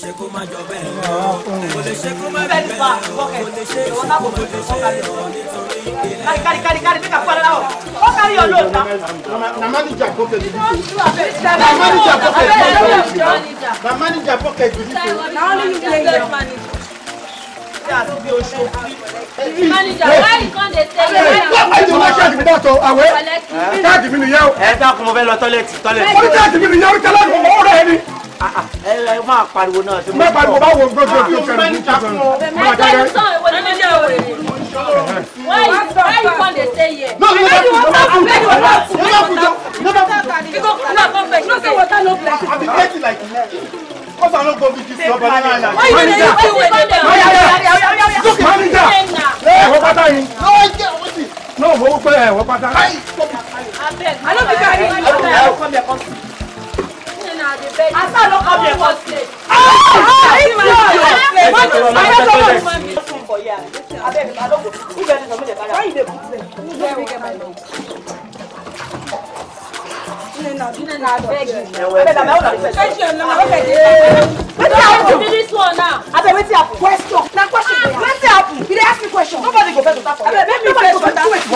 ṣe kó má jọ bẹ́ẹ̀ o kò lè ṣe kó má jọ bẹ́ẹ̀ o kò lè ṣe kó má jọ bẹ́ẹ̀ o nítorí ìpè náà. kárí kárí kárí bí kàkúrẹ́ láwọ̀ ó kárí ọ̀lọ́ ọ̀tá. na manager pocket bí kò na manager pocket bí kò na manager pocket bí kò. na only you play your manager. Oh, Ẹ dákun mo fẹ́ lọ tọ́lẹ̀tì tọ́lẹ̀tì. Ó ní jáde mi nìyẹn ó tẹ́lẹ̀ kò mọ́ ọ̀rẹ́ ni ẹ máa pariwo náà tí mo bá pariwo báwo gbọ́dọ̀ tí o kẹrin ní kíkan máa dára. ẹ sọ ìwé ní ilé òwe why you wan dey stay here. no no no no no no no no no no no no Cause I don't go with this rubber line. Why you dey wait till when dem? Oya oya oya oya oya. Look manager. Ẹ wọ pátá yín. No ẹ jẹ́ wọ́n sì. No wọ́n pẹ́ ẹ wọ pátá. I no be carry you. Come here come see. Wow, wow,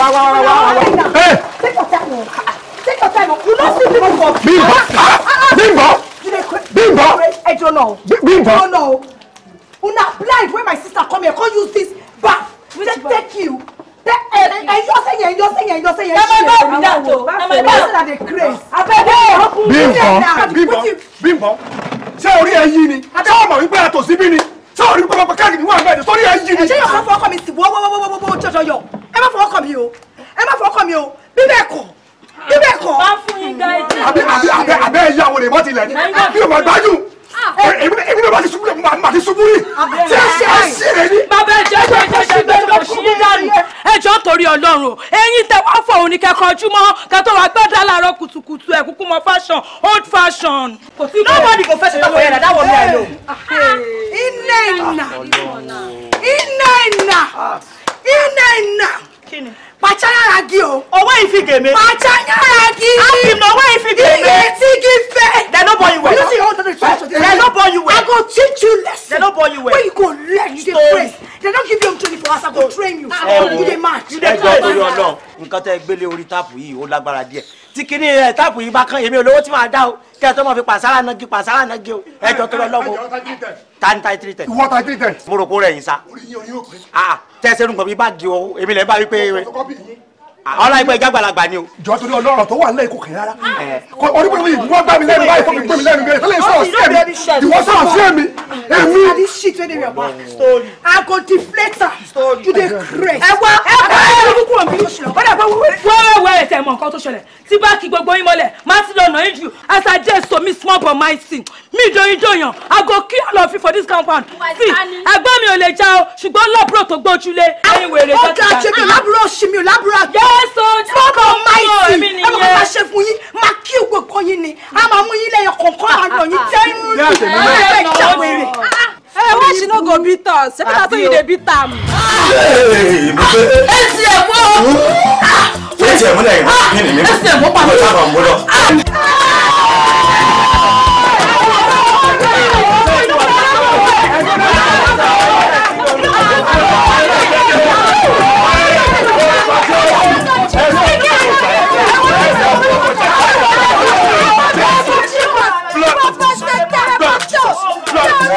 wow, wow, wow. Hey! Take your time take your time. Oh. You don't see people for. Bimbo! Ah, ah, ah, Bimbo! Bimbo! I don't know. Bimbo! I don't know. Una blind when my sister come here, come use this bath. We take, take you. Ẹyọ sẹ́yìn ẹyọ sẹ́yìn ẹyọ sẹ́yìn ẹyọ sẹ́yìn. Ẹ máa bá òbí náà tó. Ẹ máa bá òbí náà dey craze. Abẹ́bẹ́ Bimbo Bimbo ṣé orí ẹ yí ni? Ṣé ọmọ wípé a tò síbí ni? Ṣé orí pọpọ káàkiri wà bẹ́ẹ̀ ni? Sórí ẹ yí ni? Ẹ ṣe yóò fọwọ́ kọ́ mi sí wọ́wọ́wọ́wọ́wọ́ jọjọ yọ. Ẹ má fọwọ́ kọ́ mi bíbẹ̀ kọ́. bá fún yín ga etí. abẹ abẹ abẹ abẹ ẹyà wòlé mọ tilẹ ni kí ló máa gbájú ah. èmi náà bá ti ṣubú lẹ mo máa ti ṣubú yìí tí ẹ ṣe é ṣe rẹ ni. bàbá ẹ jẹ ẹ jẹ ẹ jẹ bẹ́ẹ̀ lọ sí i dànù ẹjọ torí Ọlọ́run ẹ̀yin tẹ wá fọ òní kẹkọọ ojúmọ́ kẹtọ wá gbọ́dọ̀ láàárọ̀ kùtùkùtù ẹ kúkú mọ fashion old fashion. nobody go fẹsẹ̀ tọkọ yẹn dáwọ́ mi àlọ́. iná iná iná iná iná iná pàṣẹ yàrá gi o. owó ìfigèmé. pàṣẹ yàrá gi. a fi mọ owó ìfigèmé. iye tí kì í fẹ́. they no born you well. you see all the things they no born you well. i go teach you lesson. they no born you well. when you go learn you dey praise. they no give you twenty four hours i go oh. train you. Oh. ẹ wo ẹ jọ ìdúró Ọlọ́run nǹkan tẹ gbélé orí táàpù yìí ó lágbára díẹ̀ tí kinní ẹ̀ táàpù yìí bá kán èmi olówó tí màá dá o kí ẹ tó máa fi pàṣárà nagi pàṣárà nagi o ẹ tó lọ lọ́wọ́ ta ni tiri tẹ. ìwọ ta tiri tẹ. mo rò kó rẹ̀ yín sa. orí yín orí yóò pè. tẹ́sẹ̀ nù bí bá di o èmi lẹ́ bá wí pé ọlá ìgbà ìjà àgbàlagbà ni o. jọ torí ọlọ́rọ̀ tó wà nílẹ̀ ikú kẹ̀yìn rárá onígbọ̀n mi wọ́n gbá mi lẹ́nu báyìí fún mi gbé mi lẹ́nu bẹ́ẹ̀ tẹ́lẹ̀ sọ̀rọ̀ sí èmi ìwọ sọ̀rọ̀ sí èmi èmi. adi shit wey dey your back i go deflate am you dey craze. ẹ wá ẹ wá ẹ lọ kúkúrò mi ló ṣe lọ bọ́dà pé wọ́n wẹ̀ ẹ̀tẹ̀ mọ̀ nǹkan tó ṣẹlẹ̀ tí bá kí gbogbo yín mọ́lẹ̀ má ti lọ nà yín jù as i just so me small but my sin mi joyin joyan i go kill all of you for this compound see ẹgbẹ́ mi ò lè já o ṣùgbọ́n lọ́bùrọ̀ tó gbójúlé ẹ̀yin wèrè tó ti ta. ó ga ṣe mi lábúrò ṣe mi lábúrò àgbẹ̀. God Almighty ẹ bá kọ́ta ṣe fún yín máa kí ògbó kan yín ni a máa mú yín lẹ́yìn kọ̀ọ̀kan máa lọ yín jẹ́ irun ẹ̀ jáwèrè. ẹ wá ṣì náà go beat us ṣé kọ́ta tó yìí dé beat am. Ah, ẹ ti ẹ̀ mú ọ. ẹ ti ẹ̀ mú lẹ́yìn mí ni mí. ẹ ti ẹ̀ mú pàmò. ẹ ti ẹ̀ mú lọ.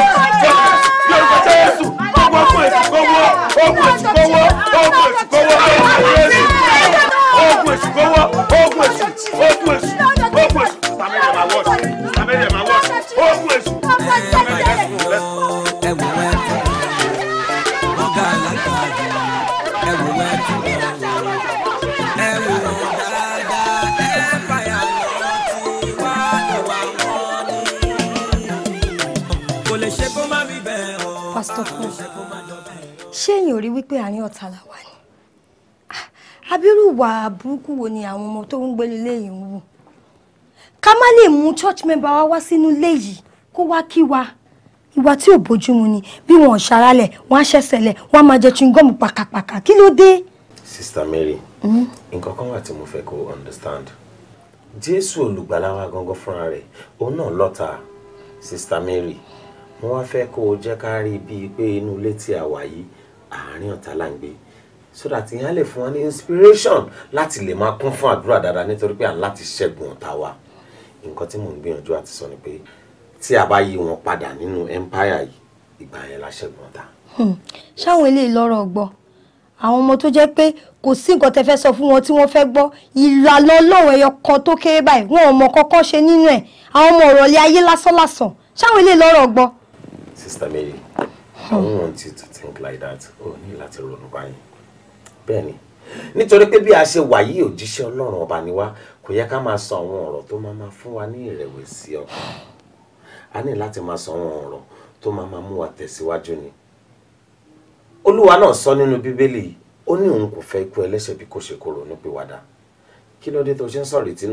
Oh my God. Christopher ṣéyìn ò rí wípé àárín ọ̀tá la wà ni ah, abirú wà burúkú wo ni àwọn ọmọ tó ń gbé nílé yìí ń wù ká má lè mú church member wa wá sínú ilé yìí kó wá kí wa ìwà tí ò bójúmu ni bí wọn ò ṣaralẹ̀ wọn á ṣẹ̀ṣẹ̀lẹ̀ wọn á máa jẹ chewing pàkàpàkà kí ló dé. Sister Mary hmm? nǹkan kan wà tí mo fẹ́ kó understand Jésù olùgbàlà wa gangan fúnra rẹ̀ òun náà lọ́ta Sister Mary. Mm wọ́n fẹ́ kó o jẹ́ ká rí bíi pé inú ilé tí a wà yìí àárín ọ̀tá là ń gbé so that ìyẹn lè fún wa ní inspiration láti lè máa kún fún àdúrà dáadáa nítorí pé à ń láti ṣẹ́gun ọ̀tá wa nǹkan tí mò ń gbìyànjú àti sọ ni pé tí a bá yí wọn padà nínú empire yìí ìgbà yẹn la ṣẹ́gun ọ̀tá. Hmm. ṣáwọn eléyìí lọ́rọ̀ gbọ́ àwọn ọmọ tó jẹ́ pé kò sí nǹkan tẹ́ fẹ́ sọ fún wọn tí wọ́n fẹ́ gbọ́ ìlànà ọlọ́run ẹyọ kan tó kéré báyìí wọn ò mọ kọ́kọ́ ṣe nínú ẹ̀ àwọn ọmọ ọ̀rọ̀ ilé ayé lásánlásán ṣáwọn eléyìí lọ́rọ̀ gbọ́ Sister Mary, hmm. I don't want you to think like that. O oh, ní láti ronú báyìí. Bẹ́ẹ̀ni, nítorí pé bí a ṣe wà yìí òjíṣẹ́ Ọlọ́run ọba ni wá, kò yẹ ká máa sọ àwọn ọ̀rọ̀ tó máa máa fún wa ní ìrẹ̀wẹ̀sì ọkàn. A ní láti máa sọ àwọn ọ̀rọ̀ tó máa máa mú wa tẹ̀síwájú ni. Olúwa náà sọ nínú Bíbélì, ó ní òun kò fẹ́ ikú ẹlẹ́ṣẹ̀ bí kò ṣe kó ronú pìwàdà. Kí ló dé tó ṣe ń sọ̀rètí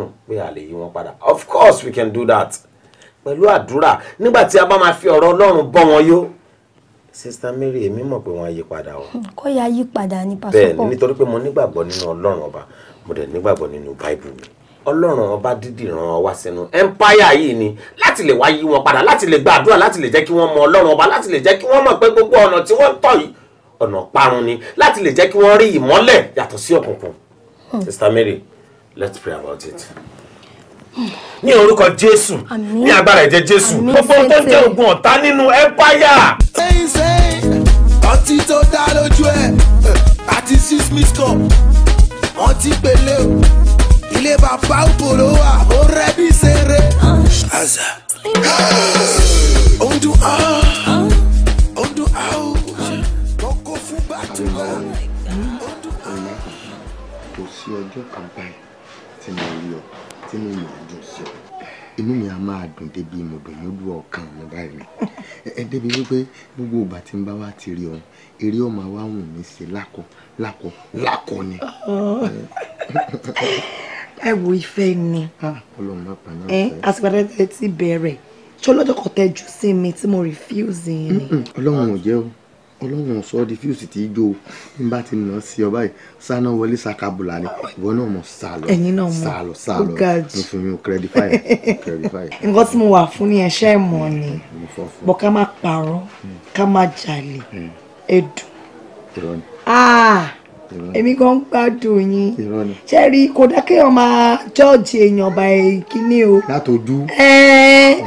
a lè yí wọn padà? Of course we can do that pẹ̀lú àdúrà nígbà tí a bá máa fi ọ̀rọ̀ Ọlọ́run bọ́ wọn yó sista Mary èmi mọ̀ pé wọ́n á yí padà o. Hmm, kó yá yí padà ní pásítọ̀. bẹ́ẹ̀ nítorí pé mo nígbàgbọ́ nínú Ọlọ́run ọba mo dẹ̀ nígbàgbọ́ nínú báìbù mi Ọlọ́run ọba dídì ràn ọ́ wá sínú ẹmpáyà yìí ni láti lè wá yí wọn padà láti lè gba àdúrà láti lè jẹ́ kí wọ́n mọ Ọlọ́run ọba láti lè jẹ́ kí wọ́n mọ̀ pé gbogbo ọ̀nà tí wọ́n ń tọ̀ yìí ọ̀nà parun ni láti lè jẹ́ kí wọ́n rí ìmọ́lẹ̀ yàtọ̀ sí òkùnkùn hmm. sista Mary let's pray about it ní orúkọ jésù ní agbára ẹ̀jẹ̀ jésù gbogbo tó ń jẹ́ ogun ọ̀tá nínú ẹ̀páyà. ọtí tó dá lójú ẹ̀ eh, àti six missed call wọ́n ti pèlè o ilé bàbá òkòló wa ó rẹ́bí ṣeré. àzà kò sí ọjọ́ kan báyìí tí mo rí ọ tínú mi á dùn sí ọ inú mi á máa dùn débi mòdùmódù ọkàn mi báyìí ẹ débi wípé gbogbo ìgbà tí n bá wá ti rí ọhún eré ọmọ wa wùn mí ṣe lákọ lákọ lákọ ni. ẹ wo ìfẹ́ ni àsìkò àtẹ́tẹ́ ti bẹ̀rẹ̀ ṣọlọ́dọ̀ kọ̀tẹ́jú sí mi tí mo refuse yẹn ni. ọlọ́run ò jẹ́ o ọlọ́run sọ ọ́ di fíùsì tí í jó o n bá ti nà sí ọ báyìí sáná wọlé sakabula ni ìwọ náà mọ̀ sá lọ ẹ̀yin mo fi yún kẹrẹdífáì kẹrẹdífáì. nǹkan tí mo wà fún ní ẹṣẹ ìmọ̀ ni bọ́ ká má parọ́ ká má jalè hmm. ẹ̀dùn èmi gan gbádùn yín ṣe rí kò dákẹ́ wọn máa jọ́ọ̀jì èèyàn bá kínní o. látọjú.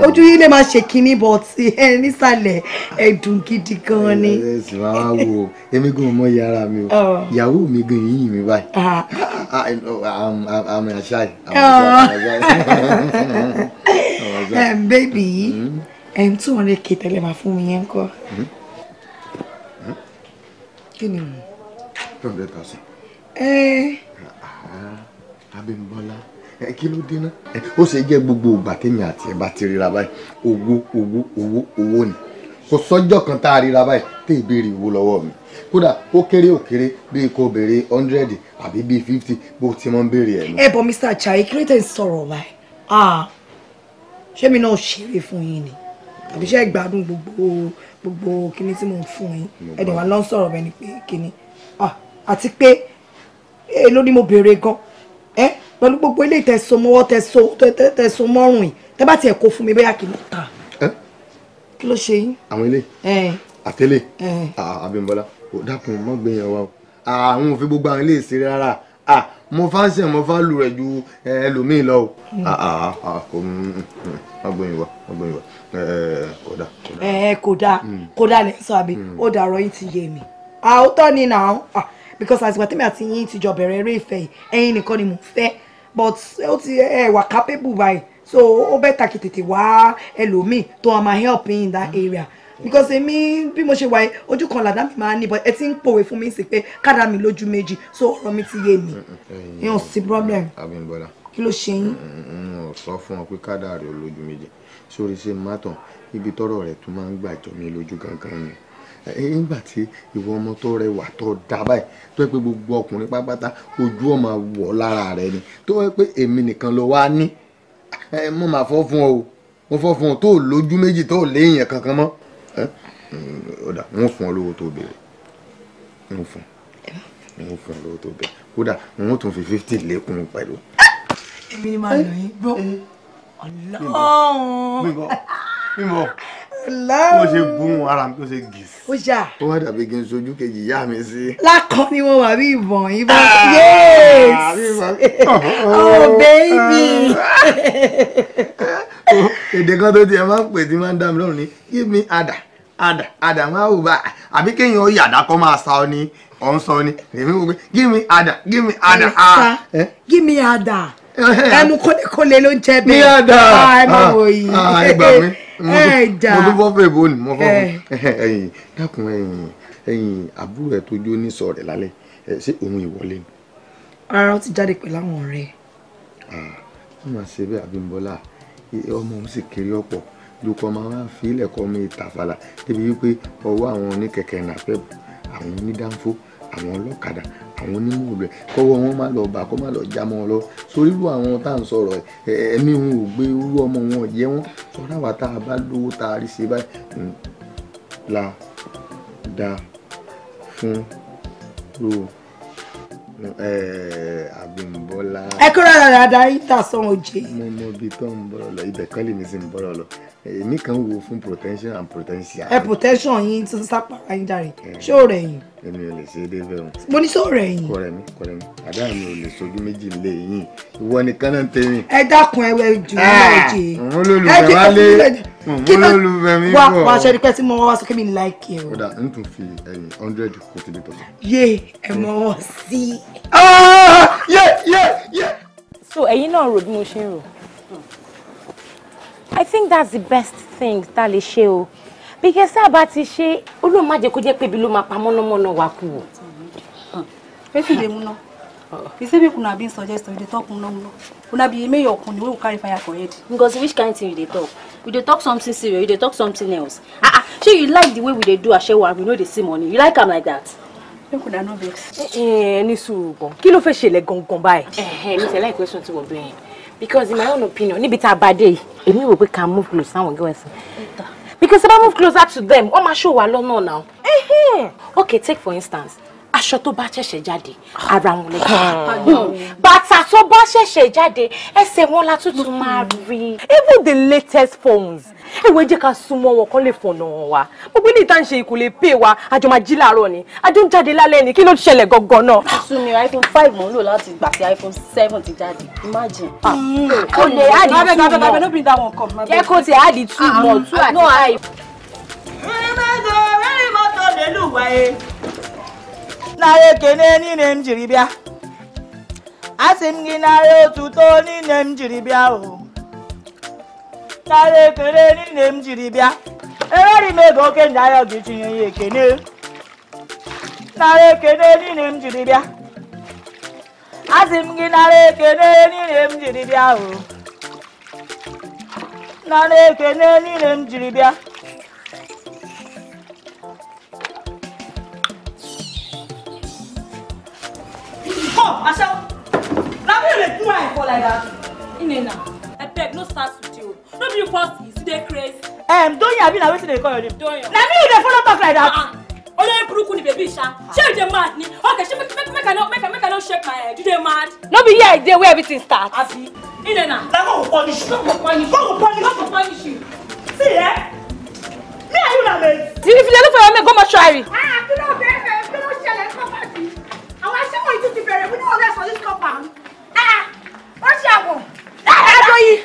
ojú yín lè máa ṣe kínní bọ̀ tí ẹ nísàlẹ̀ ẹ̀dùn gidi gan ni. ẹ sì máa wò ó èmi gan mọ iye ara mi o ìyàwó mi gan yìnyín mi báyìí àmì àṣà yìí. bébì yìí ẹ̀ ń tún ọ̀rẹ́ kìtẹ́lẹ̀ máa fún mi yẹn kọ́ hmm? hmm? kí ni two hundred thousand. ẹ. Abímbọ́lá kí ló dé náà ó ṣe jẹ́ gbogbo ìgbà tèmi àti ẹ̀ bá ti ríra báyìí owó owó owó owó ni kò sọ́jọ́ kan tá a ríra báyìí tẹ́ ìbéèrè owó lọ́wọ́ mi kódà ó kéré ó kéré bíi kò béèrè hundred àbí bíi fifty bó ti mọ́ ń béèrè ẹ̀ lọ. ẹ bọ Mr. Ajayi kí ló tẹ̀ ń sọ̀rọ̀ báyìí ṣé mi náà ṣeré fún yín ni àbí ṣe gbádùn gbogbo gbogbo kíní tí mò ń fún yín ẹ̀dẹ̀ wa ló sọ̀rọ̀ bẹ́ẹ̀ ni pé kíní ah àti pé èló eh, ni mo béèrè gan ẹ eh, pẹ̀lú gbogbo ilé ìtẹ̀sọ mọ́wọ́ tẹ̀sọ tẹ̀sọ mọ́rùn yìí tẹ́ bá tiẹ̀ kó fún mi bẹ́yà kì í lọ tà eh? kí ló ṣe yín. àwọn ilé àtẹlé ah, Abímbọ́lá kò dákun mọ́ gbẹ̀yàn wa o àwọn ah, òfin gbogbo àwọn ilé ìṣeré rárá ah, mo fà ń ṣe mo fà lù rẹ̀ ju ẹlòmíì lọ o hmm. kò mọ́ gbẹ̀yìn wa mọ́ gbẹ̀yìn wa kódà. kódà kódà lẹ́sọ̀ àbí hmm. ó dàrọ̀ yín ti yé mi àótọ́ ni nà án because àsìkò àtẹ́mi àti yín ti jọ bẹ̀rẹ̀ eré ìfẹ́ yìí ẹ̀yin nìkan ni mò fẹ́ but ó ti ẹ̀ wà capable báyìí so ó bẹ́ẹ̀ tàkì tètè wá ẹlòmíì tó wà máa help in that area because èmi bí mo ṣe wà yìí ojú kan làdá mi máa ní but ẹ ti ń pòwe fún mi sí pé kádà mi lójú méjì so ọ̀rọ̀ mi ti yé mi yẹn ò sí problem kí ló ṣe yín. mo sọ fún ọ pé kádà rẹ lójú méjì sórí ṣe má tàn ibi tọrọ rẹ tún máa ń gbàjọ mi lójú gangan ni nígbà tí ìwọ ọmọ tó rẹwà tó dá báyìí tó yẹ pé gbogbo ọkùnrin pápátá ojú ọmọ wọ̀ lára rẹ ni tó yẹ pé èmi nìkan ló wá ní mo máa fọ́ fún ọ o mo fọ́ fún ọ tó lójú méjì tó léèyàn kankan mọ́ ọ̀dà wọ́n fún ọ lówó tó béèrè wọ́n fún wọ́n fún ọ lówó tó béèrè kódà wọ́n tún fi fifty lékún pẹ̀lú. èmi ni màá lò yín gbọ́ ọlọ́run. bímbọ lọ́wọ́. mo ṣe gun ara mi tó ṣe gì. ó jà. ó má dàbí kí n kejì yá mi sí. lákàn ni mo wà bí ìbọn ìbọn. Ah, yes oh, oh baby. Oh, èdè kan tó tiẹ̀ máa ń pè tí máa ń dá mi lọ́rùn ni give me ada ada ada máa wù bá àbí kéèyàn ó yàdá kó máa sa ọ ní ọ̀n sọ ni èmi wò pé give me ada give me ada. Ah, eh? give me ada eh, eh, ẹmu kólékólé ló ń jẹ bẹ́ẹ̀. mi ada ah, ẹ máa wò yìí. ẹ gbà mí. ẹ̀ẹ́dà mo tún fọ́ fẹ́ bóni mo fọ́ ẹ̀yìn dákun ẹ̀yìn ẹ̀yìn àbúrò ẹ̀ tó jó ní sọ̀rẹ̀ lálẹ́ ẹ̀ ṣé òun ìwọlé ni. ara ó ti jáde pẹ̀lú àwọn ọ̀rẹ́. ó mà ṣe bẹ́ẹ̀ Abímbọ́lá ọmọ òun sì kiri ọ̀pọ̀ lukọ máa wá fi ilẹ̀kọ́ mi ìtàfàlà débi wípé ọwọ́ àwọn oníkẹ̀kẹ́ nàpẹ́bù àwọn onídánfó àwọn ọlọ́kadà àwọn onímọ̀ rẹ̀ kọ́wọ́ wọn má lọ bà kọ́ má lọ já mọ́ ọ lọ torí irú àwọn tá à ń sọ̀rọ̀ ẹ̀mí wọn ò gbé irú ọmọ wọn jẹ́ wọn tọ́ra wa tá a bá lówó tá a rí ṣe báyìí la da fún ro Abímbọ́lá. ẹ kúrò rárá darí tà sọ òjè. mo mọ ibi tó ń bọ̀rọ̀ lọ ibẹ̀ kọ́ lèmi sì ń bọ̀rọ̀ lọ èmi kan wo fún protection and potential. ẹ protection yín tó ń sápàrà yín jàre ṣé ò rẹ̀ yín. èmi ò lè ṣe é débẹ̀ o. mo ní sóò rẹ̀ yín. kọrẹ mi kọrẹ mi àdá mi ò lè sojú méjì lé yín ìwọ nìkan náà ń tẹ̀yìn. ẹ dákun ẹwẹ jù náà ah, jẹ. òun lólùfẹ́ wá lé òun lólùfẹ́ mi bọ̀. wà wà aṣọ ìpẹ́ tí mo wá sókè mi láìkì o. kódà n tún fi ẹyin hundred kó di tọ́jú. yé ẹ mọ wọn sí. Ah, yé yé yé. so ẹ̀yin náà rò bí mo ṣe ń rò. I think that's the best thing tá a lè ṣe o because tá a bá ti ṣe olóhùn má jẹ́ kó jẹ́ pé ibi ló máa pa mọ́nàmọ́ná wa kú o. wetin dey una you say make una bin suggest we dey talk una una una be may your kuni We we carry fire for head. because which kind thing you dey talk we dey talk something serious you dey talk something else ah ah shey you like the way we dey do asewa we no dey see money you like am like that. make una no vex. Eh, ẹ eh, ní sùúrù gan kí ló fẹ́ ṣẹlẹ̀ gangan báyìí. ẹ eh, ẹ eh, mi tẹ̀lé ìkwẹ́sùn tí wọ́n bẹ̀rẹ̀ because in my own opinion níbi tá a bá dé yìí èmi rò pé ká move close sáwọn girls because if i move closer to them wọ́n máa ṣòwò alọ́nà now okay take for instance aṣọ tó bá ṣẹ̀ṣẹ̀ jáde ah. ara wọn lẹ́yìn ah. bàtà tó bá ṣẹ̀ṣẹ̀ jáde ẹsẹ̀ wọn la tuntun máa rí. even the latest phones ẹ̀wẹ̀ jẹ́ ká súnmọ́ wọn kọ́ lè fọ̀nà wa gbogbo ní ìta ń ṣe ìkòlè pè wa àjọ máa jí láàárọ̀ ni àjọ ń jáde lálẹ́ ni kí ló ṣẹlẹ̀ gangan náà. sumi iphone five mò ń lò láti gbà sí iphone seven ti jáde imagine. o ah. mm. lè add two more jẹ́ kó ti add two more two àti five. rí mọ́tò rí mọ́tò lè lù wáyé nara ekene niile m jiri bịa asị m gị nara otuto niile m jiri bịa o nara ekene niile m jiri bịa enweghị m ego oke ndị ahịa gị tinye ya ekene nara ekene niile m jiri bịa asị m gị nara ekene niile m jiri bịa o nara ekene niile m jiri Asha, now we make my for like that. Inena, I beg, no start with you. No be you first, is they crazy? Um, don't you have been waiting to call your name? Don't you? Now me they follow talk like that. Uh-uh. olórí burúkú ni bèbí ṣá ṣé o dey mad ni okay she make make i no make i make shake my head you dey mad. no be here i where everything start. abi Inena, na. go punish you. go punish you. go punish you. go punish you. see eh me and you na If you look for your mate go mortuary. ah yìí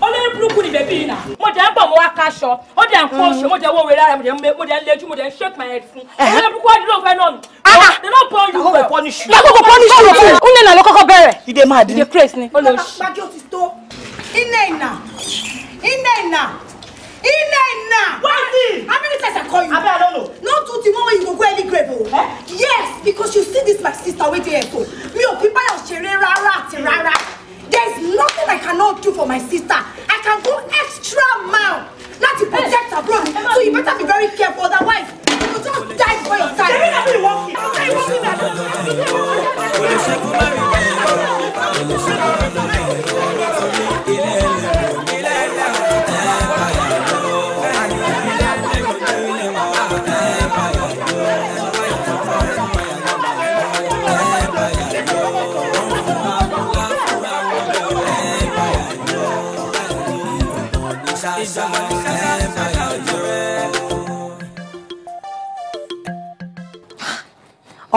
olórí burúkú ni bèbí yìí nà mo jẹ́ ń bọ̀ mo wá kaṣọ mo jẹ́ ń kó oṣù mo jẹ́ ń wọ́wé rárá mo jẹ́ ń lejú mo jẹ́ ń shake my head fún eh? olórí burúkú wá nílò fẹ́ náà nù. they no born you well. lákòókò pọ́nìṣù ló fún un nínà ló kọ́kọ́ bẹ̀rẹ̀. ìdè máa di. ìdè craze ni. gbàgbé o ti tó iná iná iná iná iná iná. why this. how many times i call you. i don't know. no do the you go any grave o. Oh. Eh? yes because you see this my sister wey dey here so mi ò fi báyọ̀ ṣeré rárá àti rárá. There's nothing I cannot do for my sister. I can go extra mile. not to protect her bro. So you better be very careful otherwise you will just die for your time. Ṣé bí wọ́n fi wọ́n fi wọ́n fi nà lọ? Olùṣègùn mẹ́rin ló ń bá olùṣègùn mẹ́rin ló ń bá.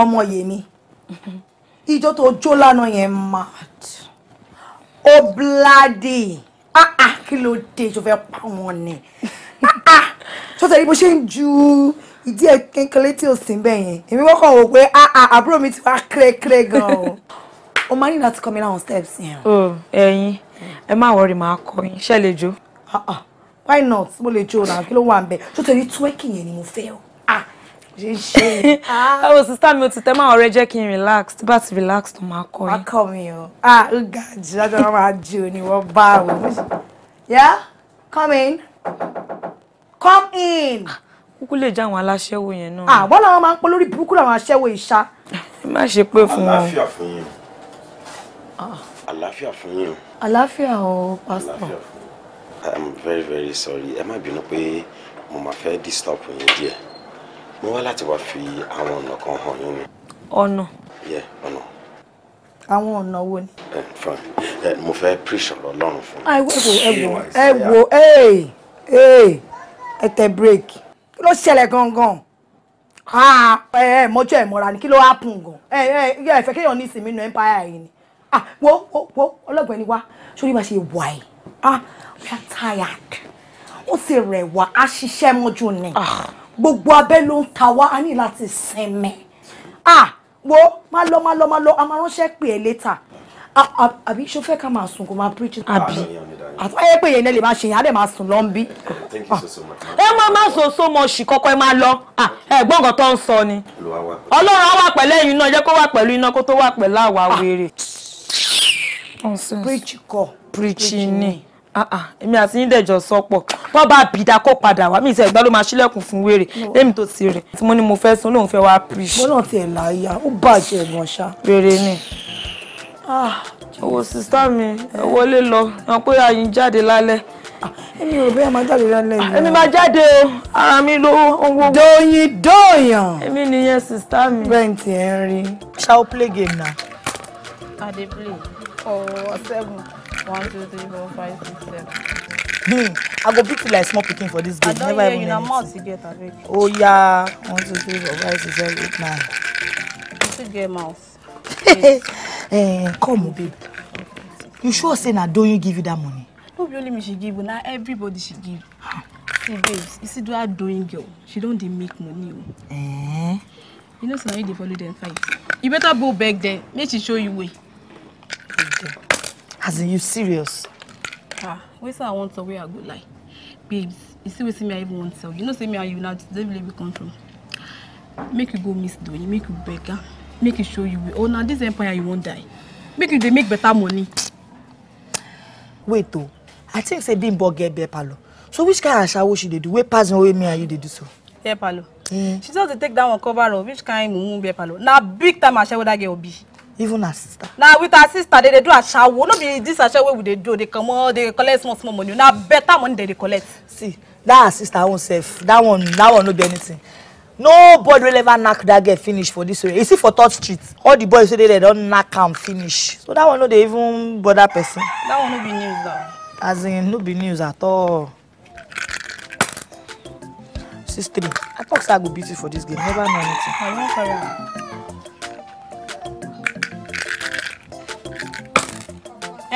ọmọ yèmi ìjọ tó jó lánàá yẹn mad ó bláàdì ah, ah, kí ló dé tó fẹ́ pa wọn ni ah, tó tẹ̀lé bó ṣe ń ju ìdí ẹ̀ kékeré tí ò sí bẹ́ẹ̀ yẹn èmi wọ́n kàn wò pé àbúrò mi ti wá kéré-kéré gan-an o máa ní láti kọ́ mi láwọn steps yẹn. ẹ̀yin ẹ má wọrí màá kọ́ yín ṣe lè why not mo lè jó ọ̀nà kí ló wà ń bẹ̀ tó tẹ̀lé twerking yẹn ni mo fẹ́ o ṣe ń ṣe yìí. báwo sísá mi ò ti tẹ́ máa ọ̀rẹ́ jẹ́ kí n relax tí bá ti relax to máa kọ yín. akọ mi o ah ó ga jù lájọ wọn máa jù ni wọn bá wò ó. yá come in come in. kúkú lè jẹ́ àwọn aláṣẹ́wó yẹn náà. àwọn làwọn máa ń pọ́ lórí burúkú làwọn aṣẹ́wó ìṣá. ẹ má ṣe pé fún wọn. àlàáfíà fún yín o. Ah. àlàáfíà fún yín o. àlàáfíà o pásítọ̀. àlàáfíà fún yín. i'm very very sorry ẹ má bínú pé mo máa fẹ́ disturb yín díẹ̀ mo wá láti wá fi àwọn ọ̀nà kan hàn yín ni. ọ̀nà. yẹ ọ̀nà. àwọn ọ̀nà wo ni. ẹ eh, fine ẹ eh, mo fẹ́ preach ọ̀rọ̀ ọlọ́run fún mi. ẹ wo ẹ wo ẹ wo break kí ló ṣẹlẹ̀ gangan ẹ ẹ mọ́jọ́ ẹ̀ mọ́ra ni kí ló happen gan ẹ ẹ ẹ fẹ́ kéèyàn ní ìsinmi nù empire yìí ni ah wo wo wo ọlọ́gbẹ̀ẹ́ ni wá sórí bá ṣe wà yìí ah we are tired ó ti rẹ̀ wá a ṣiṣẹ́ mọ́jú ni. Ah gbogbo abẹ́ ló ń ta wá a ní láti sinmi ah wo má lọ má lọ má lọ a máa ránṣẹ́ pè é létà àbí ṣó fẹ́ ká máa sùn kó máa preach àbí ah, àtúwáyé pé yẹn lè máa ṣe yẹn á lè máa sùn lọ ń bí. ẹ má má soso mọ ṣì kọ́kọ́ ẹ máa lọ ẹ̀gbọ́n kan tó ń sọ ni ọlọ́run á wà pẹ̀lú ẹ̀yin náà jẹ́ kó wà pẹ̀lú iná kó tó wà pẹ̀lú àwa ah. wèrè. preach kọ preach ni. Ah, ah, èmi àti yín dẹ̀jọ́ sọ́pọ̀ tó bá bìdá kó padà wá mi ìṣe ìgbà ló máa ṣílẹ̀kùn fún wèrè èmi tó ti rẹ̀ tí mo ní mo fẹ́ sun lóun fẹ́ wá preach. bọ́lá tiẹ̀ láyà ó bàjẹ́ ẹ̀gbọ́n ṣá. rere ni ah, owó sísá mi ẹ wọlé lọ wọn pé àyìn jáde lálẹ́. èmi ò bẹ́ẹ̀ máa jáde lálẹ́ yìí. èmi máa jáde o ara mi ló ń wo. dòyìn dòyàn. èmi nìyẹn sísá mi. bẹ́ǹtì ẹ̀ ń rí. play game na. i dey play. ọ̀ọ́ seven. One, Me, I go beat you like small picking for this game. I don't Never hear you na mouth you get abeg. Oh yeah, one, two, three, four, five, six, seven, eight, nine. You still get mouth. eh, come babe. You sure say na you give you that money? No only me she give, Now everybody she give. See babes, you see I doing, girl, she don't dey make money oh. Eh. You know so na you dey follow them fight. You better go beg dem, make she show you way. As in, you serious? Ah, we say I want to where I go lie. Babes, you see we see me I even want to tell you. You know see me and you now the devil we come from. Make you go miss doing. make you beg her, ah, make you show you way. Oh, now this empire you won't die. Make you they make better money. Wait though, I think say Bimbo get beer palo. So which kind of ashawo she they do? Where pass the me and you they do so? Yeah palo. Mm. She told to take down one cover of Which kind mumu beer palo. Now big time I ashawo that girl be even her sister Now with her sister they they do a asawo no be this asawo we dey do come comot they collect small small money Now better money they collect. see that her sister own sef that one that one no be anything nobody will ever knock that girl finish for this way. you see for third street all the boys wey they don't knock and finish so that one no they even bother person. that one no be news na. as in no be news at all. Sister, i thought i would beat you for this game never know anything. i wan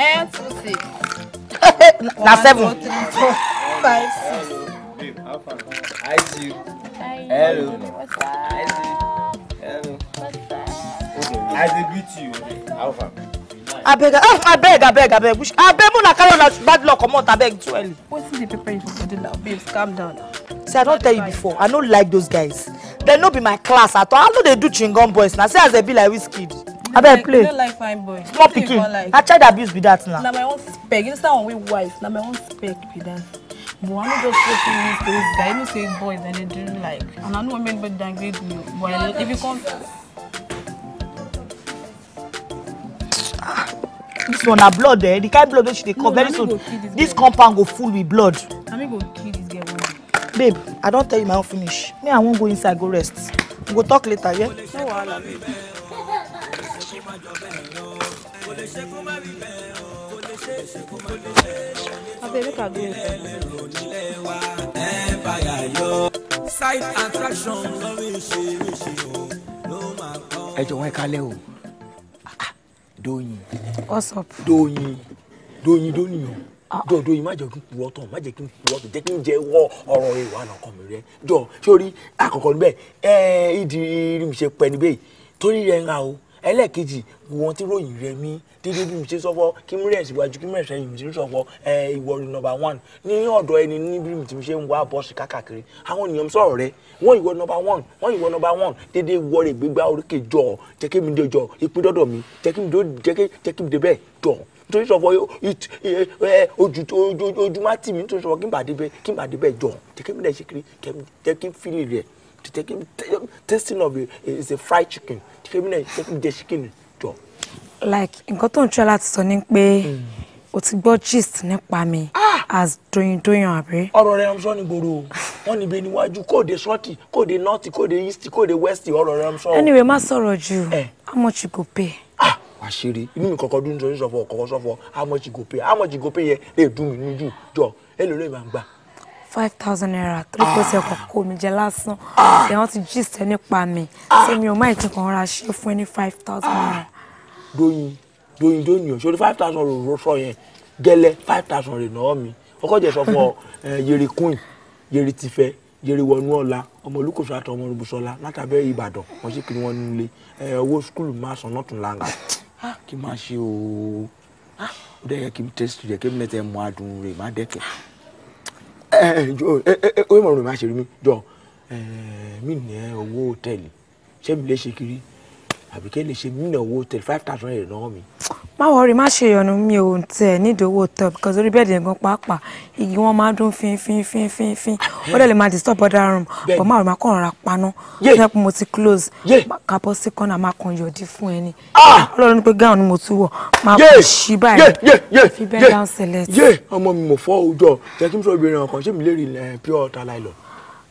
na seven. One, two, three, four, five, six. Babe, how far? I see you. Hello. What's up? I see you. Hello. What's up? I dey greet you. How far? abeg oh, abeg abeg ah, abeg which abeg una carry una bad luck comot abeg too early. wetin dey prepare you for body now babes calm down. see i don't tell you before i don't like those guys They no be my class at all i know they do chewing gum boys na see as dem be like wizkid abeg play like fine boy small pikin na child abuse be that na. na my own spec you understand one wey white na my own spec be that but i no just go fit meet to guy you know say boys i dey do like and i no wan make anybody downgrade me but i if you come. Ah, this one na blood eh the kind blood wey she dey come very soon this compound go full with blood. na me go kill this girl. babe i don tell you my own finish me i wan go inside go rest we go talk later yeah. no wahala má jọ bẹ́ẹ̀ lọ kò lè ṣe ẹ báyà o Doyin Doyin Doyin Doyin o dọ ah. Doyin má jẹ́ kí n purọ́ tán má jẹ́ kí n purọ́ tán jẹ́ kí n jẹ́ wọ ọ̀rọ̀ ìwà náà kàn mí rẹ dọ sórí àkọ́kọ́ níbẹ̀ ẹ ìdí irú mi ṣe pẹ́ níbẹ̀ torí rẹ̀ ń ra o ẹlẹ́ẹ̀kejì wọn tí ròyìn rẹ mí dídí bí mo ṣe sọ́fọ́ kí mo rẹ̀ síwájú kí mo rẹ̀ sẹ́yìn mo ṣe sọ́fọ́ ẹ ìwọ ni nọmba one ní ọ̀dọ̀ ẹni níbi tí mo ṣe ń wá bọ́ọ̀sì káàkiri àwọn ènìyàn sọ̀rọ̀ rẹ wọ́n ìwọ nọmba one wọ́n ìwọ nọmba one dédé wọ rẹ gbégbá oríkè jọ jẹ́ kí mi dé jọ ìpín dọ́dọ̀ mi jẹ́ kí mi dé bẹ́ẹ̀ jọ nítorí sọ̀fọ̀ ojúmọ́ tì mí nítorí sọ̀fọ̀ kí n bàdé bẹ́ẹ̀ jọ jẹ́ kí mi dẹ̀ ṣe kiri jẹ́ kí n fìlì rẹ̀ to take him tasting of a is a fried chicken to take him take him the chicken jọ. like nǹkan tó ń try láti sọ ni pé o ti gbọ́ gist nípa mi ah! as doyin doyin àbí. ọ̀rọ̀ rẹ̀ ń sọ ní gbòòrò wọ́n níbi níwájú kóòdè sọ́ọ̀tì kóòdè nọ́ọ̀tì kóòdè east kóòdè west ọ̀rọ̀ rẹ̀ ń anyway má sọ̀rọ̀ jù eh. how much you go pay. ah àṣírí inú mi kọ̀kọ́ dún nítorí sọ̀fọ̀ kọ̀kọ́ sọ̀fọ̀ how much you go pay how much you go pay here? lè do mí níjú jọ èlò lè máa gbà five thousand naira three ah. percent ọkọ̀ kó mi jẹ lásán ẹ̀wọ̀n ah. ti gist ẹ nípa mi ah. ṣé mi ò má ìtì kan ra ṣe fún ẹ ní five thousand naira. doyin doyin doyin ṣe o ní five thousand rò sọ yẹn gẹ́lẹ́ five thousand rè náà mi ọkọ jẹ sọ fún ọ eh, yèrè queen yèrè tìfẹ́ yèrè wọnú ọlá ọmọ olùkóso àti ọmọ olùbùsọlá látàbẹ ìbàdàn wọn sì kiri wọn nílé eh, owó skulu máa sàn náà tún láǹgà kí máa ṣe o ó dẹ́ yẹ kí n tẹ́sítì rẹ̀ kí n mẹ́tẹ̀ mọ adùn rẹ̀ má dẹ́kẹ̀ ẹ jọ ẹ ẹ ó yẹ mọ̀ ọ́n rẹ̀ má ṣe rí mi jọ eh, ẹ mí nìyẹn owó tẹ̀lé ṣé mi lè ṣe kiri àbíkẹ́ lè ṣe nínú owó tẹ five thousand rẹ̀ náà mi. má wọrí má ṣe ìyọnu mi ò ń tẹ nídìí owó tẹ because orí bẹ́ẹ̀dì ẹ̀gbọ́n pàápàá igi wọn máa dún fín fín fín fín fín ó dẹ̀ lè máa disturb other room but má wọrí má kàn rà paná ó jẹ́ pé mo ti close ká bọ́ sí kọ́nà má kàn yọ̀dí fún ẹni ah! ọlọ́run ní pé gáwọn ni mo tún wọ̀ má kò sí báyìí fi bẹ́ẹ̀ down select. ọmọ mi mo fọ ojú ọ jẹ́ kí n sọ obìnrin ọkàn ṣé mi lè rí eh, pure water láìlọ.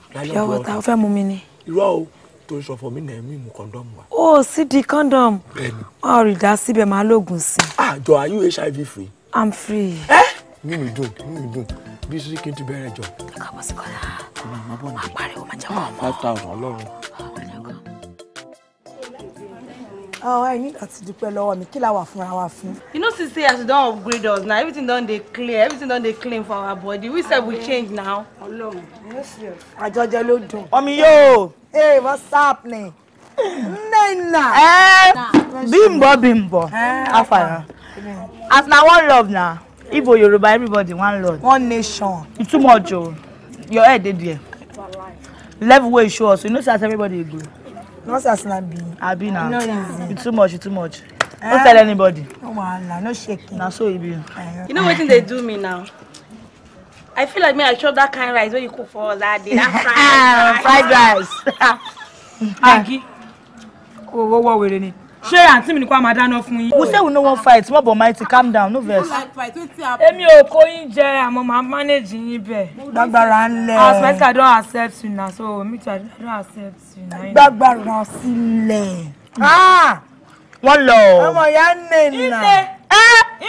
pure water ó fẹ́ mú mi ni. irọ́ o tó ń sọ fún mi náà mímu kọ́ńdọ́ọ̀mù wa. o sì di kọ́ńdọ́ọ̀mù. bẹ́ẹ̀ni. wọn rí dá síbẹ̀ máa lóògùn sí. àjọ ah, are you HIV free. i'm free. ẹ eh? mi mi dùn mi mi dùn bí síríkì ti bẹ̀rẹ̀ jọ. kábọ̀ sí kọ́lá. kọ́lá máa bọ̀ ní. àpárẹ̀ o máa jẹ́ kọ́ ọmọ. Ah, five thousand ọlọ́run. ọlọ́run oh i need àti dúpẹ́ lọ́wọ́ mi kí la wà fúnra wa fún. you know since say as you don upgrade us now everything done, they clear everything done, they clean for our body we said we change now. Ọlọ́run no serious. àjọjẹ ló dùn. ọmọ yóò. hey what's happening. nena. Eh, bimbo bimbo afara eh, as now one love na Igbo Yoruba everybody one lord. one nation. too much, ọjọ́ your head dey there level wey you show us you know as everybody agree. Not as lambi. Abi na. No, It's too much, it's too much. Uh, Don't eh? tell anybody. No oh, wahala, no shaking. Na so e be. Eh, you know what they do me now? I feel like me I chop that kind of rice wey you cook for us that day. That fried rice. Fried rice. Maggi. Ah. you wo wo were ni ṣé àǹtí mi ni kó máa dáná fún yín. we say we no wan fight mo bọ̀ mighty calm down no vex. èmi ò kó yín jẹ àmọ́ màá manage yín bẹ̀. gbàgbàrà ń lẹ̀. as my sister don accept you na so me too i don accept you na. gbàgbàrà Ah, wọ́n lọ. ọmọ ìyá ń nè nà.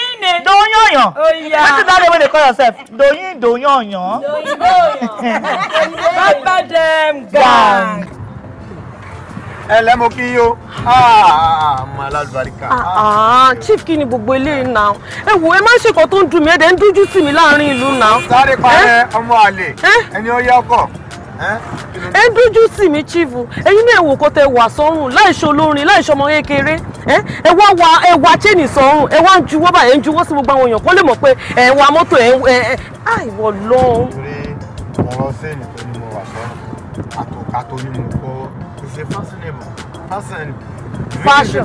Ine. Doyoyan. Oh yeah. What is that way they call yourself? Doyin doyoyan. Doyin bad Baba dem gang. gang ẹlẹ́ mo kí yó àmọ́ alálùbáríkà. Ah, ah, chief kí ni gbogbo eléyìí náà ẹ wò ẹ má ṣe kàn tó ń dùn mí ẹ dẹ̀ ń dújú sí mi láàrin ìlú náà. sáré parẹ́ eh? ọmọ àlè eh? ẹni ó yá ọkọ̀ eh? ẹ dójú tì mí chifu ẹ̀yin náà wò kó tẹ wà sọ́rùn láìṣe olórin láìṣe ọmọ kékeré ẹ wá wa ẹ wá chéènì sọ́rùn ẹ wá ń juwọ́ báyìí ń juwọ́ sí gbogbo àwọn èèyàn kó lè mọ̀ pé ẹ ń wa mọ́tò ẹ ẹ àìwọ ah, lọ́hùn. ọ̀rọ̀ sẹ́yìn tó ní mo wà sọ́rùn àtọ̀ká tó ní mo kọ́ ṣe fashionable fashion. fashion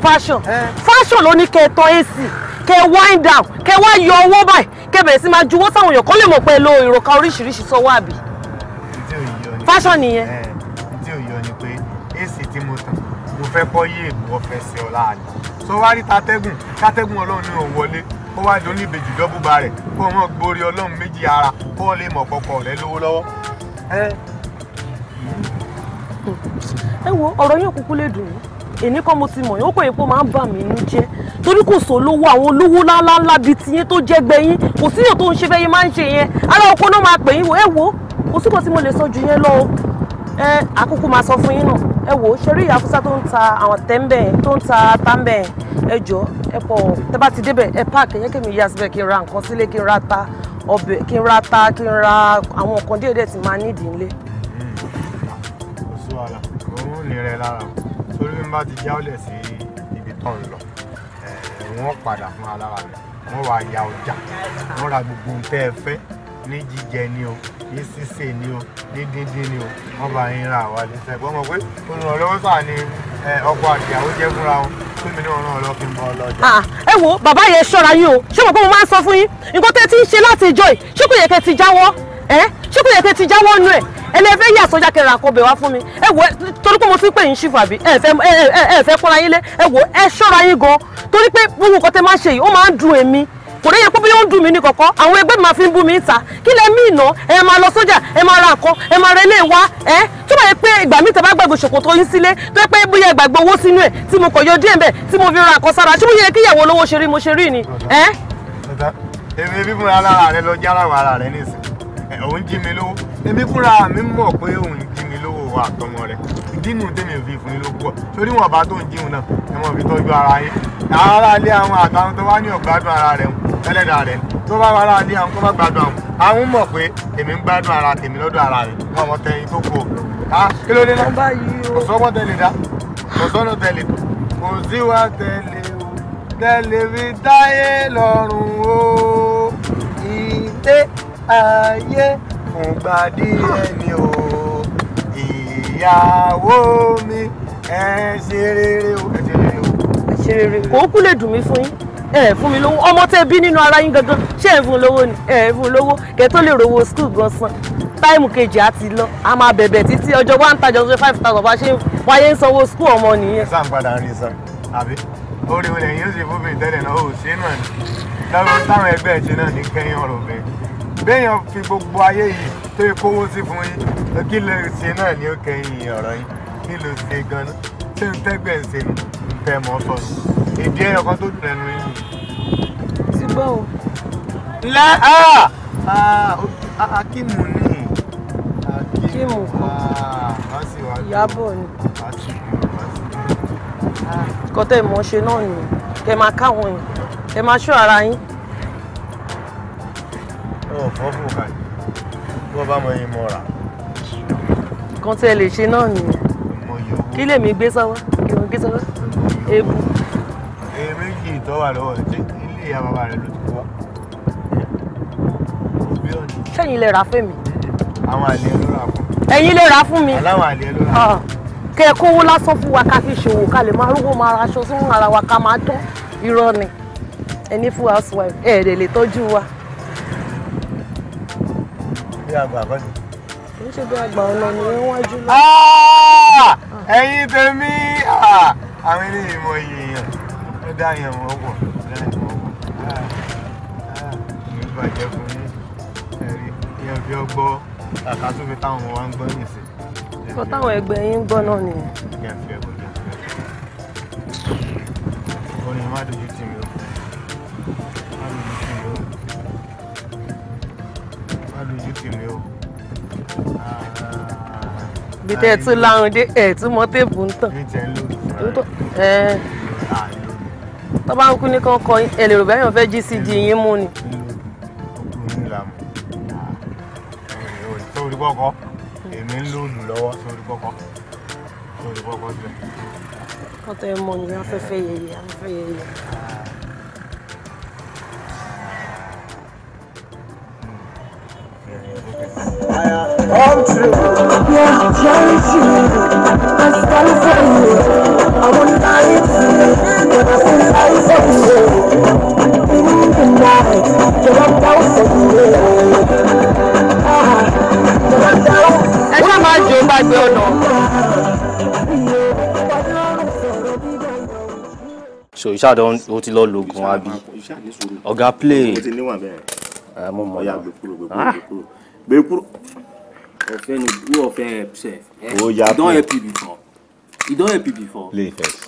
fashion fashion eh? Eh? ló ní kẹ́ tọ́ èsì kẹ́ wind down kẹ́ wá yọ owó báyìí kẹ́ bẹ̀rẹ̀ sí máa juwọ́ sáwọn èèyàn kọ́ lè mọ̀ pé lo ìrọ̀ka oríṣiríṣi sọ́wọ́ àbí. fashion nìyẹn. tí ò yọ ni pé èsì eh, tí mo tàn mo fẹ́ kọ́ yé èlò ọ̀fẹ́ sí ọ̀la àná sọ wá rí tatẹ́gùn kátẹ́gùn ọlọ́run ní òun wọlé kó wá di oníbejì dọ́bùbà rẹ̀ kó o mọ̀ gbórí méjì ara kó o lè mọ̀ kọ́kọ́ rẹ̀ lówó lọ́wọ́ ẹ wo ọ̀rọ̀ yóò kúkú lè dùn èmi kọ́ mo ti mọ̀ yín ó kọ́ èpo máa ń bà mí inú jẹ́ torí kò sólówó àwọn olówó ńláńlá bíi tiyín tó jẹ́ gbẹ̀yìn kò síyò tó ń ṣe bẹ́yìn máa ń ṣe yẹn ará oko náà máa pè yín wò ẹ wo kò síkò tí mo lè sọ ju yẹn lọ ẹ àkókò máa sọ fún yín náà ẹ wò ó ṣeré ìyá fúsá tó ń ta àwọn tẹ́ńbẹ̀ tó ń ta táńbẹ̀ ẹ jọ ẹ pọ̀ tẹ bá ti débẹ̀ ẹ páàkì yẹn kèmí yá síbẹ̀ kí n ra nǹkan sílé kí n ra ta ọbẹ̀ kí n ra ta kí n ra àwọn nǹkan díẹ̀ díẹ̀ tí máa nídìí nílé ní rẹ lára torí bí n bá ti jáwọ́lẹ̀ sí ibi tó ń lọ wọ́n eh, padà fún alára rẹ̀ wọ́n wá ya ọjà wọ́n ra gbogbo ohun tẹ́ ẹ fẹ́ ní jíjẹ ni o ní sísè ni o ní díndín ni o wọ́n bá yín ra àwa lẹ́sẹ̀ gbọ́n mọ̀ pé olùrànlọ́wọ́ sáà ni eh, ọkọ àtìyàwó jẹ́ fúnra wọn fúnmi náà ràn lọ fi ń bọ ọlọ́jà. ẹ wo bàbá yẹn ṣọ́ra yín o ṣé mo pé mo máa ń sọ fún yín nǹkan tẹ́ ti ń ṣe láti ìjọ yìí ṣé kò yẹ kẹ́ ti jáwọ́ ẹ eh? ṣé kò yẹ kẹ́ ti jáwọ́ nù ẹ̀ ẹ lè fẹ́ yí àsọjá kẹrẹ àkọbẹ̀ wá fún mi ẹ wò torí pé mo ti pè yín ṣìfà bí ẹ fẹ́ ẹ fẹ́ fọ́ra yín lé ẹ wò ẹ ṣọ́ra yín gan torí pé gbogbo nǹkan tẹ́ máa ń ṣe yìí ó máa ń dùn èmi kò lè yẹ pé bóyá ó ń dùn mí ní kọ̀kọ́ àwọn ẹgbẹ́ mi máa fi ń bú mi ta kí lẹ mí ìná ẹ máa lọ sójà ẹ máa ra nǹkan ẹ máa ra ilé wa ẹ tó bá yẹ pé ìgbà mi tẹ̀bá gbàgbé ṣòkòtò yín sílé tó yẹ pé bóyá ìgbàgbé owó sínú ẹ̀ tí mo kọ̀ yọ díẹ̀ bẹ̀ tí mo fi ra nǹkan sára ṣé mo yẹ kí ìyàwó olówó ṣe rí mo ṣe rí ni. èmi bí mo ra lára rẹ lọ jára wàrà rẹ nísìnyí òun jí mi lówó èmi fúnra mi mọ̀ pé òun jí mi lówó àtọmọ rẹ̀ ìdí nù tèmi ò fi fún yín lówó pọ̀ torí wọn bá tó ń jíun náà ẹ mọ̀ fi tọ́jú ara yín ara ilé àwọn àtàwọn tó wá ní ọ̀gbádùn ara rẹ̀ ẹlẹ́dàá rẹ̀ tó bá wà ara ilé àwọn tó bá gbádùn àwọn àwọn mọ̀ pé èmi ń gbádùn ara tèmi lọ́dọ̀ ara rẹ̀ wọn mọ̀ tẹyin tó kù ọ́ kí ló dé náà kò sọ́gbọ́n tẹ̀lé dá kò sọ́nà tẹ̀lé kò síwá tẹ̀lé o tẹ̀lé fi dáyé lọ́rùn o ìdè ayé fúngbà díẹ̀ ni o ìyàwó mi ẹ ṣe rere o ẹ ṣe rere o. ṣe rere kò ó kú lè dùn mí fún yín ẹ fún mi lówó ọmọ tẹ́ bí nínú ara yín gangan ṣé ẹ fún lówó ni ẹ fún lówó kẹ́ tó lè rówó skul gan san táìmù kejì á ti lọ a máa bẹ̀bẹ̀ títí ọjọ́ one thousand ṣe five thousand bá ṣe wáyé ń sanwó skul ọmọ nìyẹn. sáà ń padà rí sàn àbí orí olè yín ó sì fún mi tẹ́lẹ̀ náà ó ṣe é náà ni lọ́wọ́ táwọn ẹgbẹ́ ẹ̀ ṣe náà ní kẹ́yìn ọ̀rọ̀ bẹ́ẹ̀ béèyàn fi gbogbo ayé yìí tó yẹ kówó sí fún yín kí lè ṣe náà ní òkè yìí ọ̀rọ̀ yín kí lè ṣe gan-an ṣé n tẹ́gbẹ̀ ń ṣe ń fẹ́ mọ́ sọ̀rọ̀ ìdí ẹ̀yọ̀ kan tó dùn ẹnu yín. ti gbọ́ o. lẹ́ akímù ni akímù kan ìyàbọ̀ ni ah, kọ́tẹ́ ìmọ̀ọ́ṣe náà nìyẹn kẹ́ máa káwọn yìí kẹ́ máa ṣọ́ ara yín ọ̀fọ́ fò ká bó bá mọ iye mọ rà. kan tí ẹ lè ṣe náà nìyẹn kí lèmi gbé sọ́wọ́ kí wọ́n gbé sọ́wọ́ ebu. èyí méjì tó wà lọ́wọ́ ṣé ilé ìyá bàbá rẹ ló ti wá. sẹ́yìn lè rà fún mi. àwọn àlè ló rà fún. ẹ̀yin lè rà fún mi. aláwọ̀ àlè ló rà fún. Ah, kẹ́ ẹ kówó lásán fún wa ká fi ṣòwò ká lè máa rówó máa raṣọ sínú ara wa ká máa tán irọ́ ni ẹni fún housewife ẹ̀ẹ́dẹ̀ lè tọ́jú wa bí àgbà kọ́ ni. kì í ṣe bí àgbà ọ̀nà ni wọ́n wájú lọ. Ah! Ah. ẹ̀yin tèmi ah! àwọn eléyìí mọ iye èèyàn ó dá èèyàn wọn pọ̀ lẹ́yìn wọn pọ̀ ní bàjẹ́ fún yín ẹ̀rí èèyàn fi ọgbọ́ àkàtúfi táwọn ọmọ wa ń gbọ́ nìsín. kọ́ táwọn ẹgbẹ́ yín ń gbọ́ náà nìyẹn. kí ẹ fi ẹgbẹ́ jẹ́ fún ẹ. orin má dojú sí rèé o. bí tẹ́ ẹ tún lárun dé ẹ tún mọ téèpù ń tàn. tó bá ń kú ní kán ẹ lè rò bẹ́ẹ̀ fẹ́ jí sí di yín mú ni. èmi ń lòlù lọ́wọ́ sórí kọ́kọ́ sórí kọ́kọ́ sílẹ̀. kọ́tọ̀ ẹ mọ̀ ní afẹ́fẹ́ yẹyẹ afẹ́fẹ́ yẹyẹ. Come true. Yes, charity. I stand for you. I won't lie to you. When I say lie for you. In the night, when I'm down for you. When I'm down. Ẹ ṣáà so iṣẹ́ àdán ó ti lọ lògùn àbí ọ̀gá play ah, mo gbé kúrò. ọ̀fẹ́ ni who ọ̀fẹ́ help sef. o ya pe he don help you before he don help you before. play first.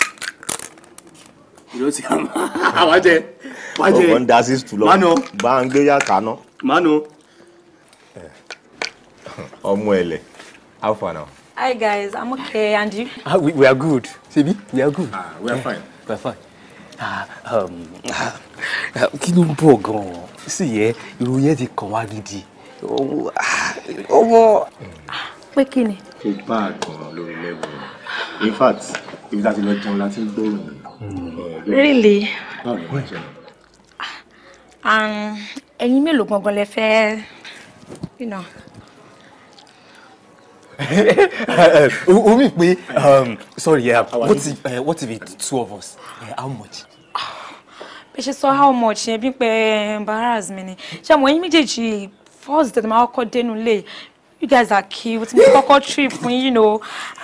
you don see am wájẹ wájẹ ọkọ ń da six to lọ mano bá ń gbé yá kaná. mano. ọmọ ẹlẹ how far now. Hi guys, I'm okay, and you? Ah, we, we are good. Sebi, we are good. Ah, we are yeah, fine. We are fine. Ah, um, kí ló ń bọ̀ gan-an? Sí yẹ, ìròyìn ti kàn wá gidi owó ah, owó. pé kí ni. ó bá a gan lórí lẹ́wọ̀n in fact ibi tá a ti lọ jẹun la ti ń gbóòrò hmm. ni. really. Ah, um, ẹ̀yin mélòó gangan lẹ fẹ́ iná. omi pe sorry yeah, what if uh, what if it's two of us uh, how much ah, ẹ ṣe sọ how much yẹn bí pé embarrass mi ni ṣé àwọn ẹyin méjèèjì first day máa kọ́kọ́ dénú lé you guys are cute mo kọ́kọ́ trip you know,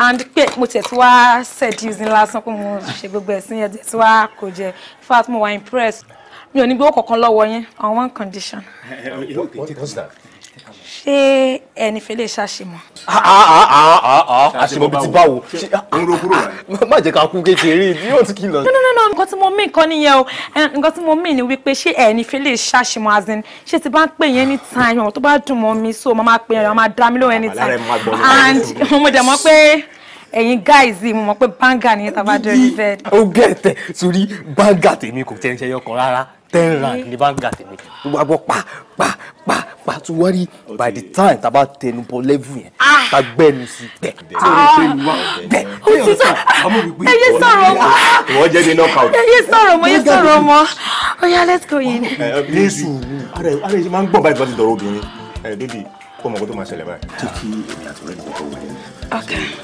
and pé mo tẹ̀ tí wá seducing lásán pé mo ṣe gbogbo ẹ̀sìn yẹn tí wá kò jẹ fat mo impressed mi only ní gbowó kankan on one condition. what's that? ṣé ẹni fẹlẹ ṣàṣìmọ. àṣìmọ bíi ti báwo ah, ah, ah, má jẹ́ ká kú kékeré ni yóò ti kìlọ̀. no no no nǹkan tí mo mí nǹkan nìyẹn o eh, nǹkan tí mo mí ni wípé ṣé ẹni fẹlẹ ṣàṣìmọ as in ṣé ti bá ń pè yẹn ní tayan tó bá dùn mọ́ mi so mo máa pè yẹn mo máa dá mi lóhùn ẹni tayan and mo dẹ̀ mọ̀ pé ẹ̀yin guys mo mọ̀ pé banga ni tábàdàn rẹ̀. ó gẹ̀ẹ́tẹ̀ sórí banga tèmi kò tẹ́ ń ṣe yọkàn rárá ten rand ní báńgà tèmi tó wá gbọ́ pa pa pa pa tó wá rí by the time tá a bá tẹnu bọ level yẹn ah. tá a gbẹnu sí tẹ tí o ṣe ń wá tẹ ó ti sọ ẹyẹ sọ̀rọ̀ mọ́ ìwọ jẹ ní knockout ẹyẹ sọ̀rọ̀ mọ́ ẹyẹ sọ̀rọ̀ mọ́ oya let's go yẹn. ní sùúrù ara ẹ ṣe máa ń gbọ̀n báyìí tó bá ti dọ̀rọ̀ obìnrin ẹ bíbí kó mọ̀ kó tó máa ṣẹlẹ̀ báyìí. jẹ́ kí èmi àti ọ̀rẹ́ mi kọ́kọ́ wọlé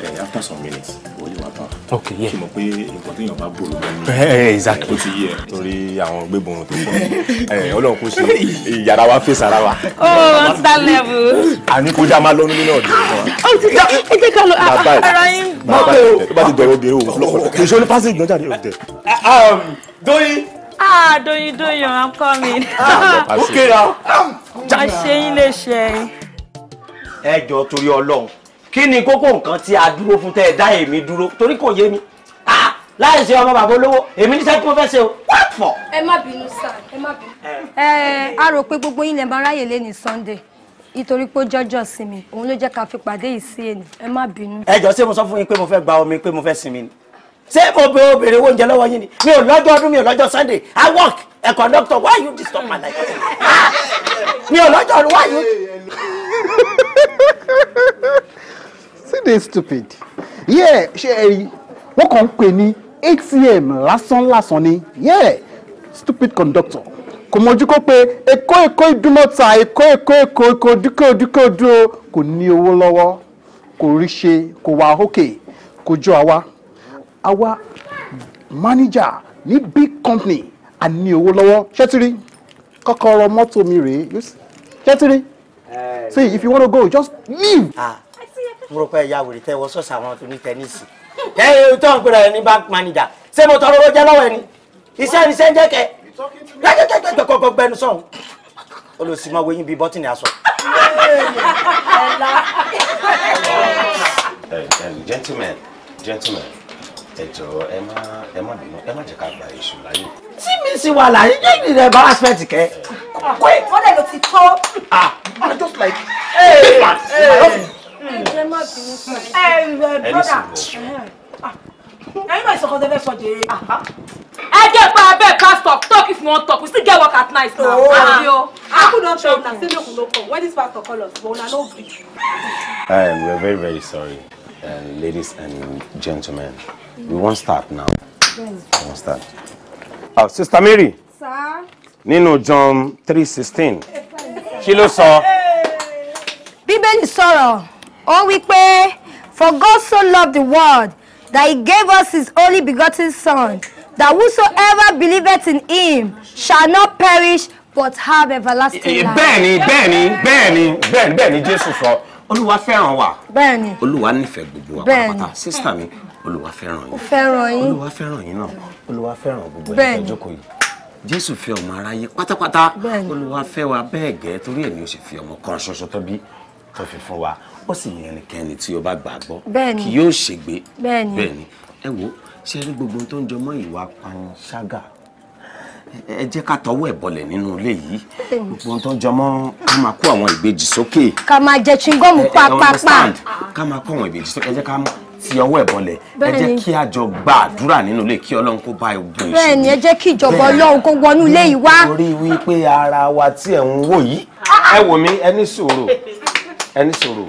ẹ̀ after some minutes wọlé wà tán. ok yẹ kí mo pé nǹkan téèyàn bá bòrò lẹ́nu. ẹ ẹ exactly. ó ti yẹ torí àwọn gbégbón tó pọ̀ ẹ eh, ọlọ́run kò ṣe ìyàrá wa fèsì ara wa. oh on that level. àní kó já máa lọ nínú náà dé. ó ti jọ ẹ jẹ́ ká lọ ah, ara yín gbọ́. bàbá ti dọ̀rọ̀ obìnrin o kì í ṣe olùpásẹ̀ ìgbọ́njáde òde. Um, dóyin. ah dóyin dóyin i'm coming. Ah, okay now. ọ̀ṣẹ́yìn lè ṣe é ẹ torí Ọlọ́run kí ni kókó nǹkan tí a dúró fún tẹ́ ẹ dá èmi dúró torí kò yé mi láì ṣe ọmọ bàbá olówó èmi níṣẹ́ tí mo fẹ́ ṣe o what for. ẹ má bínú sir ẹ má bínú. ẹ a rò pé gbogbo yín lè máa ráyè lé ní Sunday nítorí pé ó jọjọ sinmi òun ló jẹ́ ká fi pàdé yìí sí ènì ẹ má bínú. ẹ jọ ṣé mo sọ fún yín pé mo fẹ́ gba omi pé mo fẹ́ sinmi ni ṣé mo bẹ obìnrin oúnjẹ lọ́wọ́ yín ni mi ò lọ́jọ́ ọdún mi ò lọ́jọ́ Sunday I work a conductor why you disturb my life ah! mi ò lọ́jọ́ ọdún why you see they stupid yeah ṣe ẹ rí wọ́n kàn ń pè ní atm lásán lásán ni yeah stupid conductor kò mọ̀jú kó pé èkó èkó ìdúmọ̀ta èkó èkó èkó èkó dúkè dúkè dúró kò ní owó lọ́wọ́ kò rí ṣe kò wà òkè kò jọ àwa àwa mánéjà ní big company a ní owó lọ́wọ́ ṣẹ́tìrí kọ́kọ́rọ́ mọ́tò mi rèé ṣẹ́tìrí Eh, say if you wanna go just leave. Ah, mo rò pé ẹ̀yà wèrè tẹ́ wọ sọ́ọ̀sì àwọn tó ní tẹ́nísì ẹ̀ tó ń pèrè ẹ̀ ní bank manager ṣé mo tọrọ owó jẹ́ lọ́wọ́ ẹ̀ ni iṣẹ́ ni ṣe ń jẹ́ kẹ́ kẹ́kẹ́kẹ́kẹ́ kọ́kọ́ gbẹnu sọ̀hún olùsìmọ̀ wẹ̀yìn bíi bọ́tìnì aṣọ. gentleman gentleman ẹ jọ̀ọ́ ẹ má ẹ má bínú ẹ má jẹ́ ká gba èṣù láyè tí mi sì wà láyé jẹ́ ìdí rẹ̀ bá aspect kẹ́. pé wọ́n lè lọ ti tọ́. ah I just like big man in my office. ẹ má bínú sí ẹ ẹ brother ẹyin ah. náà ìsọkọ tẹfẹ sọ jèrè. ẹ jẹ́ pa abẹ́ class talk talk if you wan talk we still get work at night now. ooo oh. abi ah. o aku don tell una say make we no come when this pastor call us but una no gree. we are very very sorry uh, ladies and gentlemen we wan start now we wan start. Oh, Sister Mary. Sir. Nínú John 3:16. Kí ló sọ? Bíbélì sọ̀rọ̀, ó wí pé, For God so loved the world that he gave us his only begotten Son, that whosoever believeth in him shall not perish but have everlasting eh, eh, life. Bẹ́ẹ̀ni, bẹ́ẹ̀ni, bẹ́ẹ̀ni, bẹ́ẹ̀ni, bẹ́ẹ̀ni Jésù sọ, Olúwa fẹ́ràn wa. Bẹ́ẹ̀ni. Olúwa nífẹ̀ẹ́ gbogbo wa pátápátá. Sísítà mi, Olúwa fẹ́ràn yín. Ó fẹ́ràn yín. Olúwa fẹ́ràn yín náà. Olúwa fẹ́ràn gbogbo ẹ̀yin jókòó yìí Jésù fẹ́ ọmọ aráyé pátápátá Olúwa fẹ́ wa bẹ́ẹ̀ gẹ́ torí ẹ̀ ni sì fi ọmọ kan ṣoṣo tó bí tó fi fún wa ó sì yẹn ẹnikẹ́ni tí ó bá gbàgbọ́ kì yóò ṣègbé bẹ́ẹ̀ ni ẹ wo ṣe rí gbogbo tó ń jọmọ́ ìwà panṣágà ẹ jẹ́ ká tọwọ́ ẹ̀ bọlẹ̀ nínú ilé yìí gbogbo tó jọmọ́ ká máa kó àwọn ìbejì sókè. ká máa jẹ chingom pápápá. ká máa kó àwọn ìbejì sókè ẹ jẹ́ ká ti ọwọ́ ẹ̀ bọlẹ̀ ẹ jẹ́ kí a jọ gba àdúrà nínú ilé kí ọlọ́run kó bá ogun ìṣòro. bẹ́ẹ̀ni ẹ jẹ́ kí ìjọba ọlọ́run kó wọnú ilé yìí wá. torí wípé ara wa tí ẹ̀ ń wò yìí ẹ wò mí ẹ ní sùúrù ẹ ní sùúrù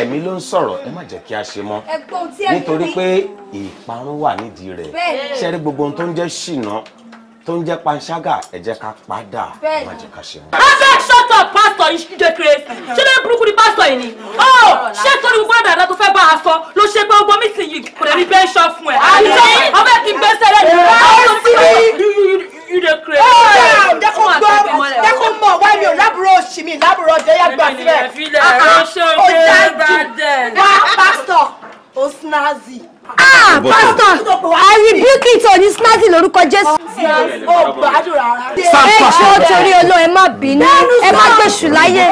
ẹ̀mí ló ń sọ̀rọ̀ ẹ má jẹ́ kí a ṣe mọ́ nítorí pé ìparun wà nídìí rẹ̀ ṣẹ́rí gbogbo ohun tó ń jẹ́ ṣìnà tó ń jẹ́ panṣágà ẹ jẹ́ ká padà má jẹ́ ká ṣe mọ́. abeg shut up pastor ìṣújẹ kérésì ṣé lè burúkú ni pastor yìí ni ó oh, ṣé torí gbogbo àdàdà tó fẹ́ bá a sọ ló ṣe pé gbogbo mísìn yìí kò lè rí bẹ́ẹ̀ ṣọ fún ẹ. àṣẹ ọbẹ̀ kí gbèsè rẹ̀ ní ọ̀hún sí i. ìdè kérésì. dẹ́kun gbọ́ dẹ́kun mọ̀ wá mi ò lábúrò òṣì mi lábúrò ọjọ́ yá gbà sílẹ̀. ó já jù wá pásítọ̀ ó snazi. Ah, pastor, I rebuke it on his mighty lórúkọ Jésù. Ẹ ṣe torí ọlọ́ ẹ má bínú, ẹ má gbèsù láyé.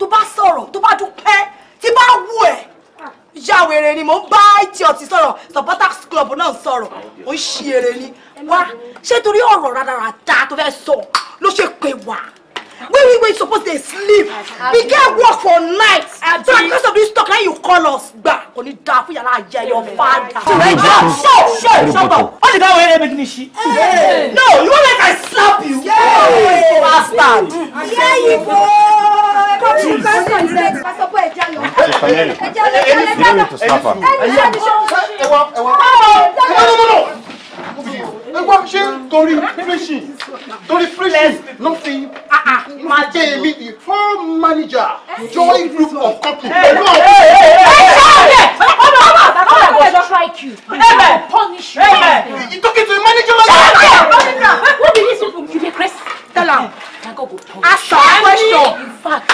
Tó bá sọ̀rọ̀, tó bá dúpẹ́, tí bá wù ẹ̀ yàwèrè ni mò ń bá ìtì ọtí sọ̀rọ̀ supporters club náà sọ̀rọ̀ ó ń ṣiyèrè ni wá ṣé torí ọ̀rọ̀ rádaràda tó fẹ́ sọ ló ṣe pè wá wey we wey suppose dey sleep we get work for night so that because of this talk now you call us gba kò ní da fún yàrá ayé your father. so so so so all the guy wey dey make me no you wan make i slap you. yeye oh, bastard. Mm-hmm. yeye boy. Ẹ jẹ́ lẹ́jọ́ lẹ́jọ́ lẹ́jọ́. Ẹ ní sùúrù. Ẹ wá ẹ wá. Báwo. No no no no ẹ wá ṣé to fíríṣì torí fíríṣì ló fi máa jẹ́ èmi the form manager joy group of company. ẹ ṣe ọ̀rẹ́ ọmọ ọmọ ọmọ ọmọ ọmọ strike you ẹ bẹ punish you. you talking to a manager like that. ṣé ẹ manager who be this people you dey craze tell am. ask a question. in fact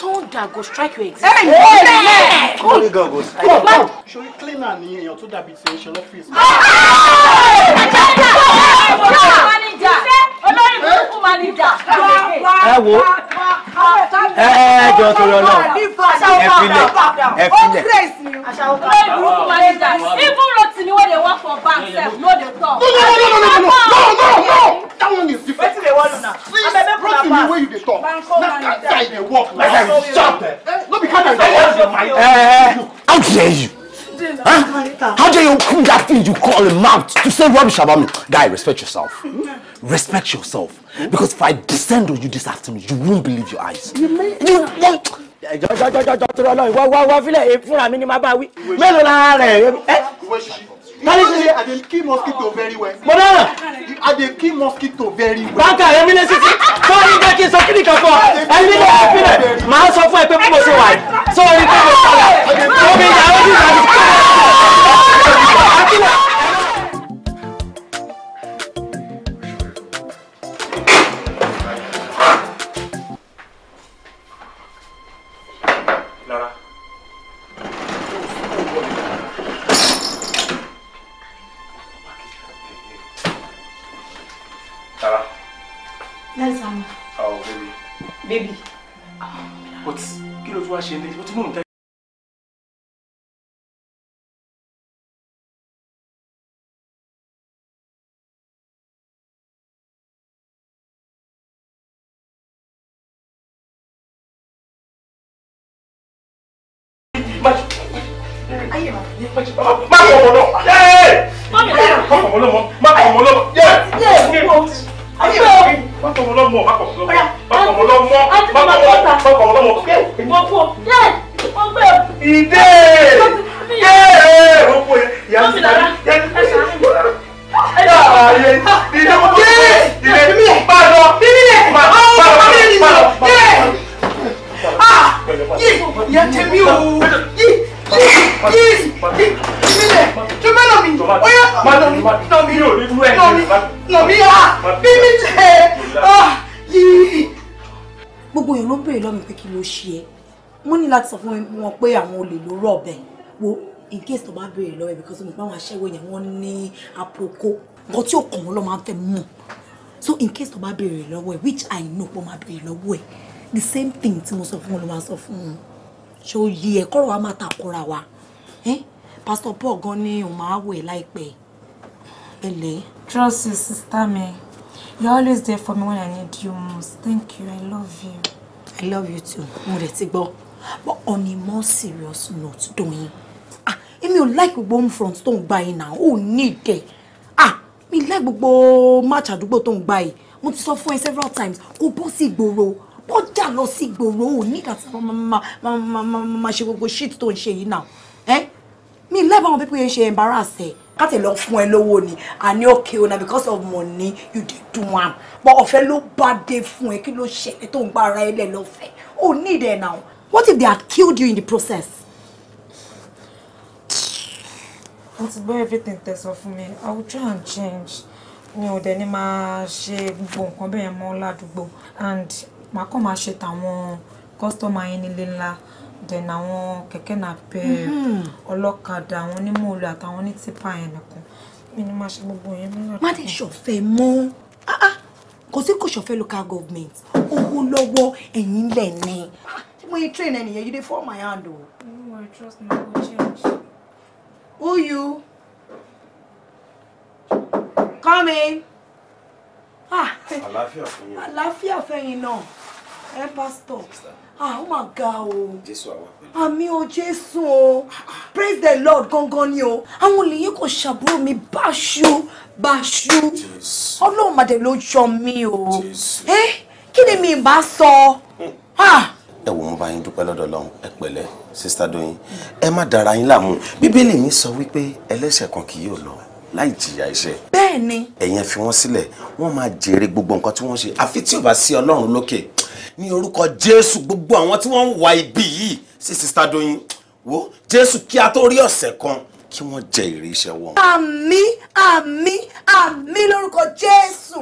thunder go strike you exactly. Hey ẹ ẹ kọ́ni gan go Come on sori cleaner ni èèyàn tó dàbí ti ocean office. ẹ wo ẹ jọ torí Ọlọ́run ẹ filẹ ẹ filẹ. Even Rotimi wey dey work for bank sef no dey talk. No no no no no no no no that one is different. Wetin dey worry na? Since Rotimi wey you dey talk, na that guy dey work like that sharp. No be kind of guy wey dey mind. How dare you? Huh? How do you open that thing you call a mouth to say rubbish about me? Guy, respect yourself. Respect yourself. Because if I descend on you this afternoon, you won't believe your eyes. You won't. Jọjọjọjọ tó lọ náà ìwọ wá fílẹ̀ fúnra mi ni màá bá wí. Mélòó lára rẹ̀? Kálíṣe I dey kill mosquito very well. Mo dára. I dey kill mosquito very well. Báńkà rẹ̀ mi lé sísí. Sọ́ọ́ni jẹ́ kí n sọ kí nìkan fún ọ. Ẹni nílò ìpínlẹ̀. Màá sọ fún ẹ pé bí mo ṣe wà yìí. Sọ́ọ́ni pé mo sọ̀rọ̀. Omi ìyàwó ti sàbí. ọlọ́wọ́ láti sọ fún wọn pé àwọn olè ló rọ̀ bẹ̀ wo in case tó bá béèrè lọ́wọ́ ẹ̀ because mo báwọn aṣẹ́wó yẹn wọ́n ní àpòkó nǹkan tí òkàn wọn lọ́ máa ń fẹ́ mọ̀ so in case tó bá béèrè lọ́wọ́ ẹ̀ which I know pọ̀ máa béèrè lọ́wọ́ ẹ̀ the same thing tí mo sọ fún wọn ló máa sọ fún wọn ṣé o yí ẹ kọ́rọ̀ wa máa takora wa pastor Paul gan ni òun máa wò ẹ́ láìpẹ́ ẹlẹ́. trust your sister me. you're always there for me when I need you most thank you I love you. I love you too mo rẹ̀ ti gbọ́ but on a more serious note Doyin ah èmi ò like gbogbo home front tó ń gbà yìí náà ò ní ìdẹ ah mi like gbogbo match àdúgbò tó ń gbà yìí mo ti sọ fún ẹ several times kò bọ́ sí ìgboro bọ́jà lọ sí ìgboro ò ní ìgbà tí wọ́n máa ṣe gbogbo shit tó ń ṣe yìí náà ẹ́ eh? mi like àwọn pípé ṣe embarrassed ẹ̀ káti lọ fún ẹ lówó ni àní òkè ọ̀nà because of money you dey do am but ọ̀fẹ́ ló bá dé fún ẹ kí ló ṣẹlẹ̀ tó ń gbára ẹ lẹ̀ lọ́fẹ̀ẹ́ ò ní ìdẹ̀ náà What if they had killed you in the process? Wọ́n buy everything that's sọ me. I will try and change. You Mi ò dẹ̀ ní máa ṣe gbogbo nǹkan bẹ́ẹ̀ mọ́ ládùúgbò. And màá kàn máa ṣe tàwọn kọ́sítọ́mà yẹn nílé ńlá. Then àwọn kẹ̀kẹ́ nàpẹ́ mm-hmm. ọlọ́kadà, àwọn onímọ̀ọ́lù àtàwọn onítìpá yẹn nìkan. Mi ni máa ṣe gbogbo yẹn mọ́ ládùúgbò. Má dẹ̀ ah. mọ́ ah. kò you kò ṣọ̀fẹ́ local government owó lọ́wọ́ ẹ̀yìn lẹ̀ ni When you train any, yẹn you dey fall my hand o. no oh worry trust me i go change. who you. come in. ah àlàáfíà fẹ̀yìn àlàáfíà fẹ̀yìn náà ẹ eh, pásítọ̀ ah ó mà oh. o jésù àwa pẹ̀lú àmì o jésù o praise the lord gangan ni o àwọn olèyìn kò ṣàbúrò mi báṣu báṣu ọlọ́run màdé ló yọ mí o ẹ eh, kí ni mi bá sọ ah ẹ wò mo bá yín dúpẹ́ lọ́dọ̀ Ọlọ́run ẹ pẹ̀lẹ́ sista Doyin ẹ má dara yín láàmú bíbélì mi sọ wípé ẹlẹ́ṣẹ̀ kan kì yóò lọ láì jìyà iṣẹ́. bẹ́ẹ̀ ni. ẹ̀yin fi wọ́n sílẹ̀ wọ́n máa jèrè gbogbo nǹkan tí wọ́n ṣe àfi tí ò bá sí Ọlọ́run lókè ní orúkọ Jésù gbogbo àwọn tí wọ́n ń wá ibi yìí sí sista Doyin wo Jésù kí a tó rí ọ̀sẹ̀ kan kí wọ́n jẹ èrè iṣẹ́ wọn. àmín àmín àmín lórúkọ Jésù.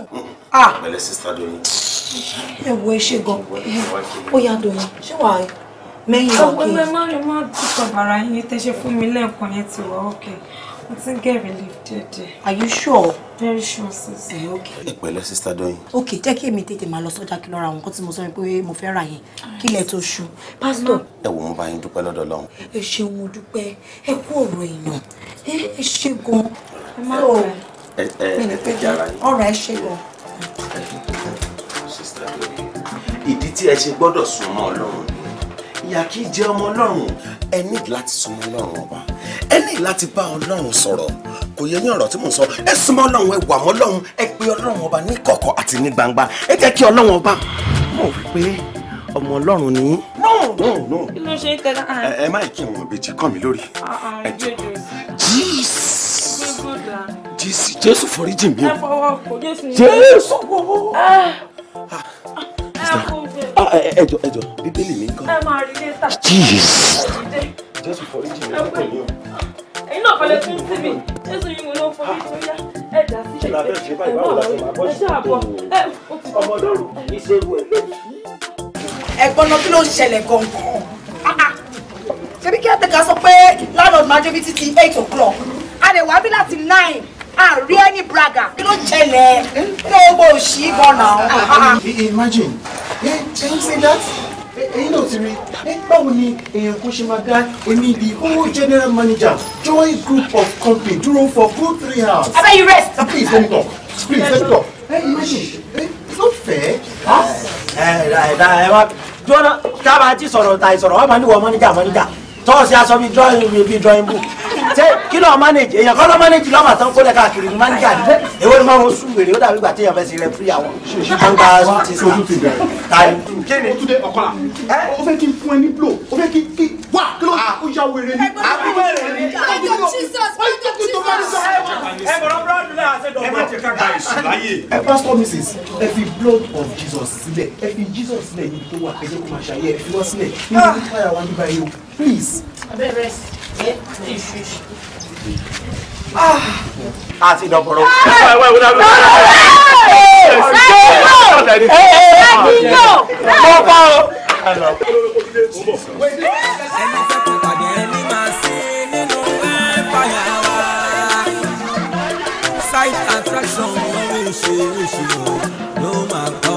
Ah. pẹ̀lẹ́ sista Doyin ẹ wo ẹ ṣe gan ó yá dòyìn ṣé wà á mẹ́yìn ọ̀kẹ́. ọgbẹ́ má rí má dúpọ̀ bàrà yín tẹ́ ṣe fún mi lẹ́ẹ̀kan yẹn ti wà ókè mo ti ń get relief díẹ̀díẹ̀. are you sure. very sure sis. ẹ ókè. ẹ sista dọyin. ókè jẹ́ kí èmi tètè máa lọ sọ́jà kí lọ́ra àwọn nǹkan tí mo sọ pé mo fẹ́ ra yẹn kí lẹ tó ṣú. pásítọ̀. ẹ wo mo bá yín dúpẹ́ lọ́dọ̀ Ọlọ́run. ẹ ṣeun mo ẹ kú ọ̀rọ̀ èèyàn ẹ ṣe gan. ẹ má rọra ẹ ẹ tẹ jára yín. ọ̀rọ̀ ẹ ṣe gan ìdí tí ẹ ṣe gbọ́dọ̀ súnmọ́ ọlọ́run ni ìyà kì í ọmọ ọlọ́run ẹ ní láti súnmọ́ ọlọ́run ọba ẹ ní láti bá ọlọ́run sọ̀rọ̀ kò yẹ ní ọ̀rọ̀ tí mò ń sọ ẹ súnmọ́ ọlọ́run ẹ wà mọ́ ọlọ́run ẹ pe ọlọ́run ọba ní kọ̀kọ̀ àti ní gbangba ẹ jẹ́ kí ọlọ́run ọba mọ̀ wípé ọmọ ọlọ́run ni. no no kí ló ṣe é tẹ́lá. Ah. ẹ má kí ẹ jọ̀ọ́ ẹ jọ̀ọ́ bíbélì mi gan. ẹ máa rí létà. jeez. jésù foríjì mi lọ́kàn mi o. ẹ̀yin náà fẹlẹ tún sí mi jésù yìí mo ló ń forí tó yá ẹ dà sí ṣe pé ẹ má wọlé ẹ ṣáà bọ ẹ ọmọ ọlọ́run ní sẹrù ẹ. ẹ̀gbọ́n náà kí ló ń ṣẹlẹ̀ gangan ah, ah. ṣebí kí ẹ tẹ̀ka sọ pé landlord máa débi títí eight o'clock a lè wá bí láti nine àrí ẹni braga kí ló jẹlẹ̀ ní owó òṣì gan imagine ẹ ẹ ń ṣe that èyí náà ti rí báwo ni èèyàn kan ṣe máa dá èmi the whole general manager join group of company dúró for good three hours. abeg you rest. Ah, please let me talk please let me talk ẹ imagine it's not fair. ẹ ẹ ẹ wá jọ́nà tábà ti sọ̀rọ̀ ta ìsọ̀rọ̀ wọ́n máa ní wọ́n mọ́níjà mọ́níjà tọ́ọ̀sì aṣọ bíi drawing bíi drawing book ṣé kí lọ́ọ́ manage èèyàn kọ́ lọ́ọ́ manage lọ́ọ́ màtán kó lẹ́ káàkiri ní manager àdúgbò èwo ni máa ń sún wèrè ó dàbí ìgbà téèyàn fẹ́ sí rẹ fúri àwọn kanga ti sá tani. kéde túnde ọ̀kọ́lá ẹ o fẹ́ kí n fún ẹ ní blow o fẹ́ kí kí wá kí ló ó ya wèrè ni. àbí wèrè ni ẹjọ́ jesus ẹjọ́ jesus. ẹ bọ̀rọ̀ búrọ́dù náà ṣe dọ̀ ọmọ ẹ̀ka ká ìṣù láyé. ẹ pásítọ̀ mrs ẹ fi blood of jesus sílẹ̀ ẹ fi jesus sílẹ̀ níbi tó wà ẹ jẹ́ kó máa ṣàyẹ̀ ẹ fi wọ́n sílẹ̀ níbi tó fàyà wá níbàyẹ̀ o please. abẹ́rẹ́ a ti dọ̀bọ̀rọ̀. mo pa o. ẹni fẹ́ kó pàdé ẹni máa sí nínú ẹ̀páyà wa. side attraction ló ń ṣe oṣù ló máa kọ́.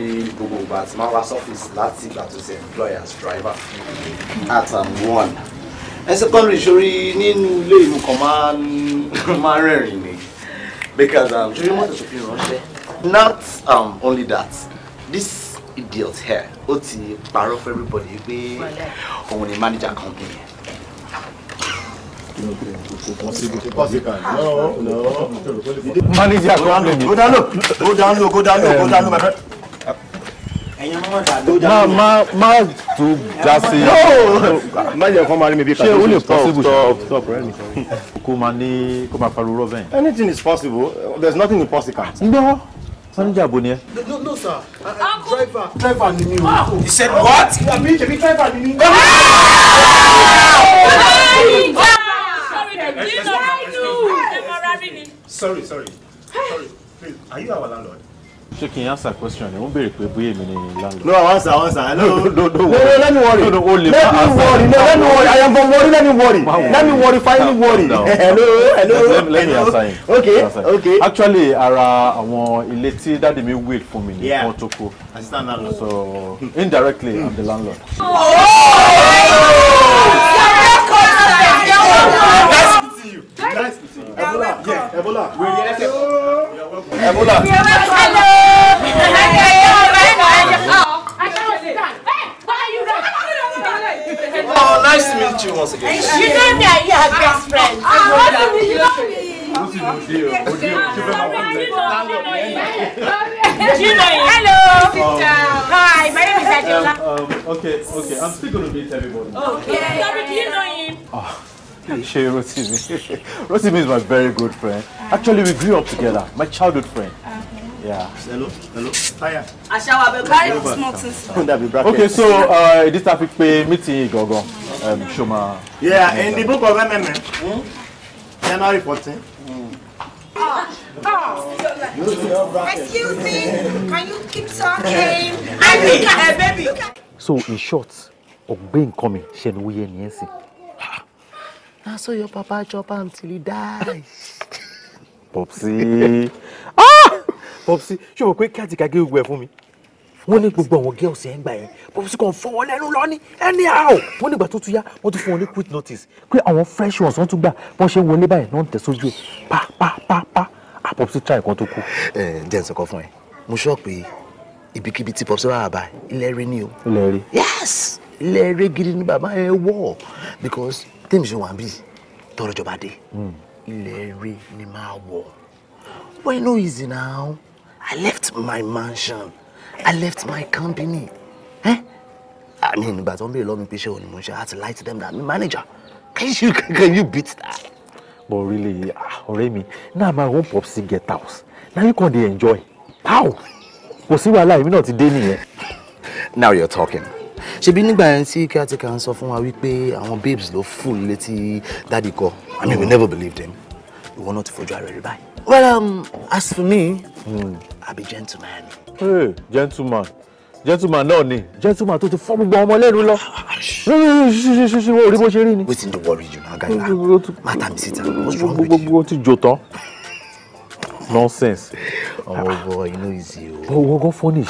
gbogbo ìgbà àti máa wá sọ́fíìsì láti ìgbà tó ti employ driver at one ẹ secondary sori nínú ilé ìlú kan máa ń rẹ̀rìn ni because um, sori mọ́tò tó fi ránṣẹ́ not um, only that this idiot here ó ti parọ́ fún everybody pé òun ni manager company yẹn. Manager, go down low, go down low, go down low, go down low, my friend má má máa rí mi bí ṣe possible ṣe stop rẹ nìkan kó máa ní kó rọ bẹ́ẹ̀. anything is possible there is nothing impossible. ń gbọ́ manager bo ni ẹ. no no sir I, driver driver ni mi o. he ah! said what. àbí jẹ̀bi driver ni mi. sorry sorry sorry please are you our landlord ṣé kí n answer question ni wọ́n béèrè pé bóyá èmi ni landlord. no i answer answer no no no no let me worry no no o le ma answer worry no let worry i am from worry let me worry let me worry finally worry hello hello let me answer him okay okay actually ara àwọn ilé tí dáàdi mi wait fún mi ni wọ́n tó kú so indirectly i'm the landlord. Oh! Oh! Oh! Nice to see you. Nice to see you. Ebola, yeah, Ebola. We're the Ebola. Oh, nice to meet you once again. You know me, best ah, Hello. Hi, my name is um, Adiola. Um, okay, okay, I'm still going to meet everybody. Okay. Do you know him? Ah. She Rotimi. Rotimi is my very good friend. Actually, we grew up together. My childhood friend. Yeah. Hello. Hello. Hiya. Ashawa be carry the smoke since. Okay, so uh, this topic we meeting gogo. Um, Shoma. Yeah, in the book of MMM, hmm? January 14. Mm. Oh, oh. Excuse me, can you keep talking? I think, uh, baby. So in short, ọ̀gbẹ́ coming. mi ṣe ni wúyẹ́ nìyẹn Na ah, so your papa chop am till he dies. Popsi. ah! Popsi, ṣé o mọ̀ pé káàtì kàgé gbogbo ẹ̀ fún mi? Wọ́n ní gbogbo àwọn girls ẹ̀ ń gbà yẹn. Popsi kàn fọ́ wọn lẹ́nu lọ anyhow. Wọ́n nígbà tó tún yá, wọ́n tún fún wọn ní quick notice. Pé àwọn fresh ones wọ́n tún gbà bọ́n ṣe ń wọlé báyìí náà ń tẹ̀ ẹ̀. Pa pa pa pa. À Popsi try nǹkan tó kù. Ẹ jẹ́ nsọ̀kan fún ẹ. Mo ṣọ́ pé ibikíbi tí Popsi wà bá ilẹ̀ rí ni o. Ilẹ̀ rí. Yes! Ilẹ̀ rí gidi ni bàbá ẹ wọ̀ because tèmi ṣe wà ń bì tọrọ ìjọba dé hmm. ilẹ̀ rí ni máa wọ̀ why no easy now I left my mansion I left my company eh? I mean ìgbà tó ń bèèrè lọ́mi pé ṣé òní mo ṣe I had to lie to them that I'm manager can you can you beat that. but really ọ̀rẹ́ mi na my own popsi get house na you come dey enjoy how kò sí wàhálà èmi náà ti dé nìyẹn. now you're talking ṣebí nígbà yẹn tí caretaker ń sọ fún wa wípé àwọn babes ló fún létí dáàdì kọ I mean we never believed him ìwọ náà ti fojú ara rẹ báyìí. well um, as for me mm. I be gentleman. Hey, gentleman gentleman náà ni gentleman tó ti fọ́ gbogbo ọmọ lẹ́nu lọ ṣíṣíṣíṣí orí bó ṣe rí ni. wetin dey worry you na gala mata mi síta what's wrong with you. gbogbo ti jò nonsense. Oh, oh. ọwọ́ bọ̀ inú ìsì o. owó gan fọ́ ní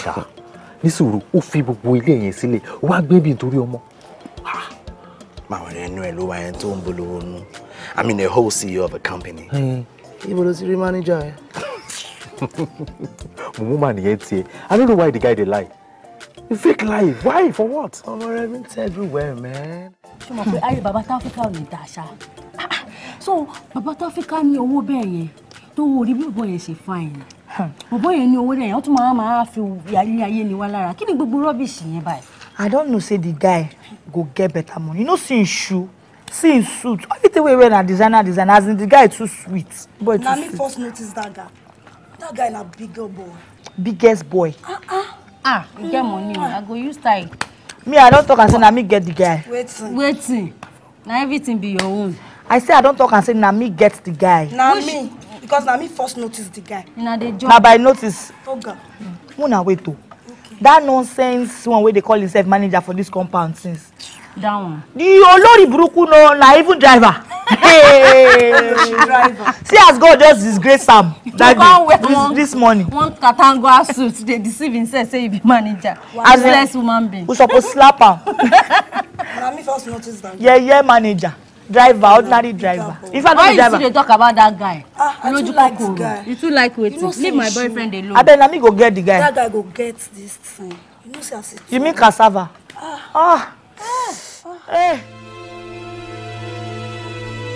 ní sùúrù ó fi gbogbo ilé yẹn sílẹ̀ ó wá gbé bí nítorí ọmọ. báwo ni ẹnu ẹ ló wá ẹni tó ń bolówó nú I mean the whole CEO of a company. ibo ló ti rí mánéjà ẹ. mo mú mànìyẹn tiẹ̀ I don't know why the guy dey lie. Fake lie. Why? For what? Ọmọ rẹ mi tẹ everywhere, man. Ṣé mo pe ayé bàbá táfíkà ò ní da ah, àṣà? Ah. So bàbá táfíkà ní owó bẹ́ẹ̀ yẹn tó wo orí bíbọ̀ yẹn ṣe fáìn bọ̀bọ̀ yẹn ní owó rẹ̀ yẹn tún máa máa fi ilé ayé ni wá lára kí ni gbogbo rọ́bìṣì yẹn báyìí. I don't know say the guy go get better money you know see him shoe see him suit everything wey he wear na designer designer as in the guy too sweet boy too sweet. na me first notice that guy that guy na bigger boy. biggest boy. ah ah ah you get money o I go use style. me I don talk am say na me get the guy. wetin wetin na everything be your own. I say I don talk am say na me get the guy. na me because now me first notice the guy they Now by notice una oh, wait Okay. that nonsense one wey They call himself manager for this compound since that one the olórí burúkú no na even driver Hey. see as God just disgrace Sam. that day this, this morning. one katangwa suit They deceive himself say he be manager As less woman being. we suppose slap am. na me first notice that. Yeah yeah manager driver ordinary driver in fact no be driver. why you still talk about that guy ah, lójú kòkòrò you too like waiting. leave my boyfriend alone. I abeg let me go get the guy. that guy go get this thing you know say as e. you mean cassava. ah ah. ah. Eh. Hey.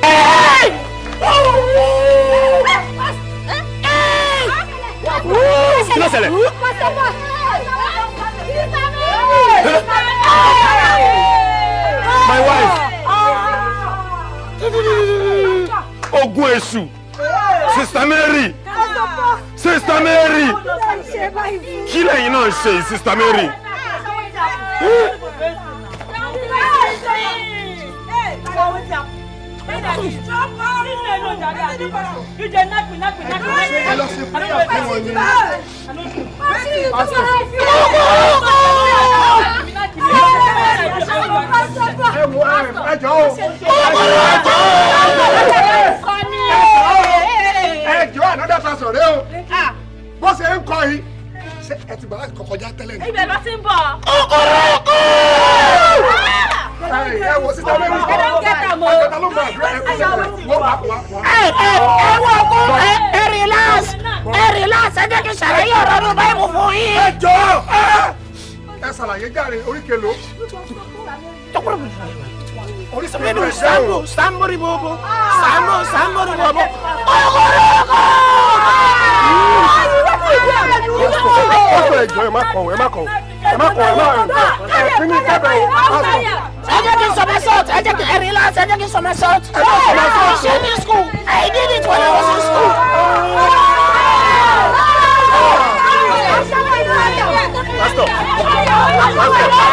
Hey! Oh, oh, oh. Kí ló ṣẹlẹ̀? My wife. ogun èṣù sista Mary sista Mary kí lẹ́yìn náà ṣe sista Mary. Ẹ wo ẹ jọ o máa sọ̀rọ̀ o bó ṣe ń kọ yìí ṣe ẹ ti bàbá kọkọjá tẹ́lẹ̀ ni. ibẹ̀ ló ti ń bọ̀. kọkọrọ kọ. ẹ wo sísá lórí ìgbà ẹ kẹta ló máa gbé ẹ kó wọ́n wá wá wá. ẹ ẹ ẹ wọ kó ẹ ẹ relax ẹ relax ẹ jẹ́ kí sàlàyé ọ̀rọ̀ ló bá ìwò fún yín. ẹ jọ ẹ sàlàyé jáde oríkèlò. Minu sambo, sambori bobo, sambo, sambori bobo. Ogoroko! Ọ̀sọ̀ ẹ̀jọ̀ ẹ̀ má kọ̀ ẹ̀ má kọ̀ ẹ̀ má kọ̀ ẹ̀ má ẹ̀ kí ni kẹ́bẹ̀ ẹ̀ má kọ̀. Ẹ jẹ́ kí n sọmọ sọ́ọ̀tì, ẹ jẹ́ kí ẹ relax, ẹ jẹ́ kí n sọmọ sọ́ọ̀tì. Ẹ jẹ́ kí n sọmọ sọ́ọ̀tì. I was in school, I did it when I was in school. Pastor, pastor, pastor.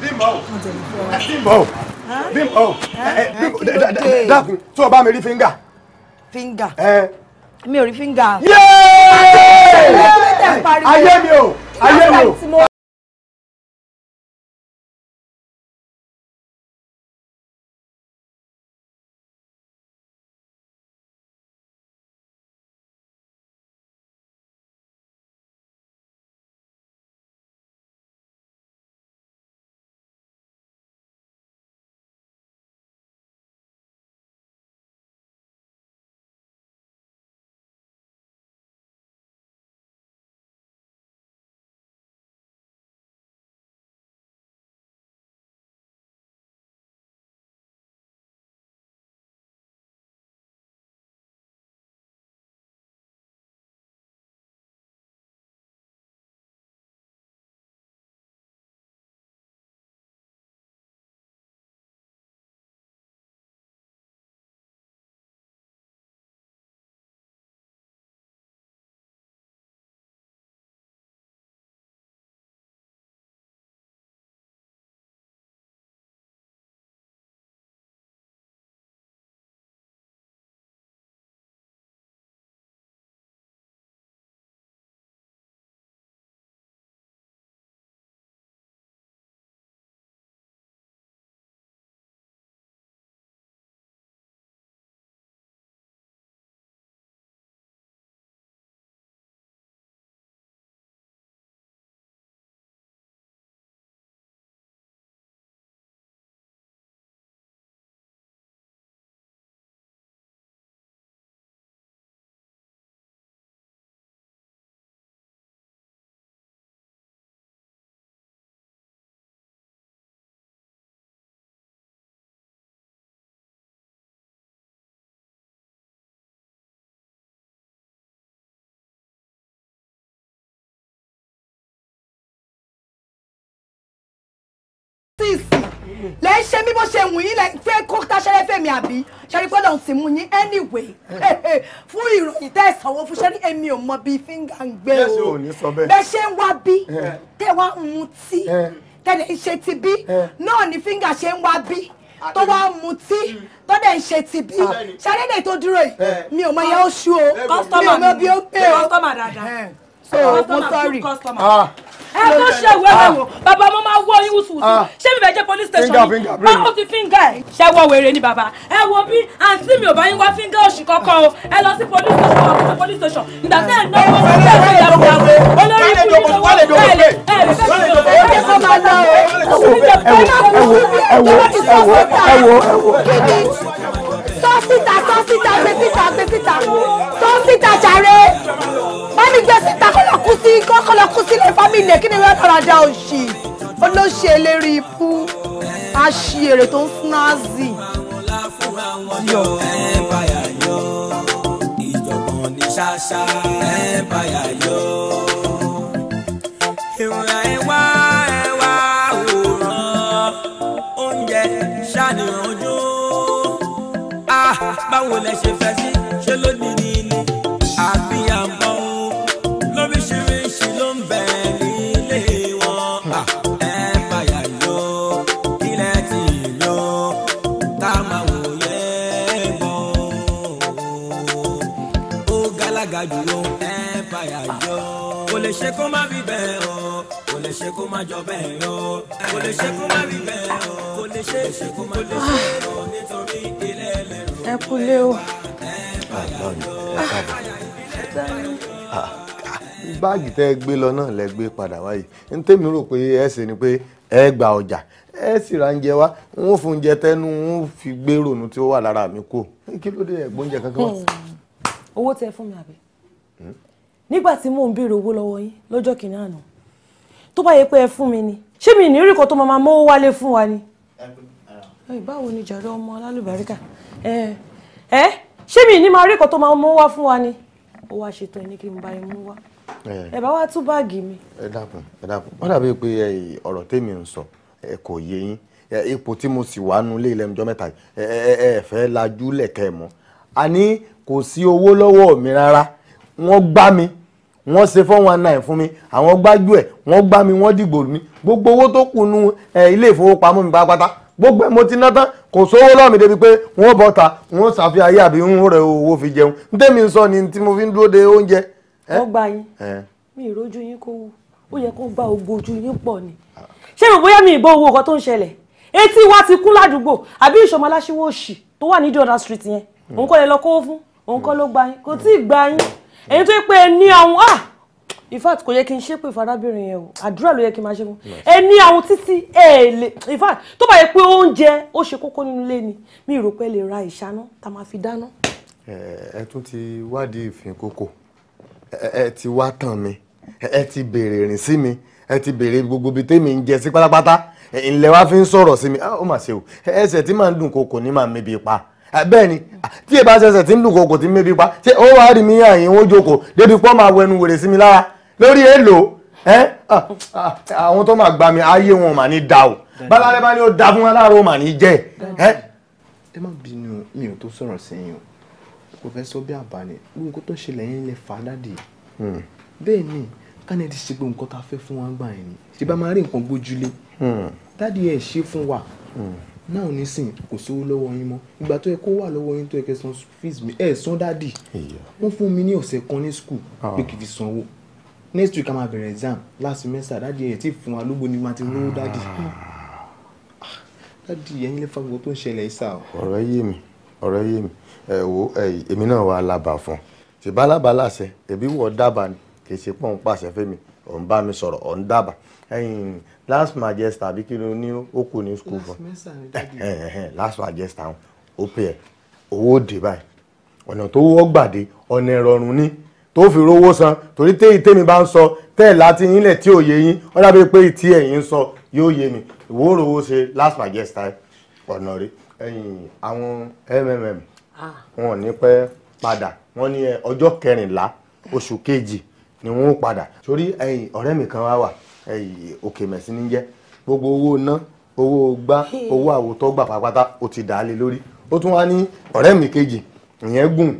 bímbọ bímbọ eh, eh, dákun tí o bá mi rí fíńgà. fíńgà eh. mi ò rí fíńgà. ayé mi o ayé mi o. ṣe mí bó ṣe wù yín lẹ fẹ́ kó táṣẹ́rẹ́ fèmí àbí ṣẹ́rí pé lọ́n ti mú yín anyway fún ìròyìn tẹ́ ẹ̀ sanwó fún ṣẹ́rí èmi ò mọ bíi fíńgà ń gbé o bẹ́ẹ̀ ṣe ń wá bí eh. tẹ́ wá ń mutí eh. tẹ́lẹ̀ ń ṣe ti bí eh. náà ni fíńgà ṣe ń wá bí tó wá ń mutí mm. tó dẹ̀ ń ṣe ti bí ah. ṣàdédé tó dúró yìí mi ò mọ iye oṣù o mi ò mọ bí ó pè o so mo sorry. Ah ẹ tó ṣe ìwé rẹ wò bàbá mo máa wọ yín wùsùwùsù ṣé mi bẹ jẹ police station ni báwo ti fíńgà ẹ ṣe wọ wèrè ni bàbá ẹ wo bí àǹtí mi ò bá yín wá fíńgà oṣù kankan o ẹ lọ sí police station wà fún police station ìgbà tẹ ẹ náwó tẹ ẹ fẹ yàgò yàgò olórí ikú ni lọ́wọ́ ẹ lè ẹ lè fẹ mi lọ ẹ lè fẹ máa lọ ẹ jàre wọ́n ní gbé síta kọ́lọ̀ kú sí kọ́lọ̀ kú sílé fámìlì ẹ̀ kí ni wọ́n dára da òṣì olóṣè eléré ikú aṣèrè tó ń snazi. ìjọ̀gbọ̀n ah, báwo lẹ ṣe fẹ́ sí. alága jùlọ ẹ̀ẹ́pàyà jọ. kò lè ṣe kó má rí bẹ́ẹ̀ o kò lè ṣe kó má jọ bẹ́ẹ̀ o kò lè ṣe kó má rí bẹ́ẹ̀ o kò lè ṣe ṣe kó má jọ bẹ́ẹ̀ o nítorí ilé ẹlẹ́rú. ẹ kúlé o. Ah, báàgì tẹ́ ẹ gbé lọ náà lẹ gbé padà wáyé ń tẹ́mi rò pé ẹ ṣe ni pé ẹ gba ọjà ẹ sì ra ń jẹ wá n ó fún oúnjẹ tẹnu n fi gbé ronú tí ó wà lára mi kú kí ló dé ẹ̀gbọ́n oúnjẹ kankan wá. Hmm. owó tẹ fún mi àbí nígbà tí mò ń bèrè owó lọ́wọ́ yín lọ́jọ́ kìíní àná tó bá yẹ pé ẹ fún mi ni ṣé mi ní rí tó máa mówó wálé fún wa ni. báwo ni jàre ọmọ alálùbáríkà ẹ ṣé mi ní máa tó máa mówó wá fún wa ni ó wá ṣètò ẹni kí n bá yín wá ẹ bá wá tún báàgì mi. ẹ dákun ẹ wọ́n dàbí pé ọ̀rọ̀ tèmi ń sọ ẹ kò yé yín ipò tí mo sì wà nulẹ̀ àní kò sí owó lọ́wọ́ mi rárá wọ́n gbá mi wọ́n ṣe four one nine fún mi àwọn gbájú ẹ̀ wọ́n gbá mi wọ́n dìgbò mi gbogbo owó tó kù nu ilé ìfowópamọ́ mi pátápátá gbogbo ẹ̀ mo ti ná tán kò sówó lọ́mí débi pé wọ́n bọ́ta wọ́n ṣàfihàn ayé àbí ń rẹ̀ owó fi jẹun ní tèmi sọ ni tí mo fi ń dúró de oúnjẹ. wọ́n gba yín mi ìrójú yín kó wú ó yẹ kó gba ògbó ojú yín pọ̀ ni ṣé mo bóyá mi ìbò owó ọkọ̀ tó ń ṣẹlẹ̀ etí wa ti kú ládùúgbò àbí ìṣọmọláṣíwò òṣì tó wà ní the street yẹn òun kọ́ lè lọ kówó fún òun kọ́ ló gba yín kò tí ì gba yín èyí tó pé ní àwọn ah in fact kò yẹ kí n ṣépè farabirin yẹn o àdúrà ló yẹ kí n máa ṣe fún ẹ ní àwọn títí ẹ lè in fact tó bá yẹ pé oúnjẹ ó ṣe kókó nínú ilé ni mi rò pé lè ra ìṣáná tá máa fi dáná. ẹ tún ti wádìí ìfín kókó ẹ ti wá tàn mi ẹ ti béèrè rìn sí mi ẹ ti béèrè gbogbo ibi tèmi ń jẹ sí pátápátá ilẹ̀ wa fi ń sọ̀rọ̀ sí mi ah, ó mà ṣe o ẹsẹ̀ tí màá ń dùn kókó ní màá mébi pa bẹ́ẹ̀ ni tí èbá ṣẹ̀ṣẹ̀ tí ń lù kòkò tí ń mébi pa ṣé ó wàá rí mi àyìn ó jókòó débi pọ́ máa wẹnu wèrè sí mi lára lórí èèlò àwọn tó máa gbà mí ayé wọn mà ní da o bálálẹ́ bá ní ó da fún aláàrọ̀ mà ní jẹ́ ẹ. ẹ má bínú mi ò tó sọ̀rọ̀ sẹ́yìn o kò fẹ́ sọ bí àbálẹ̀ gbogbo nǹkan tó ń ṣẹlẹ̀ yẹn lè fà á dáàdì hmm. bẹ́ẹ̀ ni kánẹ̀ ti ṣe gbogbo nǹkan tá a fẹ́ fún wa gbà yẹn ṣe bá máa rí nǹkan gbójúlé hmm. dáàdì ẹ̀ ṣe fún wa hmm náà nísìn kò sówó lọ́wọ́ yín mọ́ ìgbà tó yẹ kó wà lọ́wọ́ yín tó yẹ kẹ́ san fees mi ẹ̀ san dáàdì wọ́n fún mi ní ọ̀sẹ̀ kan ní school ah. pé kì í fi sanwó next week a máa bẹ̀rẹ̀ exam last semester dáàdì ẹ̀ tí fún wa lóbo ni màá ti lówó dáàdì ah. ah, dáàdì ẹ̀yin lè fa gbogbo tó ń ṣẹlẹ̀ ìsà o. ọ̀rọ̀ yé mi ọ̀rọ̀ yé mi ẹ wo èmi náà wà lába fún ṣèbá lába láṣẹ èbí wọ́n dábàá ni kì í ṣe pọ́n pàṣẹ fẹ́mi ò ń bá mi sọ̀rọ̀ ò ń dábàá last majesta àbí kí ló ní ó ní school fún eh, eh, eh, last majesta wọn ó pè ẹ owó dé báyìí ọ̀nà tó wọ́ gbàdé ọ̀nà ìrọ̀rùn ni tó fi rówó san torí téyì tèmi bá ń sọ tẹ́ẹ̀ láti yín lẹ̀ tí ò yé yín ó dàbí pé tí ẹ̀yin ń sọ yóò yé mi ìwó rówó ṣe last majesta ọ̀nà rí ẹ̀yìn àwọn mmm wọn ò ní pẹ́ padà wọ́n ní ọjọ́ kẹrìnlá oṣù kejì ni wọ́n padà torí ẹ̀yìn ọ̀rẹ́ mi kan wá wà òkè mẹ̀sí ní jẹ́ gbogbo owó ná owó gbá owó àwòtọ́ gbà pàápàá ó ti dà á lé lórí ó tún wá ní ọ̀rẹ́ mi kejì ìyẹn gùn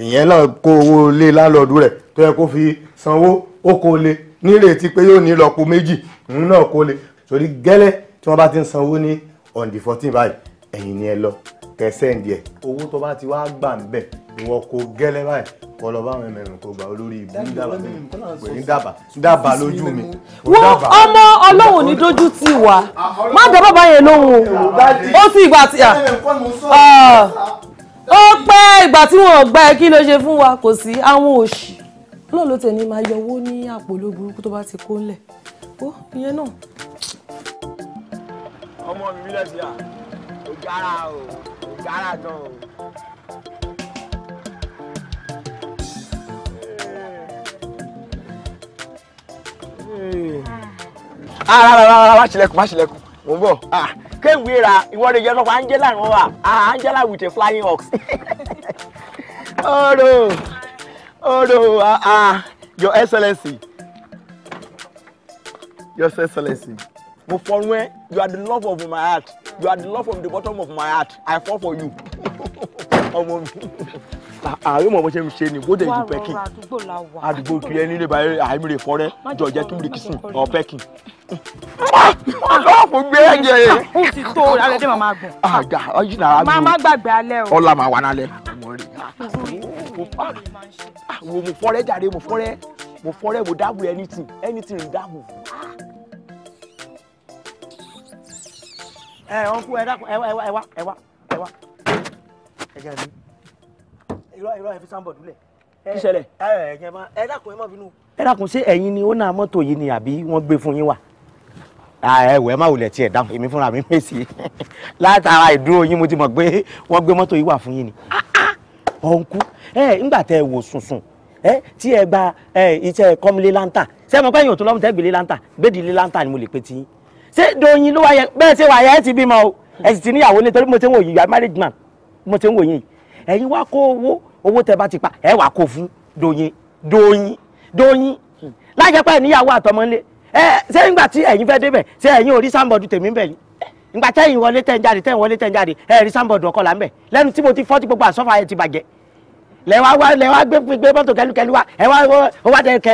ìyẹn náà kó owó lé lálọ́ọ̀dù rẹ̀ tó yẹ kó fi sanwó ó kó lé nírètí pé yóò ní ìlọ́po méjì òun náà kó lé torí gẹ́lẹ́ tí wọ́n bá ti ń sanwó ní on the fourteen báyìí ẹ̀yìn ni ẹ lọ kẹsẹ̀ ń díẹ̀ owó tó bá ti wá gbà ń bẹ̀ ìwọ kò gẹ́lẹ́ báyìí kọ́ lọ bá àwọn ẹ̀mẹ̀rún kò gbà olórí ìbú dàbà pè ní dàbà dàbà lójú mi. wo ọmọ ọlọ́run ní dojú ti wà má dá bàbá lóhùn ó sì ìgbà tí ó pẹ́ ìgbà tí wọ́n gbá ẹ kí ló ṣe fún wa kò sí àwọn òṣì ọlọ́run ló tẹ̀ máa yọ ní àpò olóburúkú tó bá ti kó ńlẹ̀ ó ìyẹn náà ọmọ mi mílẹ̀ sí à ó gara o dára gan o. ara ara ara má ṣílẹ̀kùn má ṣílẹ̀kùn mò ń bọ̀ ah, kéwìí ra ìwọ́de yẹn lọ́pọ̀ Angela ń wà ah, Angela with a flying ox. oro oh, oro oh, ah ah your excellency your excellency mo fọrún ẹ you are the love of my heart you are the love from the bottom of my heart i fall for you ọmọ mi ààrẹ mọ̀ bó ṣe ń ṣe ni bó dé ìlú pẹ́kìn àdúgbò kí ẹni lè báyìí àìmìrè fọ́rẹ́ jọ̀jẹ́ tún lè kìsùn ọ̀ pẹ́kìn. ọlọ́wọ́ kò gbé ẹ̀jẹ̀ yẹn. ó ti tó alẹ́ dé màmá gùn. àga ọyìn náà mi màmá gbàgbé alẹ́ o. ọlá màá wà nálẹ̀. Ah! Ah! wo mo fọ́rẹ́ jàre mo fọ́rẹ́ mo fọ́rẹ́ mo dábò anything anything dábò. Ah! ẹ ọ̀nkú ẹ dákun ẹ wá ẹ wá ẹ wá ẹ wá ẹ jẹ́ mi irọ́ irọ́ ẹ fi sáńbọ̀ dúlẹ̀. kí ṣẹlẹ̀. ẹ ẹ dákun ẹ má bínú. ẹ dákun ṣé ẹ̀yin ni ó náà mọ́tò yìí ni àbí wọ́n gbé fún yín wá. ẹ wẹ má wulẹ̀ tiẹ̀ dáhùn èmi fúnra mi fèsì látara ìdúró yín mo ti mọ̀ pé wọ́n gbé mọ́tò yìí wá fún yín ni. ọ̀nkú ah, ah. ẹ ńgbà tẹ ẹ wò sùnsùn ẹ tí ẹ gba iṣẹ́ kọ́mílé láńtà ṣé ẹ mọ̀ pé ẹ̀yin ò tó lọ́mùtẹ́ gbélé láńtà gbédìí lé láńtà ni mo lè pe tiyín ṣé Doyin ló wá yẹ bẹ́ẹ̀ ṣe wà yẹ ẹ ti bímọ o ẹ sì ti níyàwó lé torí mo ti ń wò yìí you are married man mo ti ń wò yìí ẹ̀yin wá kó owó owó tẹ bá ti pa ẹ wà kó fún Doyin Doyin Doyin lájẹpẹ́ níyàwó àtọmọ ńlẹ̀ ẹ ṣé nígbà tí ẹ̀yin fẹ́ débẹ̀ ṣé ẹ̀yin ò rí sáńbọ̀dù tèmi ń bẹ̀ ni nígbà tẹ́yìn wọlé tẹ́ ń jáde tẹ́yìn wọlé tẹ́ ń jáde ẹ rí sáńbọ̀dù ọkọ̀ là ń bẹ̀ lẹ́nu tí mo ti fọ́ tí gbogbo àsọ́fà yẹn ti bàjẹ́ lẹ́wà wá lẹ́wà gbé gbé mọ́tò kẹlukẹlu wa ẹ wá ó wá dẹ kẹ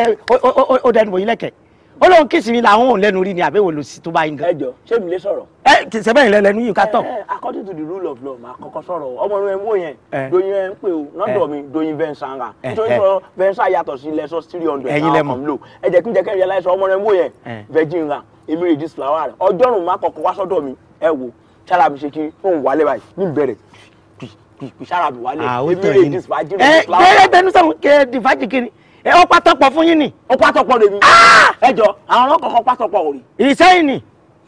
ó dẹnu wòyí lẹ́kẹ̀ẹ́ ó lóun kìsì mi làwọn òun rí ni àbẹ̀wò lò sí tó bá yín gan. ẹ jọ ṣé mi lè sọ̀rọ̀. ẹ kì í sẹ́bẹ̀ yìí lẹ́nu yìí ká tọ̀. according to the rule of law màá kọ́kọ́ sọ̀rọ̀ ọmọ inú ẹ̀mú yẹn doyin ẹ̀ ń pè o lọ́dọ̀ mi doyin vẹ́nsánra nítorí sọ vẹ́nsá yàtọ̀ sí lẹ́sọ̀ three hundred náà kàn lò ẹ jẹ́ kí n jẹ́ kẹ́rin yẹn láìsọ ọmọ inú ẹ̀mú yẹn virgin ra èmi rè dis flower rẹ ọjọ́rùn má kọ́kọ́ wá sọ́dọ̀ mi ẹ wo sára mi ṣe kí fóun wálé báyìí ní ìbẹ̀rẹ̀ sára mi wálé èmi rè dis virgin flower. ẹ gbẹ́rẹ́ bẹnu sọ̀rọ̀ ẹ ọ pátọpọ fún yín ni. ó pátọpọ lèmi. Ah! ẹ jọ àwọn ọlọ́kọ̀ọ́kọ́ pátọpọ òrì. ìsẹ́yìn ni.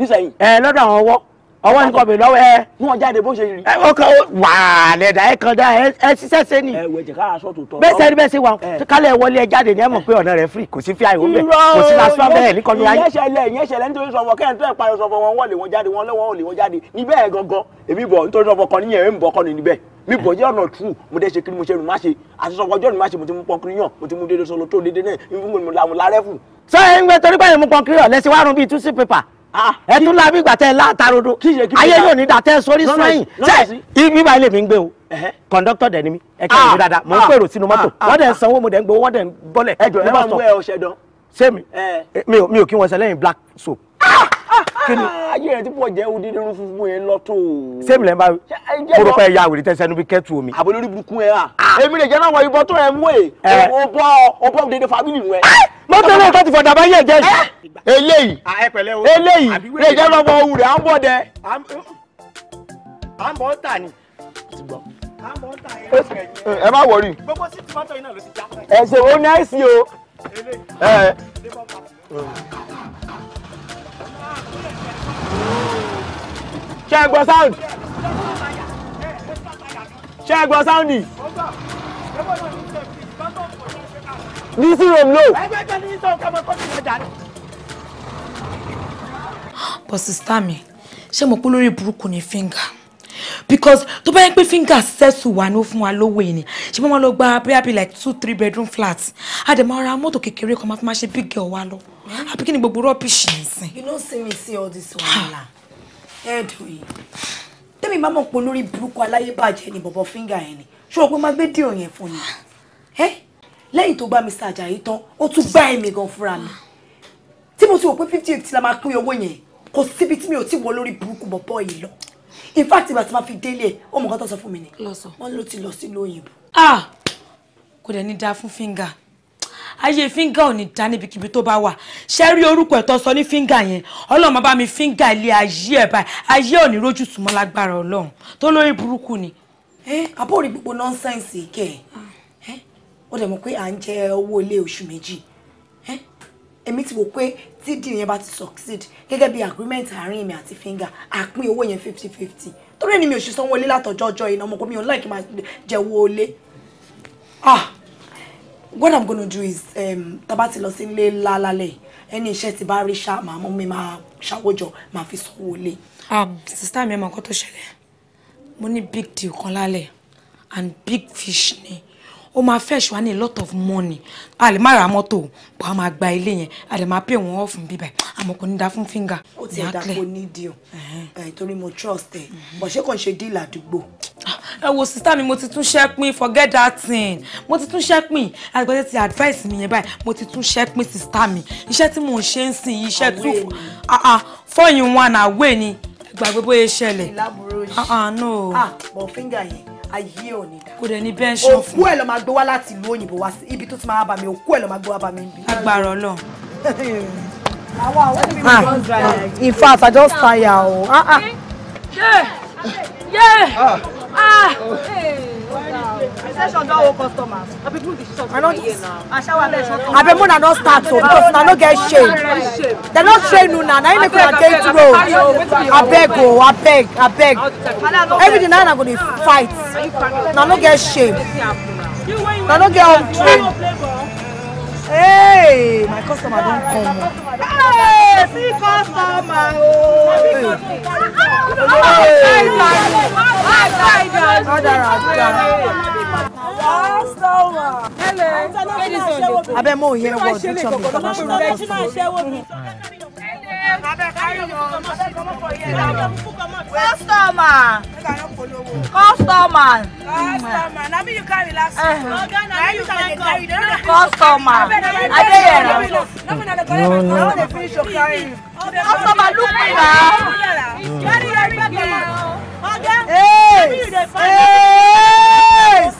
ìsẹ́yìn. ẹ lọ́dọ̀ àwọn ọwọ́ ọwọ́ nǹkan bèèrè lọ́wọ́ ẹ. wọn jáde bó ṣe rí. ẹ ọkọ wà lẹ́dà ẹ kan dá ẹ ṣiṣẹ́ ṣe ni. ẹ wẹ̀jẹ̀ ká aṣọ tó tọ́. bẹ́ẹ̀ sẹ́ni bẹ́ẹ̀ ṣe wà kálẹ̀ wọlé ẹ jáde ni ẹ mọ̀ pé ọ̀nà rẹ̀ free kò sí fi àìwọ́ bẹ́ẹ̀ kò sí lásán bẹ́ẹ̀ ní kọ́ni ayé. ìyẹn ṣẹlẹ̀ ìyẹn ṣẹlẹ̀ nítorí sọ̀fọ̀ kẹ́hìn tó ẹ̀ parí sọ̀fọ̀ wọn wọlé wọn jáde wọn lọ́wọ́ wọlé wọn jáde níbẹ̀ ẹ̀ gangan èmi bọ̀ nítorí sọ̀fọ̀ kan níyẹn èmi bọ̀ kọ́ni níbẹ̀ mi bọ̀ jẹ́ ọ̀nà tù mo dẹ́ ṣe kí ni mo ṣe rùn má ṣe àti sọ̀fọ̀ ọjọ́ ni má ṣe mo ti mú pọnkiri yàn mo ti mú dédé sọ̀rọ̀ tó dédé náà mo ti mú làmúlárẹ́fù. sọ ẹ ń gbẹ torí pé ẹ mú pọnkiri yàn lẹsìn wàá rún bíi túsí pépà Ah. ẹ tún lábí ìgbà tẹ ẹ láàtarodo ayé yóò ní dàtẹ sórí sẹ́yìn tẹ ibi báyìí lèmi ń gbé o kọ̀ńdọ́tọ̀ dẹ̀ ni mi ẹ kẹ́ ah. mi dáadáa mò ń ah. pèrò sínú mọ́tò wọ́n dẹ̀ ń sanwó mo dẹ̀ ń gbowó wọ́n dẹ̀ ń bọ́lẹ̀ ẹ jọ ẹ máa ń wẹ ọṣẹ dán. sẹ́mi mi ò kí wọn sẹ lẹ́yìn black soap kíni. ayé rẹ ti pọ̀ jẹ́ odidi irun funfun yẹn lọ́tọ̀. sẹ́mi lẹ́nu bá mo rò pé ẹ̀yà àwòrán tẹ́sẹ̀ ẹnu bí kẹ́tù omi. àbò lórí burúkú ẹ̀ hàn. Ah. èmi lè jẹ́ náà wọ ibọ tó ẹ̀ o bọ́ o bọ́ dédé fámìlì rẹ. mọ́tò náà tó ti fọ̀dà bá yẹ̀ jẹ́ eh! eléyìí ah, eléyìí lè jẹ́ lọ́mọ òwú rẹ̀ à ń bọ̀ dẹ. à ń bọ̀ ta ni. Eh, ẹ má wọrí. gbogbo sí tomato yìí náà ló ti já. ẹ̀sẹ̀ o. ṣé ẹ gbọ́ sound ṣé ẹ gbọ́ sound dc room lo. but sista mi ṣé mo pé lórí burúkú ni finger because tó bá yẹ pé finger settle wà ní ó fún wa lówó yìí ni ṣé wọ́n lọ gba abiyabi like two three bedroom flat a dẹ̀ máa ra mọ́tò kékeré kan máa fi máa ṣe big girl wa lọ àbí kí ni gbogbo rọ́bìṣì nìsín. you no see me see all this wahala ẹ̀ẹ́dùn tell me, máa mọ̀ pé olórí burúkú aláyé bàjẹ́ ni bọ̀bọ̀ fíńgà finger. ni ṣó o pé máa gbé dìrò yẹn fún yín ẹ lẹ́yìn tó gbá Mr. Ajayi tán ó tún gbá ẹ̀mí gan fúnra mi tí mo ti wò pé fifty eight la máa pín owó yẹn kò síbi tí mi ò tí wọ olórí burúkú bọ̀bọ̀ yìí lọ in fact ìgbà tí ma fi délé ẹ̀ ó mọ̀ nǹkan tó sọ fún mi ni wọ́n ló ti lọ sí lóyìnbó. ah could I need dáa fún fíńgà ayé fíńgà ò ní dá níbikíbi tó bá wà ṣé rí orúkọ ẹ̀ tó sọ ní fíńgà yẹn ọlọ́run má bá mi fíńgà ilé ayé ẹ̀ báyìí ayé ò ní rójú sùnmọ́ lágbára ọlọ́run tó lórí burúkú ni. ẹ àbó rí gbogbo nọ́ńsẹ̀nsì kẹ ẹ ó dẹ̀ mọ̀ pé à ń jẹ owó ilé oṣù méjì èmi ti wò pé tí díì yẹn bá ti succeed gẹ́gẹ́ bí agreement àárín èmi àti fíńgà àpín owó yẹn fifty fifty torí ẹni mi ò ṣe sanwó ilé látọjọ́ ọjọ́ iná ọmọ kò mi ò láì máa jẹ owó ilé. ah what i'm gonna do is um, taba ti lọ sí la ńlá lálẹ́ ẹni iṣẹ́ ti bá rí ṣá màá mú mi máa ṣàwọ́jọ màá fi sanwó lé. um sister, mi ma mọ nǹkan tó mo ní big deal kan lálẹ́ and big fish ni ó máa fẹ́ ṣùgbọ́n ní a lot of money a lè má ra mọ́tò bọ́ a máa gba ilé yẹn a lè máa pè wọ́n off bíbẹ̀ àmọ́ kò ní da fún fíngà. ó ti ẹ̀dá kò ní deal torí mo trust ẹ bọ̀ ṣé kò ń ṣe deal àdúgbò. Ah, ẹ wo sista mi mo ti tún ṣẹ́pin forget that thing mo ti tún ṣẹ́pin àgbẹ̀dẹ ti advice mi yẹn báyìí mo ti tún ṣẹ́pin sista mi iṣẹ́ tí mò ń ṣe ń sìn iṣẹ́ tún fọyín wọn àwẹ̀ ni gbàgbé bóyá ṣẹlẹ̀. ìlàbúrò ṣe ah, ah no. ah bọ̀ fíngà yẹn ayé ò ní dá. kò dẹ̀ ní pension fún. òkú ẹ̀ ló máa gbé wá láti ìlú òyìnbó wá sí ibi tó ti máa bá mi òkú ẹ̀ ló máa gbé wá bá mi. agbára Ọlọ́run. Ah. in fact i just tire o. ṣe ṣe ah. ah. ah. ah. ah. I abeg una not start o because una no get shame dem no train una na im make una dey road abeg o I beg, everything na una go dey fight una no get shame una no get untrained. Hey, my customer don't come. Hey, see customer. Oh. Hello. Abẹ́ mo yẹ wọ́ọ̀dù tí ọ̀gbìn international customer. Customer. Customer. Customer. Now me you carry last. Now you carry carry. Customer. I dey here. No, no. Now they finish your carry. Customer, look me now. Carry your Customer. now. Oga. Hey. Hey.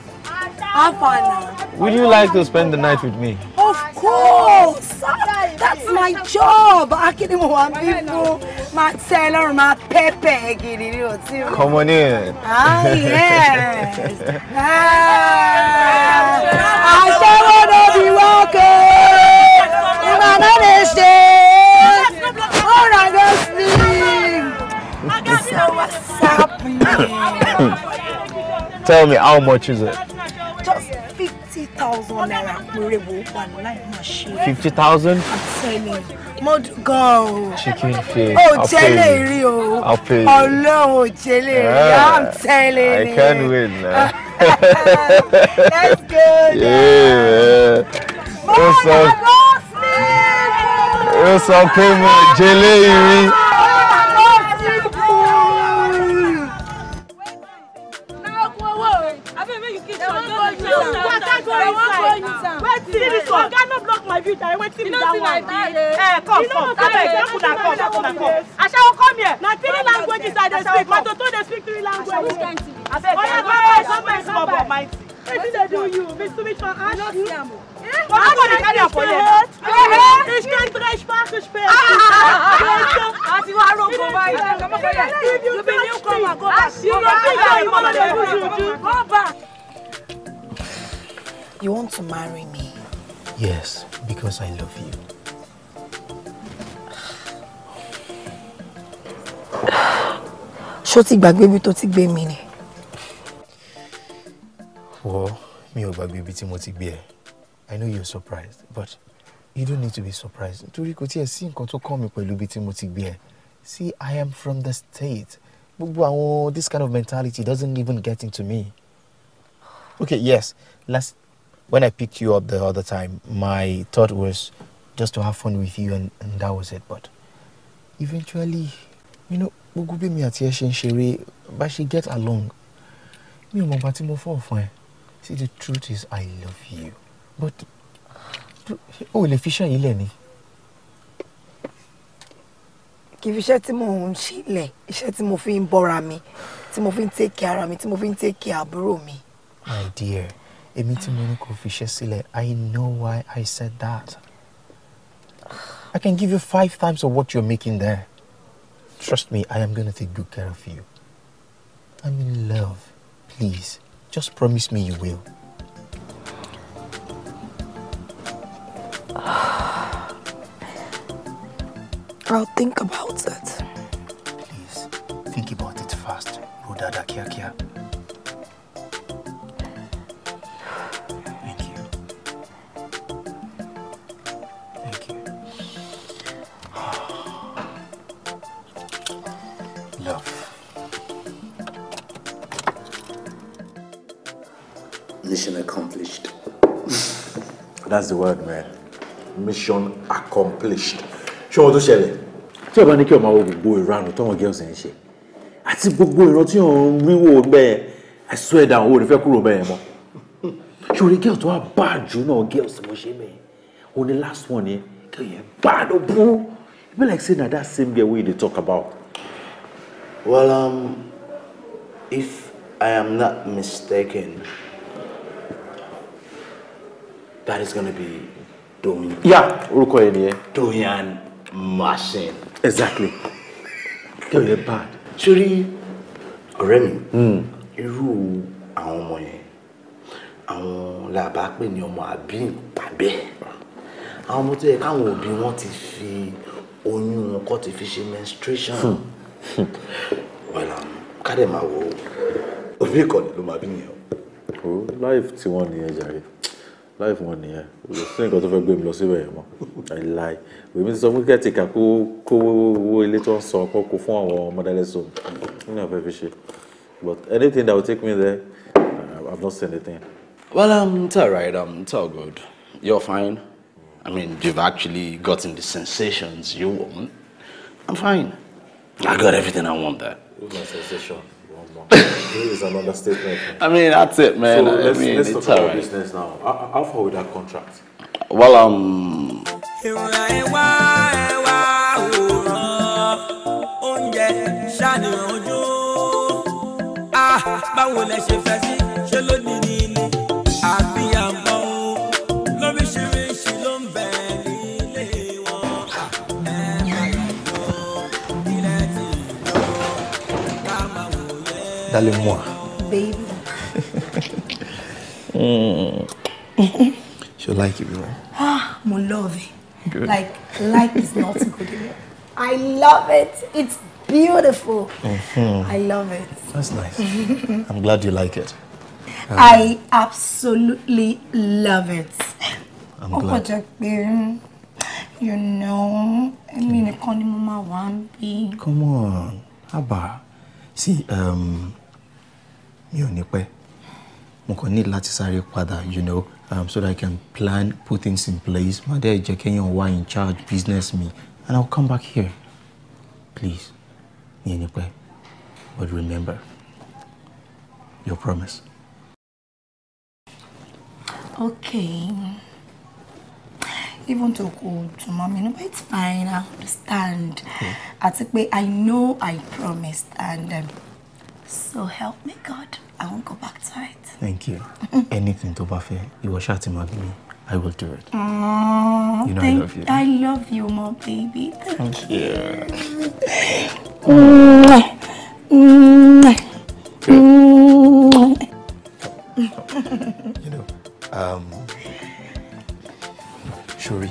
Have fun now. Would you like to spend the night with me? Of course! That's my job! Akini mo wa bibu, ma tell her ma pepe Come on in. Ah yes. Ah, I shall wanna be welcome. in I not stay, or I go sleep. what's happening? Tell me, how much is it? thousand naira péré wo wà láì máa ṣe. fifty thousand. àtẹlẹ mo gan o. chicken face Oh, pay you. rí o. i'll pay you. ọlọ́run òjẹ́lẹ̀ rí ah, i'm telling you. i can't win, now. let's go now. Yeah, ó sọ ó sọ pé mo jẹ́lẹ̀ rí. I wan go inside. Wait till this one. Oga no block my view I Wait till this one. Eh come come. Abeg make una come make una come. Asawo come here. Now, three languages I dey speak. My toto dey speak three languages. Abeg oya go away somewhere small but mighty. Wetin dey do you? Mr. Mitchell ask you. Wọ́n á bọ̀ ní kárí àpọ̀ yẹn. Ich kann drei Sprachen sprechen. Àti wàá rògbò báyìí. You be newcomer, go back. You go be newcomer, go back. You want to marry me? Yes, because I love you. Ṣó ti gbàgbé ibi tó ti gbé mi ni? Wọ́ mi ò gbàgbé ibi tí mo ti gbé ẹ. I know you're surprised but you don't need to be surprised. Nítorí kò tiẹ̀ sí nǹkan to kàn mí pẹ̀lú ibi tí mo ti gbé ẹ. See, I am from the state. Gbogbo àwọn this kind of mentality doesn't even get into me. Okay, yes, last when I picked you up the other time, my thought was just to have fun with you, and, and that was it. But eventually, you know, we mi be ẹ ṣe ń but she ṣe get along Me ò mọ ọba tí mo see the truth is I love you but oh, lè fi iṣẹ́ yìí lẹ̀ ni. kì tí mò ń ṣe iṣẹ́ tí mo fi ń bọ́ra mi tí mo fi ń take care ara mi tí mo fi ń take care àbúrò mi. my dear èmi tí mo I know why I said that. I can give you five times of what you're making there. Trust me, I am going to take good care of you. I'm in love. Please, just promise me you will. I'll think about it. Please, think about it fast. Rodada Kia Kia. Mission accomplished. That's the word, man. Mission accomplished. Ṣé wọn tó ṣẹlẹ̀? Tí ọba ní kí ọmọ wo gbogbo ìranù tọ́wọ́n girls ń ṣe àti gbogbo ìran tí òun ríwò bẹ́ẹ̀ I swear down owó rẹ̀ fẹ́ kúrò bẹ́ẹ̀ mọ́. Ṣòro girl tó wá bá jù náà girls mo ṣe bẹ́ẹ̀. O ní last one yẹn kí o yẹn bá a lọ bú. be like say na that same girl wey you dey talk about. Well, um, if I am not mistaken that is gonna be Doyin. Yeah, orúkọ yẹn nìyẹn. Doyin machine. Exactly. Kẹ́hìn yẹn bad. Sori ọ̀rẹ́ mi, hmm. irú àwọn ọmọ yẹn, àwọn làbá pè ní ọmọ àbí ìpàbẹ́. Àwọn ọmọ tó yẹ káwọn òbí wọn ti fi oyún wọn kọ́ ti fi ṣe menstruation. Hmm. Wọ́n um, kádẹ̀ máa wo òbí ìkọ̀lẹ̀ ló máa bí nìyẹn. Oh, life tí wọ́n nìyẹn jàre láì fún wọn nìyẹn kò sí nǹkan tó fẹ́ gbé mi lọ síbẹ̀ yẹn mọ́ láìláì èmi ti sọ fún kẹ́ẹ̀tì ká kó kó owó ilé tó ń san kó kó fún àwọn mọ́dálẹ́sọ nínú ọ̀fẹ́ fi ṣe but anything that will take me there uh, I've not seen anything. well um, it's alright um, it's all good you're fine I mean you've actually gotten the sensations you want I'm fine I got everything I want there. who's my sensation is an understatement. I mean, that's it, man. So I let's, mean, let's talk about right. business now. How, far with that contract? Well, um. Ah, báwo lẹ ṣe fẹ́ sí. Dallez-moi. Baby. mm. She'll like ah, it, bro. Ah, my love. Good. Like, like is not good. I love it. It's beautiful. Mm -hmm. I love it. That's nice. I'm glad you like it. Um, I absolutely love it. I'm glad. You know, I mean, I economy one Come on, Abba. See, um, mi ò ní pẹ́ mo kàn ní láti sáré padà you know um, so that I can plan put things in place má dẹ́ jẹ́ kéèyàn wá in charge business mi and I will come back here please mi ò ní pẹ́ but remember your promise. Okay. Even though cold to mommy, no, but it's fine. I understand. Yeah. Okay. I, I know I promised, and um, So help me God, I won't go back to it. Thank you. Anything to bá you ìwọ ṣáà ti máa bí I will do it. Aww, you know thank, I love you. I love you more, baby. Thank, thank you. you know, um, Shuri.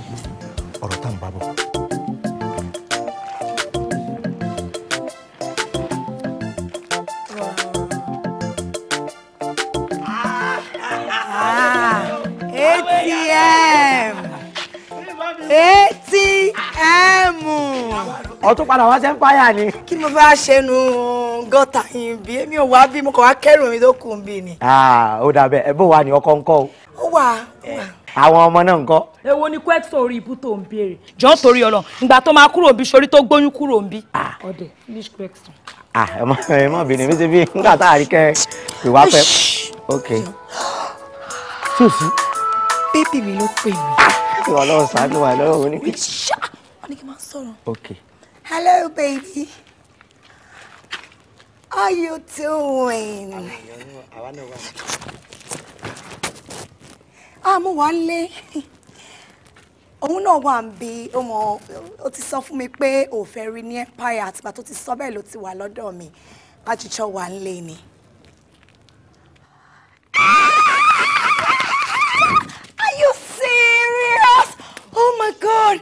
ọtún padà wá sẹ́ńpáyà ni. kí ni mo bá ṣẹnu gọ́tà yìí bí èmi ò wá bí mo kàn wá kẹ́rù mi tó kù bí ni. ó dà bẹ́ẹ̀ wa ni ọkọ ń kọ́ o. ó wà ó àwọn ọmọ náà ń kọ́. èwo ni kwẹ́tọ̀ orí ibú tó ń béèrè jọ́ torí ọlọ ìgbà tó máa kúrò bí sori tó gbóyún kúrò bí. ọdẹ english question. ẹ mọ ẹ mọ bìnrin mi ṣe bí nígbà tá a rí kẹ pè wá pẹ. ok. bébì mi ló pè mí. Ah, ìwọ lọ́wọ́ sàánú wa lọ́wọ́ oníkì. wọ́n ní kí n máa sọ̀rọ̀. ok. Hello, baby. How are you doing? Ah, mo wà nílé. Òun náà wà ń bi ọmọ ó ti sọ fún mi pé ò fẹ́ rí ní Empire àtìgbà tó ti sọ bẹ́ẹ̀ ló ti wà lọ́dọ̀ mi. Bájújọ́ wà nílé ni. Are you serious? Oh my God!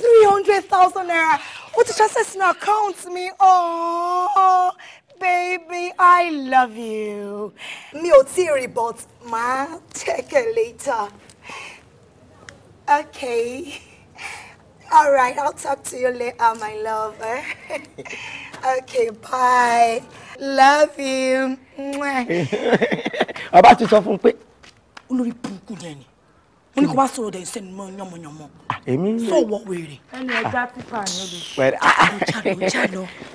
Three hundred thousand naira. What ti transfer sí mi account me, oh baby i love you. Me, ò theory, but ma, take it later. okay all right i'll talk to you later my love. okay bye love you. bàbá About to fún un pé olórí burúkú yẹn ni mo ní kó bá sọ̀rọ̀ dẹ̀ sẹ́ni mọ́ yánmọ́yánmọ́. Ah, èmi ń sọ wọ wèrè. ẹnu ẹja pípa ni o lè. pẹ̀lẹ́ ah, ah.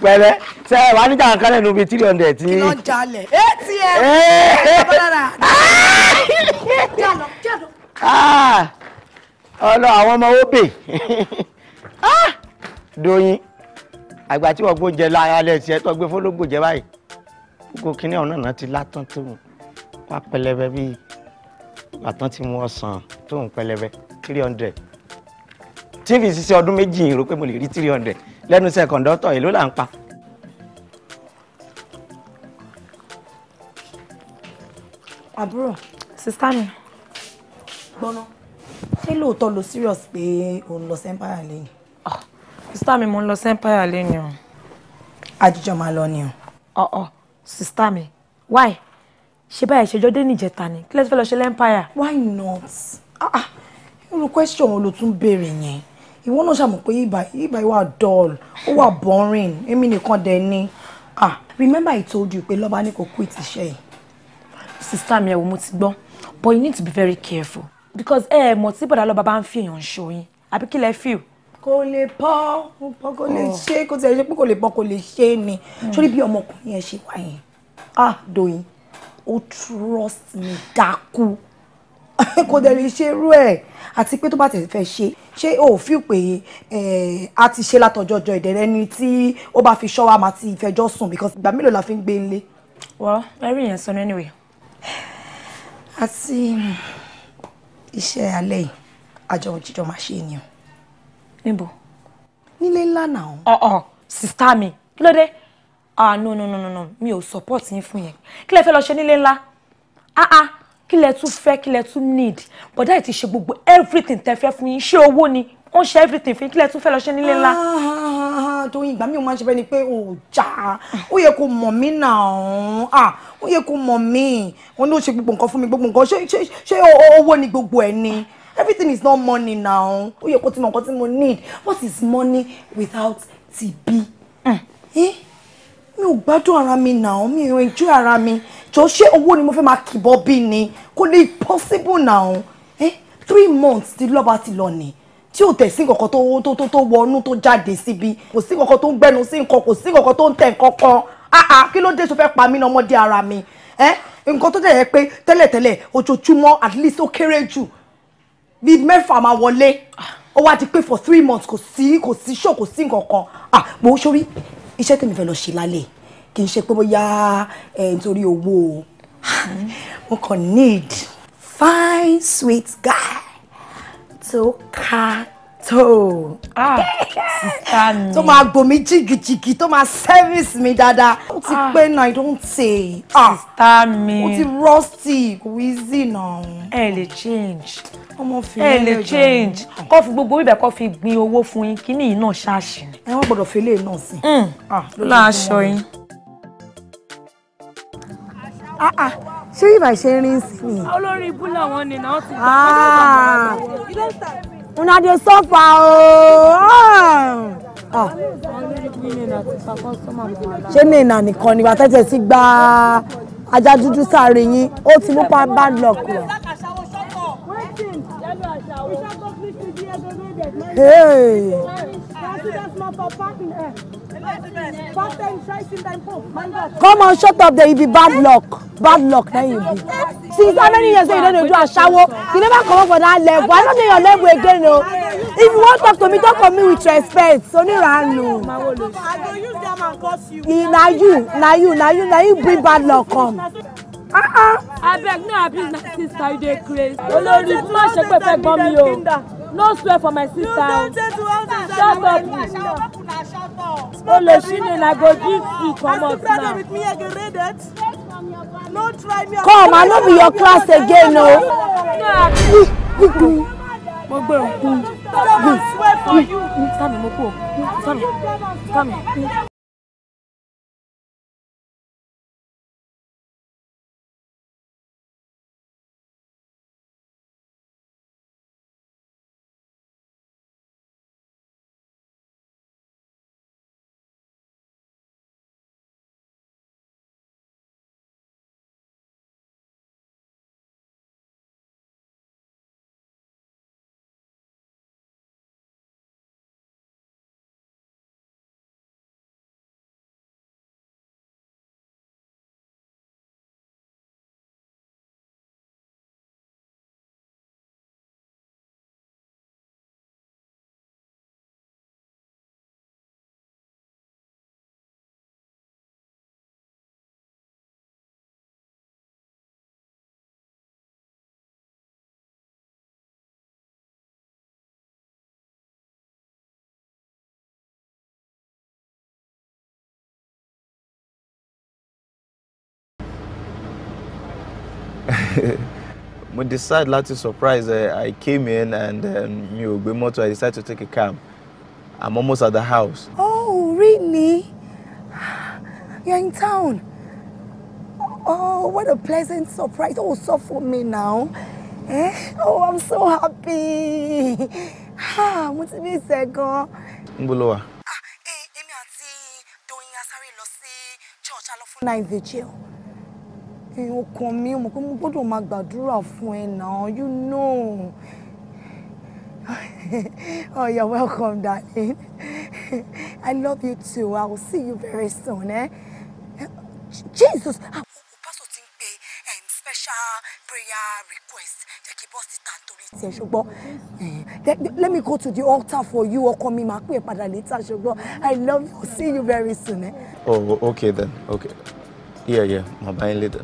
pẹ̀lẹ́ sẹ wà á níjà kan lẹ́nu bíi three hundred tí. kí ló jalè ẹ ti ẹ jalọ jalọ. ọlọ àwọn ọmọ obè doyin àgbà tí wọn gbóúnjẹ lára lẹsí ẹ tó gbé fọlọgbò jẹ báyìí gbogbo kínní ọ̀nà náà ti látàn tó wọn pẹlẹbẹ bíi àtàn tí wọ́n san tó ń pẹlẹbẹ three hundred tí n fi ṣiṣẹ́ ọdún méjì èrò pé mo lè rí three hundred lẹ́nu iṣẹ́ kọ̀ǹdọ́tọ̀ èló là ń pa. àbúrò sista mi gbọ́nà ṣé lóòótọ́ lo serious pé o ń lọ sẹ́ńpáyà lẹ́yìn. Ah, sista mi mo ń lọ sẹ́ńpáyà lẹ́yìn o. àjíjọ máa lọ ni o. ọ̀ọ́ sista mi why ṣe báyìí ṣèjọ́ dé níjẹta ni kí lẹ fẹ́ lọ ṣe lẹ́ńpáyà. why not ah, ah irú question wo ló tún béèrè yẹn ìwọ náà ṣàmọ̀ pé ibà ibà wà dull ó wà boring èmi nìkan dẹ̀ ni ah remember i told you pé lọ́ba ní kò quit iṣẹ́ yìí. sista mi ẹ wo mo ti gbọ́ but you need to be very careful because ẹ eh, ẹ mọ̀ tí bọ̀dá lọ́ba bá ń fi èèyàn ṣòyìn àbí kí lẹ feel kò lè pọ́ pọ́ kò lè oh. ṣe kò tẹ̀ ṣe pé kò lè pọ́ kò lè ṣe ni hmm. sórí bí ọmọkùnrin yẹn ṣe wà yẹn ah Doyin ó trust me dákú kò dẹ̀ lè ṣe irú ẹ̀ àti pé tó bá tẹ̀sí fẹ́ ṣe ṣé o ò fíì pé a ti ṣe látọjọ́ ọjọ́ ìdẹ̀rẹ́ ni tí ó bá fi ṣọ́wá máa ti ìfẹjọ́ sùn because ìgbà mélòó la fi ń gbé ilé. well ẹrí yẹn sọ anyway. àti iṣẹ́ alẹ́ yìí àjọ òjijì máa ṣe ni o. níbo. nílé ńlá náà. ọ̀ọ̀ uh-uh, sista mi kí ló dé ah no no no no no mi ò support yín fún yẹn kí lẹ fẹ́ lọ ṣe nílé ńlá ah ah kí lẹ tún fẹ́ kí lẹ tún need But that ti ṣe gbogbo everything tẹ fẹ́ fún yín ṣé owó ni ó ń ṣe everything fún yín kí lẹ tún fẹ́ lọ ṣe nílé ńlá. Ah, ah, ah, tóyìn ìgbà mi ò máa ń ṣe bẹ́ẹ̀ ni pé ò já ó yẹ kó mọ̀ mí náà ó yẹ kó mọ̀ mí wọn ló ṣe gbogbo nǹkan fún mi gbogbo nǹkan ṣé ṣé owó ni gbogbo ẹ̀ ni everything is not money now ó yẹ kó ti mọ̀ nǹkan tí mo need what is money without TB. Mm. Eh? mi ò gbádùn ara mi náà mi ò enjoy ara mi jọ ṣé owó ni mo fẹ́ máa kìbọ́ bí ni kò lè possible náà eh three months ti lọ́ba ti lọ ni tí ò tẹ̀ sí kankan tó tó tó tó wọnú tó jáde síbi kò sí kankan tó ń gbẹnu sí nǹkan kò sí kankan tó ń tẹ̀ nǹkan kan ah ah kí ló dé tó fẹ́ pa mí náà ọmọdé ara mi eh nǹkan tó jẹ́ pé tẹ́lẹ̀tẹ́lẹ̀ ojoojúmọ́ at least ó kéré jù bíi mẹ́fà máa wọlé ó wá di pé for three months kò sí kò sí ṣó kò sí nǹkan kan ah mo sórí iṣẹ́ tèmi fẹ́ lọ ṣe lálẹ́ kì í ṣe pé bóyá ẹ̀ eh, nítorí owó o mo kàn need fine sweet guy tó ká tó ah, sísá mi tó máa gbò mí jìgìjìgì tó máa service mi dáadáa ó ti ah. pé náà i don say ah. sísá mi ó ti rusty kò easy náà. ẹ lè change ọmọ fi ẹ lè change kọ́ fi gbogbo ibẹ̀ kọ́ fi gbin owó fún yín kí ni iná ṣáàṣì. ẹ wọ́n gbọ́dọ̀ fi eléyìí náà sí. Mm. láàṣọ yín. ṣé ibà ṣe ń rin sí i. olórí ibú làwọn nìyẹn ti gbà pé ó bá wà lọ́wọ́ una dey suffer ooo. Oh. Ah. ṣé nìyẹn nìkan ni wàá tẹ́tẹ̀ sí gba ajá dúdú sáré yín ó ti mú pa bad luck wá. Hey. Come on, shut up there. You be bad luck. Bad luck, Now you be. Since how many years you don't do a shower? You never come up for that level. I don't know your level again, no. If you want to talk to me, talk to me with respect. So no run, no. I go use them and curse you. Now you, now you, now you, now you bring bad luck come. Uh-uh. I beg no, please, my sister, you crazy? Oh no, this man should fẹ́ gbọ́n mi o no swear for my sister shut up o le si ni na go give you comot now come i no be your class again o. mo gbé òkú. sami mo kú o sami sami. mo decide láti surprise uh, I came in and um, mi ò gbé mọ́tò I decide to take a cab I'm almost at the house. Oh really? You're in town? Oh what a pleasant surprise! Oh sọ fún mi now. Eh? Oh I'm so happy. Ha mo ti bí ìṣẹ́ gan. Ń bolo wa. Ah, eh, èmi àti Doyin Asare lọ sí church alọ fún nine vigil ọkàn mi mọ̀ pé mo gbọ́dọ̀ máa gbàdúrà fún ẹ náà you know oh you're welcome darling I love you too I will see you very soon eh Jesus àwọn ah, pásítọ̀ ti eh, special prayer request eh, let me go to the altar for you ọkọ mi máa pè é padà later ṣùgbọ́n I love you see you very soon eh. oh okay then okay yeah yeah màá buying later.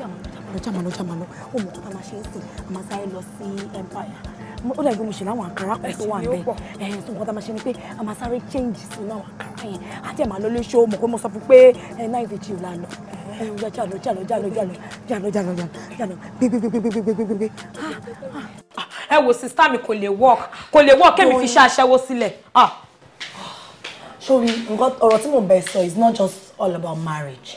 jàmà lọ jàmà lọ ó mọ kọ́ta máa ṣe é sìn a máa sáré lọ sí empire ó dàgbé mo ṣe láwọn àkàrà kan tó wà ń bẹ ẹ̀yìn tó kọ́ta máa ṣe ni pé a máa sáré change sí náà àkàrà yẹn á jẹ́ màá lọ lé ṣó mọ̀ pé mo sọ fún pé ẹ̀ náà ìfẹ̀jì ò la lọ ẹ̀yìn lọ jàlọ jàlọ jàlọ jàlọ jàlọ jàlọ jàlọ gbégbégbégbégbégbégbé. ẹ wo sista mi kò lè work kò lè work kémi fi ṣe aṣẹ́wó sílẹ̀ ah. sori nǹkan ọ̀rọ̀ tí mo bẹ̀ sọ is not just all about marriage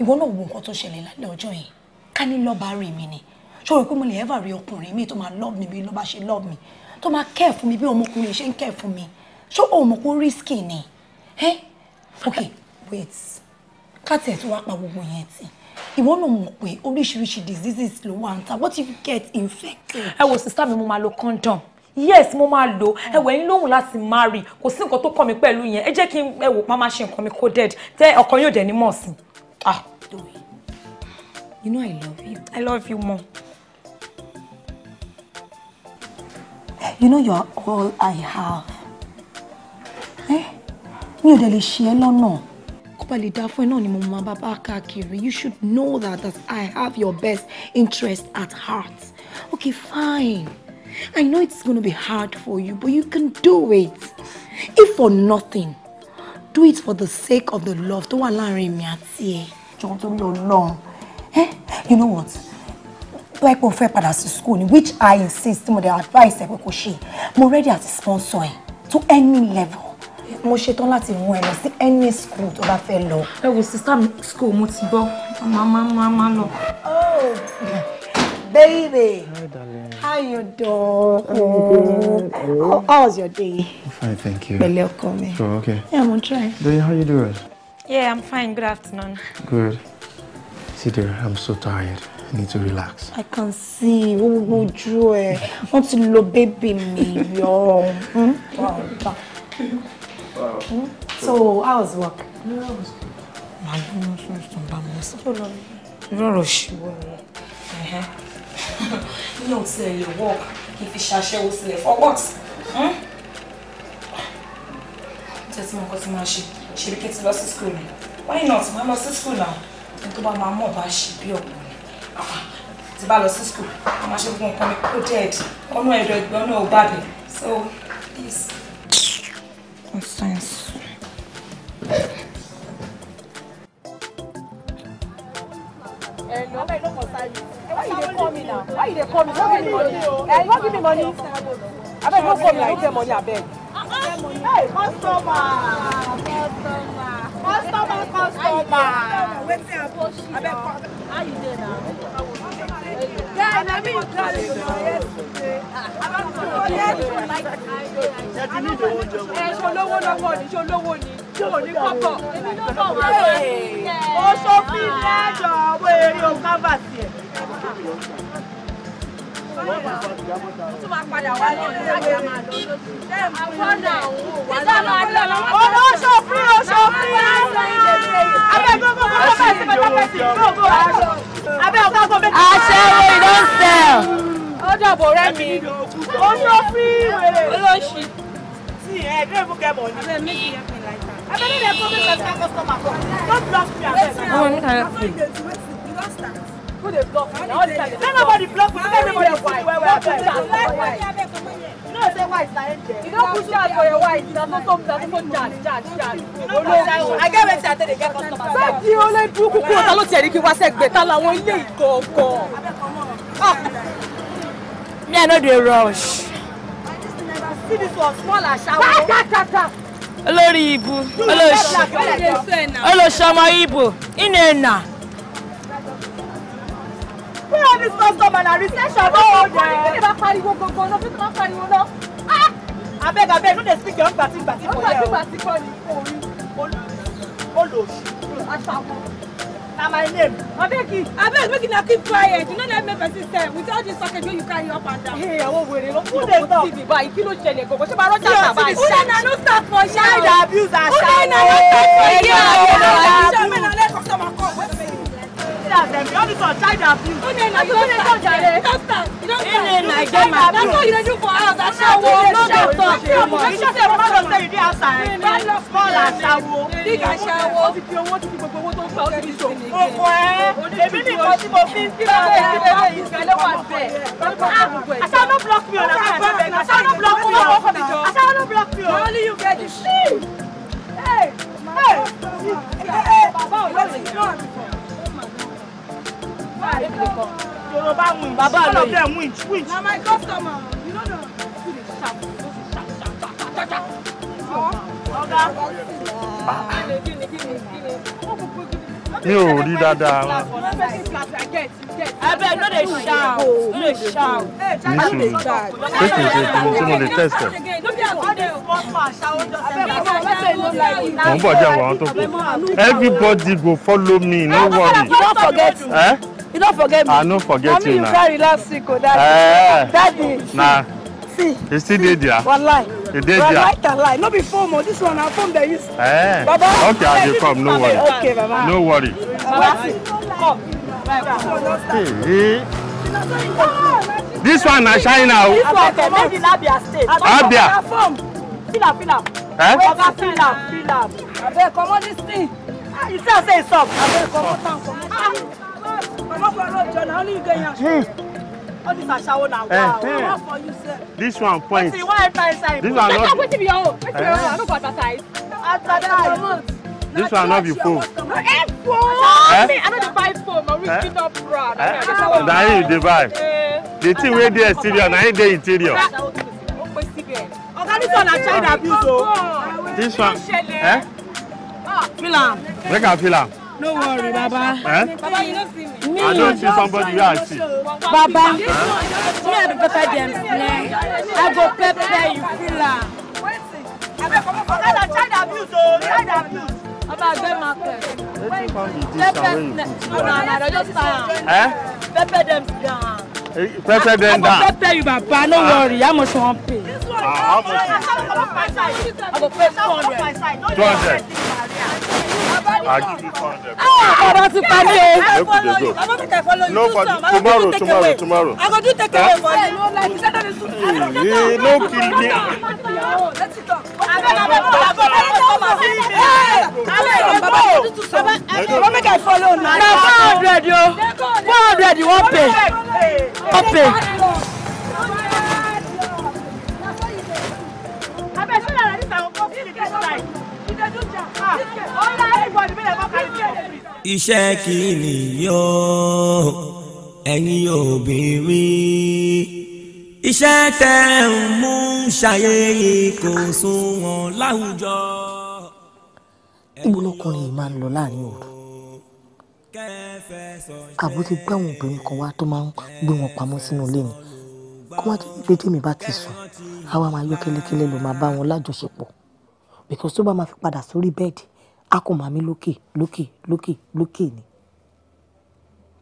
ìwọ náà wo nǹkan tó ṣẹlẹ̀ lálẹ́ ọjọ́ yẹn ká ní lọ́ba rè mí ni ṣó rò pé mo lè ever rí ọkùnrin mi tó máa love mi bí lọ́ba ṣe love mi tó máa care fún mi bí ọmọkùnrin ṣe ń care fún mi ṣó o mọ̀ pé ó risky ni ẹ́ ok wait ká tiẹ̀ tó wá pa gbogbo yẹn tì ìwọ náà mọ̀ pé oríṣiríṣi diseases ló wà ń ta what if you get infected. ẹ wo sista mi mo máa lo condom yes mo máa lò ẹwẹ ń lóhùn láti marry kò sí nǹkan tó kàn mí pẹ̀lú yẹn ẹ jẹ́ kí ẹ wò pa máa ṣe nǹkan mi coded tẹ ọkàn yóò dẹ̀ ní mọ̀ sí i. Ah, Louis, you know I love you. I love you more. You know you are all I have. Eh? Mi ò dẹ̀ lè ṣe ẹ́ lọ́nà. Kó ba lè dáa fún ẹ náà ni mo máa bá káàkiri. You should know that that I have your best interest at heart. Okay, fine. I know it's gonna be hard for you, but you can do it. If for nothing, do it for the sake of the love tó wà láàrin mi àti ẹ jọ̀wọ́ torí Ọlọ́run eh you know what like mo fẹ́ padà sí school ni which i insist mo dey advise ẹ pé kò ṣe mo ready àti sponsor ẹ to any level mo ṣetán láti mú ẹ lọ sí any school to bá fẹ́ lọ. ẹ wo sista school mo ti bọ́ màmá màmá lọ. oh. Baby. Hi, darling. How you doing? I'm good. How, how was your day? fine, thank you. Belle, call Sure, okay. Yeah, I'm on try. Then how you doing? Yeah, I'm fine. Good afternoon. Good. See there, I'm so tired. I need to relax. I can see. Wo wo ojú ẹ. Wọ́n lo baby mi yọ. Wow. Hmm? Wow. Hmm? So, how was work? No, I was good. Màá gbóná fún ìfúnbámu. Ṣé o lọ rí? Irọ́ ọ̀rọ̀ ṣì wọ̀ mi ò tiẹ̀ lè wọ̀ kí n fi ṣàṣẹ́wó sílẹ̀ for what? Hmm? jẹ́ tí mo kọ́ tí máa ṣe ṣebí kí n lọ sí school ni why not máa lọ sí school náà ní tó bá máa mọ̀ bá ṣe bí ọ̀pọ̀ ni ti bá lọ sí school wọ́n máa ṣe fún nǹkan mi kó dead ọ̀nà ẹ̀rọ ẹ̀gbọ́n náà ò bàbẹ̀ so please. Constance. ẹ̀ẹ́dọ́gbẹ̀ẹ́ ló kọ́ sáyé. Why you dey call me now? Why you dey call me? Don't give me money. Eh, you wan give me money? Abeg no call me, I get money abeg. Hey, customer. Customer. Customer, customer. Wetin happen? Abeg. How you dey now? Yeah, na me you call you now yesterday. Eh, Ṣé olówó lọ́wọ́ ni? Ṣé olówó ni? Ṣé o ní kọ́kọ́? Èmi ló bọ̀ wá sófin ní àjọ owó eré o ẹ̀. Aṣẹ́wó ìdọ́sẹ̀. Ó dàbò rẹ́ mi. Ó sófin wèrè. Olóṣì. Tí ẹ̀ẹ́dẹ́gbẹ̀mọ̀ ni. Woman, look my that. Who they block? Let nobody block me. Let everybody why. You know say why is not angel. You don't put charge for your wife. That's not come. That's not charge. Charge, charge. You know I get where I tell they get customers. Thank you. Let you cook. Ta ló ti ẹ̀rí kí wá sẹ́gbẹ̀ẹ́ ta làwọn ilé ìkọ̀ọ̀kọ̀. Ah. Me, I no dey rush. See this one small as shower olórí ibu olóṣọmọ ibo inú ẹ̀nà. where are these customers na reception no hold there. kí ni bá pariwo gbogbo náà kí ni bá pariwo náà. Ah! abeg abeg no dey speak your own gbàtígbàtí for here o. gbàtígbàtí kọ́ ni orí olóṣù aṣọ àwọn na my name abeg abeg make not keep quiet you no let me person sef with all this package wey you carry up and down. Hey, ee àwọn Who they? kú lè tọ tv báyìí kí ló ṣẹlẹ̀ gbogbo ṣé bá rọjà náà báyìí. una na no start for yam una na no start for yam una na no start for yam fathers dem you no be for child abuse. who dey na you don start jare. you don start you don start. ene na get my bro. that's why you dey do for ah, house asawo no go talk. you sure say mama don say you dey outside. small asawo. big asawo. o ti fi owó ti fi gbogbo owó tó ń gbà ó ti fi so. òkò ẹ èmi nìkan tí mo fi ń sí ma bẹ́ẹ̀ bẹ́ẹ̀ bẹ́ẹ̀ ìsìnkálẹ̀ wà bẹ́ẹ̀. asawo no block me ọ̀nà fún ẹ̀fẹ̀ asawo no block me ọ̀nà asawo no block me ọ̀nà. Oh. only you get the shit. Hey! Hey! Hey! Baba, what's going on? Five. Yoruba win. Baba All of them win. Win. Na my customer. Mi ò rí dáadáa. Abẹ́ ló lè ṣáà ló lè ṣáà Ní sùn, ṣé kìí ṣe fún tí mo lè tẹ̀sẹ̀? Mo ń bọ̀ jẹ́ àwọn tó kù. Everybody go follow me, no worry. Eh? you don't forget me i ah, no forget Mommy, you na mommy you carry last week o oh, daddy eh, daddy Nah. see you still dey there walai you dey there right and lie no be phone o oh. this one na phone the use eh. baba okay I'll dey come no worry okay baba no worry baba come hey, hey. this one I shine now. Oh. this one okay. na abia state abia fill up. fill up. eh oga fill up. fill up. am come on this thing ah, you see I say stop. soft come on am comot am. Ah. This one point. This one not. Wetin be your own? Wetin be your own? I no go advertise. Advertise. This one not be phone. Eh, phone. Eh? I no dey buy phone. My wrist fit not proud. Na you dey buy. The thing wey dey exterior na him dey interior. Oga, this one na child abuse o. This one. Eh? Ah, fill am. Make am fill am. No worry, Baba. Eh? Baba, you don't see me. me. I don't see somebody where I see. Baba, me I be better than Blair. I go pepper you, a filler. Child abuse, child oh. abuse. Baba, I get market. Pepper, no, no, no, just down. Eh? Pepper them down. Eh, pepper them down. I go pepper you, Baba. No ah. worry, how much you want pay? This ah, one, how much? I go pay 200. 200 follow. ti pa mí o. I go do take away. No, but tomorrow, tomorrow, tomorrow. I go do take away for you. No, like, set on the suit. You no kill me. Let's talk. Baba make I follow now. Na four hundred yo. Four hundred you wan pay. Wan pay. Abeg show na like this I go come see the first time iṣẹ́ kí nìyóò ẹ̀yin obìnrin iṣẹ́ tẹ́ ń mú ṣayé kò sunwọ̀n láwùjọ. ìgbónúkan yìí máa ń lọ láàrin òru àbó ti gbé àwọn obìnrin kan wá tó máa ń gbé wọn pamọ́ sínú ilé mi kó wá jẹ́ pé tèmi bá ti sùn àwa máa yọ kẹ́lẹ́kẹ́lẹ́ ló máa bá wọn lájọṣepọ̀ because tó bá máa fi padà sórí bẹ́ẹ̀dì a kò máa mí lókè lókè lókè lókè ni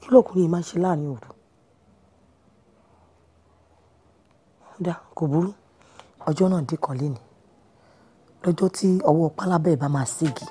kí lọkùnrin yìí máa ṣe láàrin òru dá kò burú ọjọ́ náà dé kan lénìí lọ́jọ́ tí ọwọ́ pálábẹ́ẹ̀ bá máa ségi.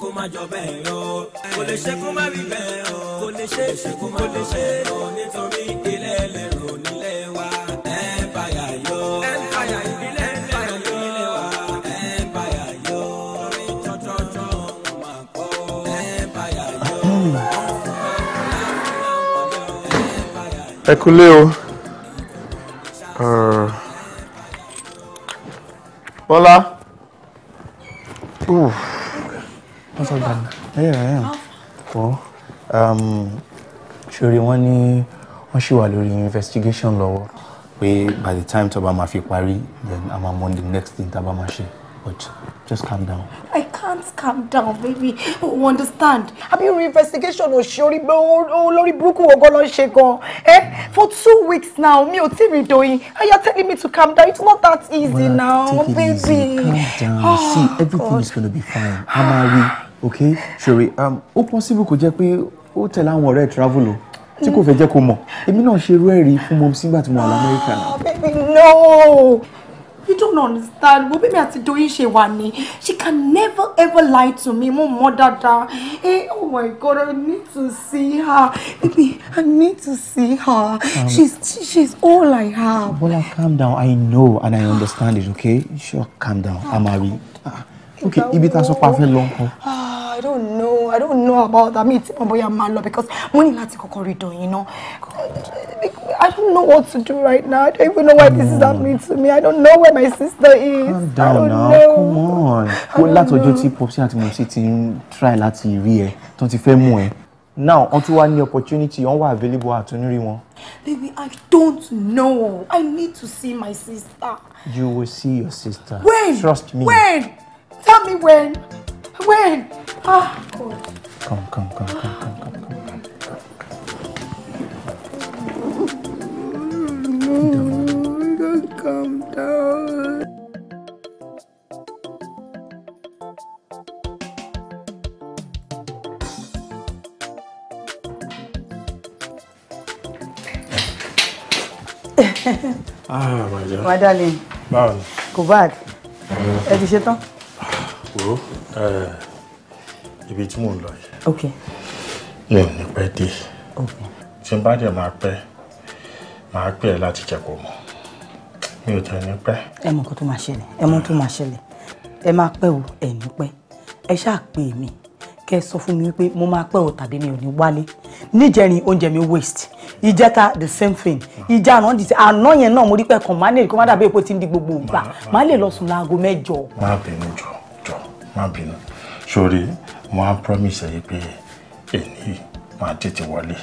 kó má jọ bẹ́ẹ̀ o kò lè ṣe kó má rí bẹ́ẹ̀ o kò lè ṣe ṣe kó má lè ṣe o nítorí ilé ẹlẹ́rù nílé wa ẹ̀ẹ́bàyà yó ẹ̀ẹ́bàyà ìbílẹ̀ ẹ̀ẹ́bàyà nílé wa ẹ̀ẹ́bàyà yó orin máa kọ́ ẹ̀ẹ́bàyà yó. ẹ kúlé o ah. bọ́lá. Ooh. Um, wọ́n sọ gbàgbà ẹ̀yà ẹ̀yà wọ́ ṣòro wọn ní wọ́n ṣì wà lórí investigation lọ́wọ́ pé by the time tó ma fi parí then a máa next thing tá ma bá ṣe but just calm down. I can't calm down baby you understand àbí irú investigation òṣèré olórí burúkú ogun ló ń ṣe gan Eh, for two weeks now mi ò tí ì doyin and you are telling me to calm down it's not that easy well, now take it baby. Easy. calm down oh, see everything God. is gonna be fine amari okay sori um ó possible kò jẹ́ pé ó tẹ̀lé àwọn ọ̀rẹ́ travel o tí kò fẹ́ jẹ́ kó mọ̀ èmi náà ṣe irú ẹ̀ fún mọ́mí sígbà tí mo wà lamẹ́ríkà náà. Ah, baby no you don't understand bó bẹ́ẹ̀ mi àti doyin ṣe wà ní she can never ever lie to me mo mọ̀ dáadáa eh oh my god i need to see her baby i need to see her um, she's she's all i have. bola calm down i know and i understand it okay sure calm down amari okay ibi tá a sọ pa fẹ́ lọ nǹkan. Ah, I don't know I don't know about that Me, ti mọ bóyá máa lọ because money ní láti kọ́kọ́ you know. I don't know what to do right now I don't even know why this is happening to me I don't know where my sister is Calm down now. come on kó látọjọ́ ti popsi ati mo ti ń try láti rí ẹ tó ti fẹ́ mú ẹ now wọn one wá opportunity wọn wà available àtúnrí wọn. baby i don't know i need to see my sister. you will see your sister. when trust me. when. Tell me when. When? Ah, God. Come, come, come, come, come, come, come. come. No, just calm down. ah, my dear. My darling. Báwo ni? Kò bad. Mm. Ẹ ti ṣe tán wo ibi tí mò ń lọ yìí mi ò ní pẹ́ dé tí n bá dẹ̀ máa pẹ́ máa pẹ́ ẹ láti jẹ́ kó mọ̀ mi ò tẹ̀ ní pẹ́. ẹ mọ nǹkan tó máa ṣẹlẹ̀ ẹ mọ tó máa ṣẹlẹ̀ ẹ máa pẹ́ o ẹ ní pẹ́ ẹ ṣáà pè mí kẹ́ ẹ sọ fún mi wípé mo máa pẹ́ o tàbí mi ò ní wálé níjẹrin oúnjẹ mi waste ìjẹta the same thing ìjà àná dìtẹ àná yẹn náà mo rí pé kàn má lè kó má dàbí epo tí ń di gbogbo ìgbà má lè lọ sùn láago mẹ́jọ. má bínú jọ má bínú sórí mo á promise yìí pé èyí máa tètè wọlé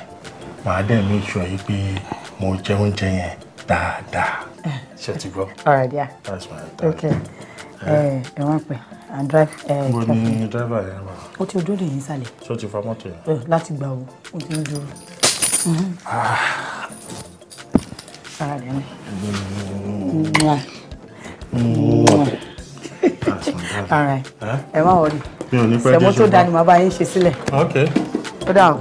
màá dẹ̀ mí sọ yìí pé mo jẹ oúnjẹ yẹn dáadáa ṣe ti gbọ́. alright yeah that's my okay ẹ ẹ wọn pẹ and drive. mo ní driver yẹn wà. o ti ojú òde yìí sálẹ̀. ṣé o ti fa mọ́tò yẹn. láti gbà wo o ti ń dúró. Mhm. Ah. ara rẹ̀ ń. All ẹ má wọlé sẹmó tó dání màá bá yín ṣe sílẹ̀ ó dà o.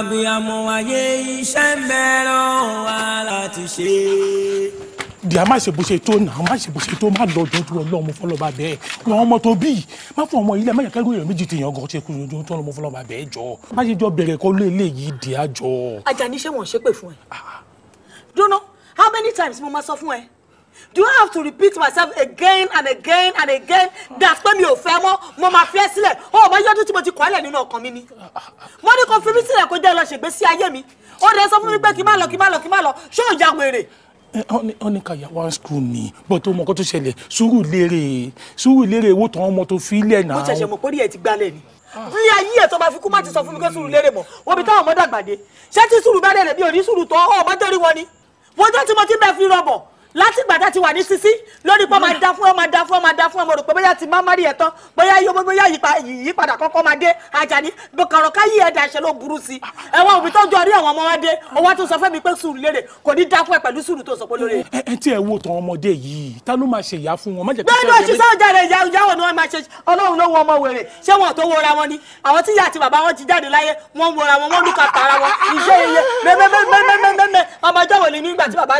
abiyamọ ayé iṣẹ́ mẹ́rọ wa láti ṣe. dìá má ṣe bó ṣe tó náà má ṣe bó ṣe tó má lọ dúdú ọlọ́mọ fọlọ́ba bẹ́ẹ̀ wọn ọmọ tó bí má fún ọmọ ilé mẹ́jọ kẹ́rù èèyàn méjì tèèyàn gan ṣe kú ojú tó ọlọ́mọ fọlọ́ba bẹ́ẹ̀ jọ má ṣe jọ bẹ̀rẹ̀ kọ́ lé eléyìí dìá jọ. ajá ní ṣé ṣépè fún ẹ. dúró how many times mo máa sọ fún ẹ do I have to repeat myself again and again and again that pé mi ò fẹ́ mọ́ mo máa fi ẹ́ sílẹ̀ ó mọ yọdún tí mo ti kọ́ ẹ́lẹ̀ nínú ọkàn mi ni mo ní kó fi mí sílẹ̀ kó jẹ́ lọ ṣègbé sí ayé mi ó dẹ̀ sọ fún mi pé kí má lọ kí má lọ kí má lọ ṣé ò ya wèrè. wọ́n ní kàyà wá skul ni bó tó mọ kó tó ṣẹlẹ̀ sùúrù léèrè sùúrù léèrè owó tán ọmọ tó fi lẹ̀ náà. mo ṣẹ̀ṣẹ̀ mọ̀ pórí ẹ̀ ti gbálẹ̀ ni ní ayé ẹ̀ tó bá fi kú má ti sọ fún mi pé sùúrù léèrè mọ̀ omi táwọn ọmọ dàgbà dé ṣé mọ láti ìgbà tá a ti wà ní sisi lórí pé ó máa da fún ẹ ó máa da fún ẹ ó máa da fún ẹ mo rò pé bóyá ti má má rí ẹ tán bóyá yóò bóyá ìyípadà kọ́kọ́ máa dé Àjàní kọ̀rọ̀ ká yí ẹ̀dà ìṣẹ́ ló burú sí i ẹ̀wọ̀n òbí tó jọ rí àwọn ọmọ wa dé ọwọ́ tó sọ fẹ́ mi pé sùúrù lérè kò ní dá fún ẹ pẹ̀lú sùúrù tó sọ pé lóore. ẹ ẹ ẹ wo tàn ọmọdé yìí ta ló máa ṣe ìyá fún wọn.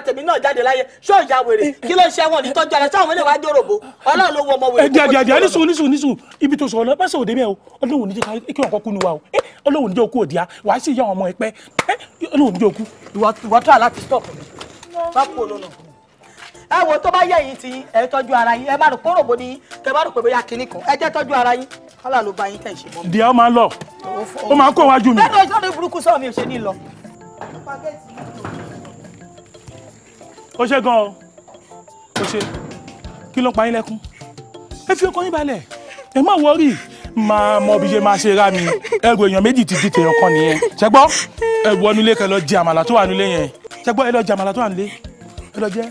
bẹ́ẹ̀ náà ya wèrè eh, eh. kí ló ṣe wọn ní tọ́jú ara sáwọn ilé wa jòròbó ọlọ́run ló wọ ọmọ wèrè. ẹdí eh, ẹdí ẹdí nísù nísù nísù ibi tó sọ ọ lọpẹ sọ òde bẹ́ẹ̀ o ọlọ́run ní jẹ kí ọkọ kú ni wa o ọlọ́run ní jẹ okú òdìá wàá sì yá ọmọ ẹ pẹ ọlọ́run ní jẹ okú. ìwọ tó àlá ti stop mi bá kú olónà ẹ wo tó bá yẹ yìí ti ẹ tọ́jú ara yín ẹ má rò pé ròbó ni kẹ má rò pé bóyá kinní kan ẹ jẹ́ tọ́jú ara yín kọ́là ló bá yín tẹ̀ ṣe mọ́. díẹ̀ ó máa ń lọ ó máa ó ṣe gan o ó ṣe kí ló ń pa yín lẹ́kún ẹ fi ọkàn yín balẹ̀ ẹ má wọrí máa mọ bí ṣe máa ṣe rá mi ẹrù èèyàn méjì ti dìtẹ̀ ọkàn nìyẹn ṣẹgbọ́ ẹ wọnú ilé kẹ lọ jẹ àmàlà tó wà nílé yẹn ṣẹgbọ́ ẹ lọ jẹ àmàlà tó wà nílé ẹ lọ jẹ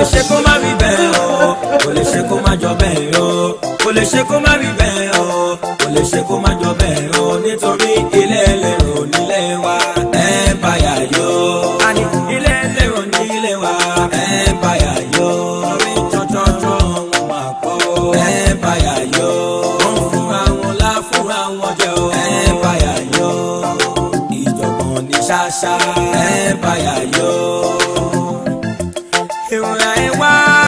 lè ṣe kó má rí bẹ́ẹ̀ o kò lè ṣe kó má jọ bẹ́ẹ̀ o kò lè ṣe kó má rí bẹ́ẹ̀ o kò lè ṣe kó má jọ bẹ́ẹ̀ o nítorí ilé ẹlẹ́rọ nílé wa ẹ̀ báyà yó. ilé ẹlẹ́rọ nílé wa ẹ̀ báyà yó. orí tọ́tọ́tọ́ wọn máa pọ̀ ẹ̀ báyà yó. wọ́n fúnra wọn lá fúnra wọn jẹ́ o ẹ̀ báyà yó. ìjọ̀gbọ̀n ní ṣáṣá ẹ̀ báyà yó.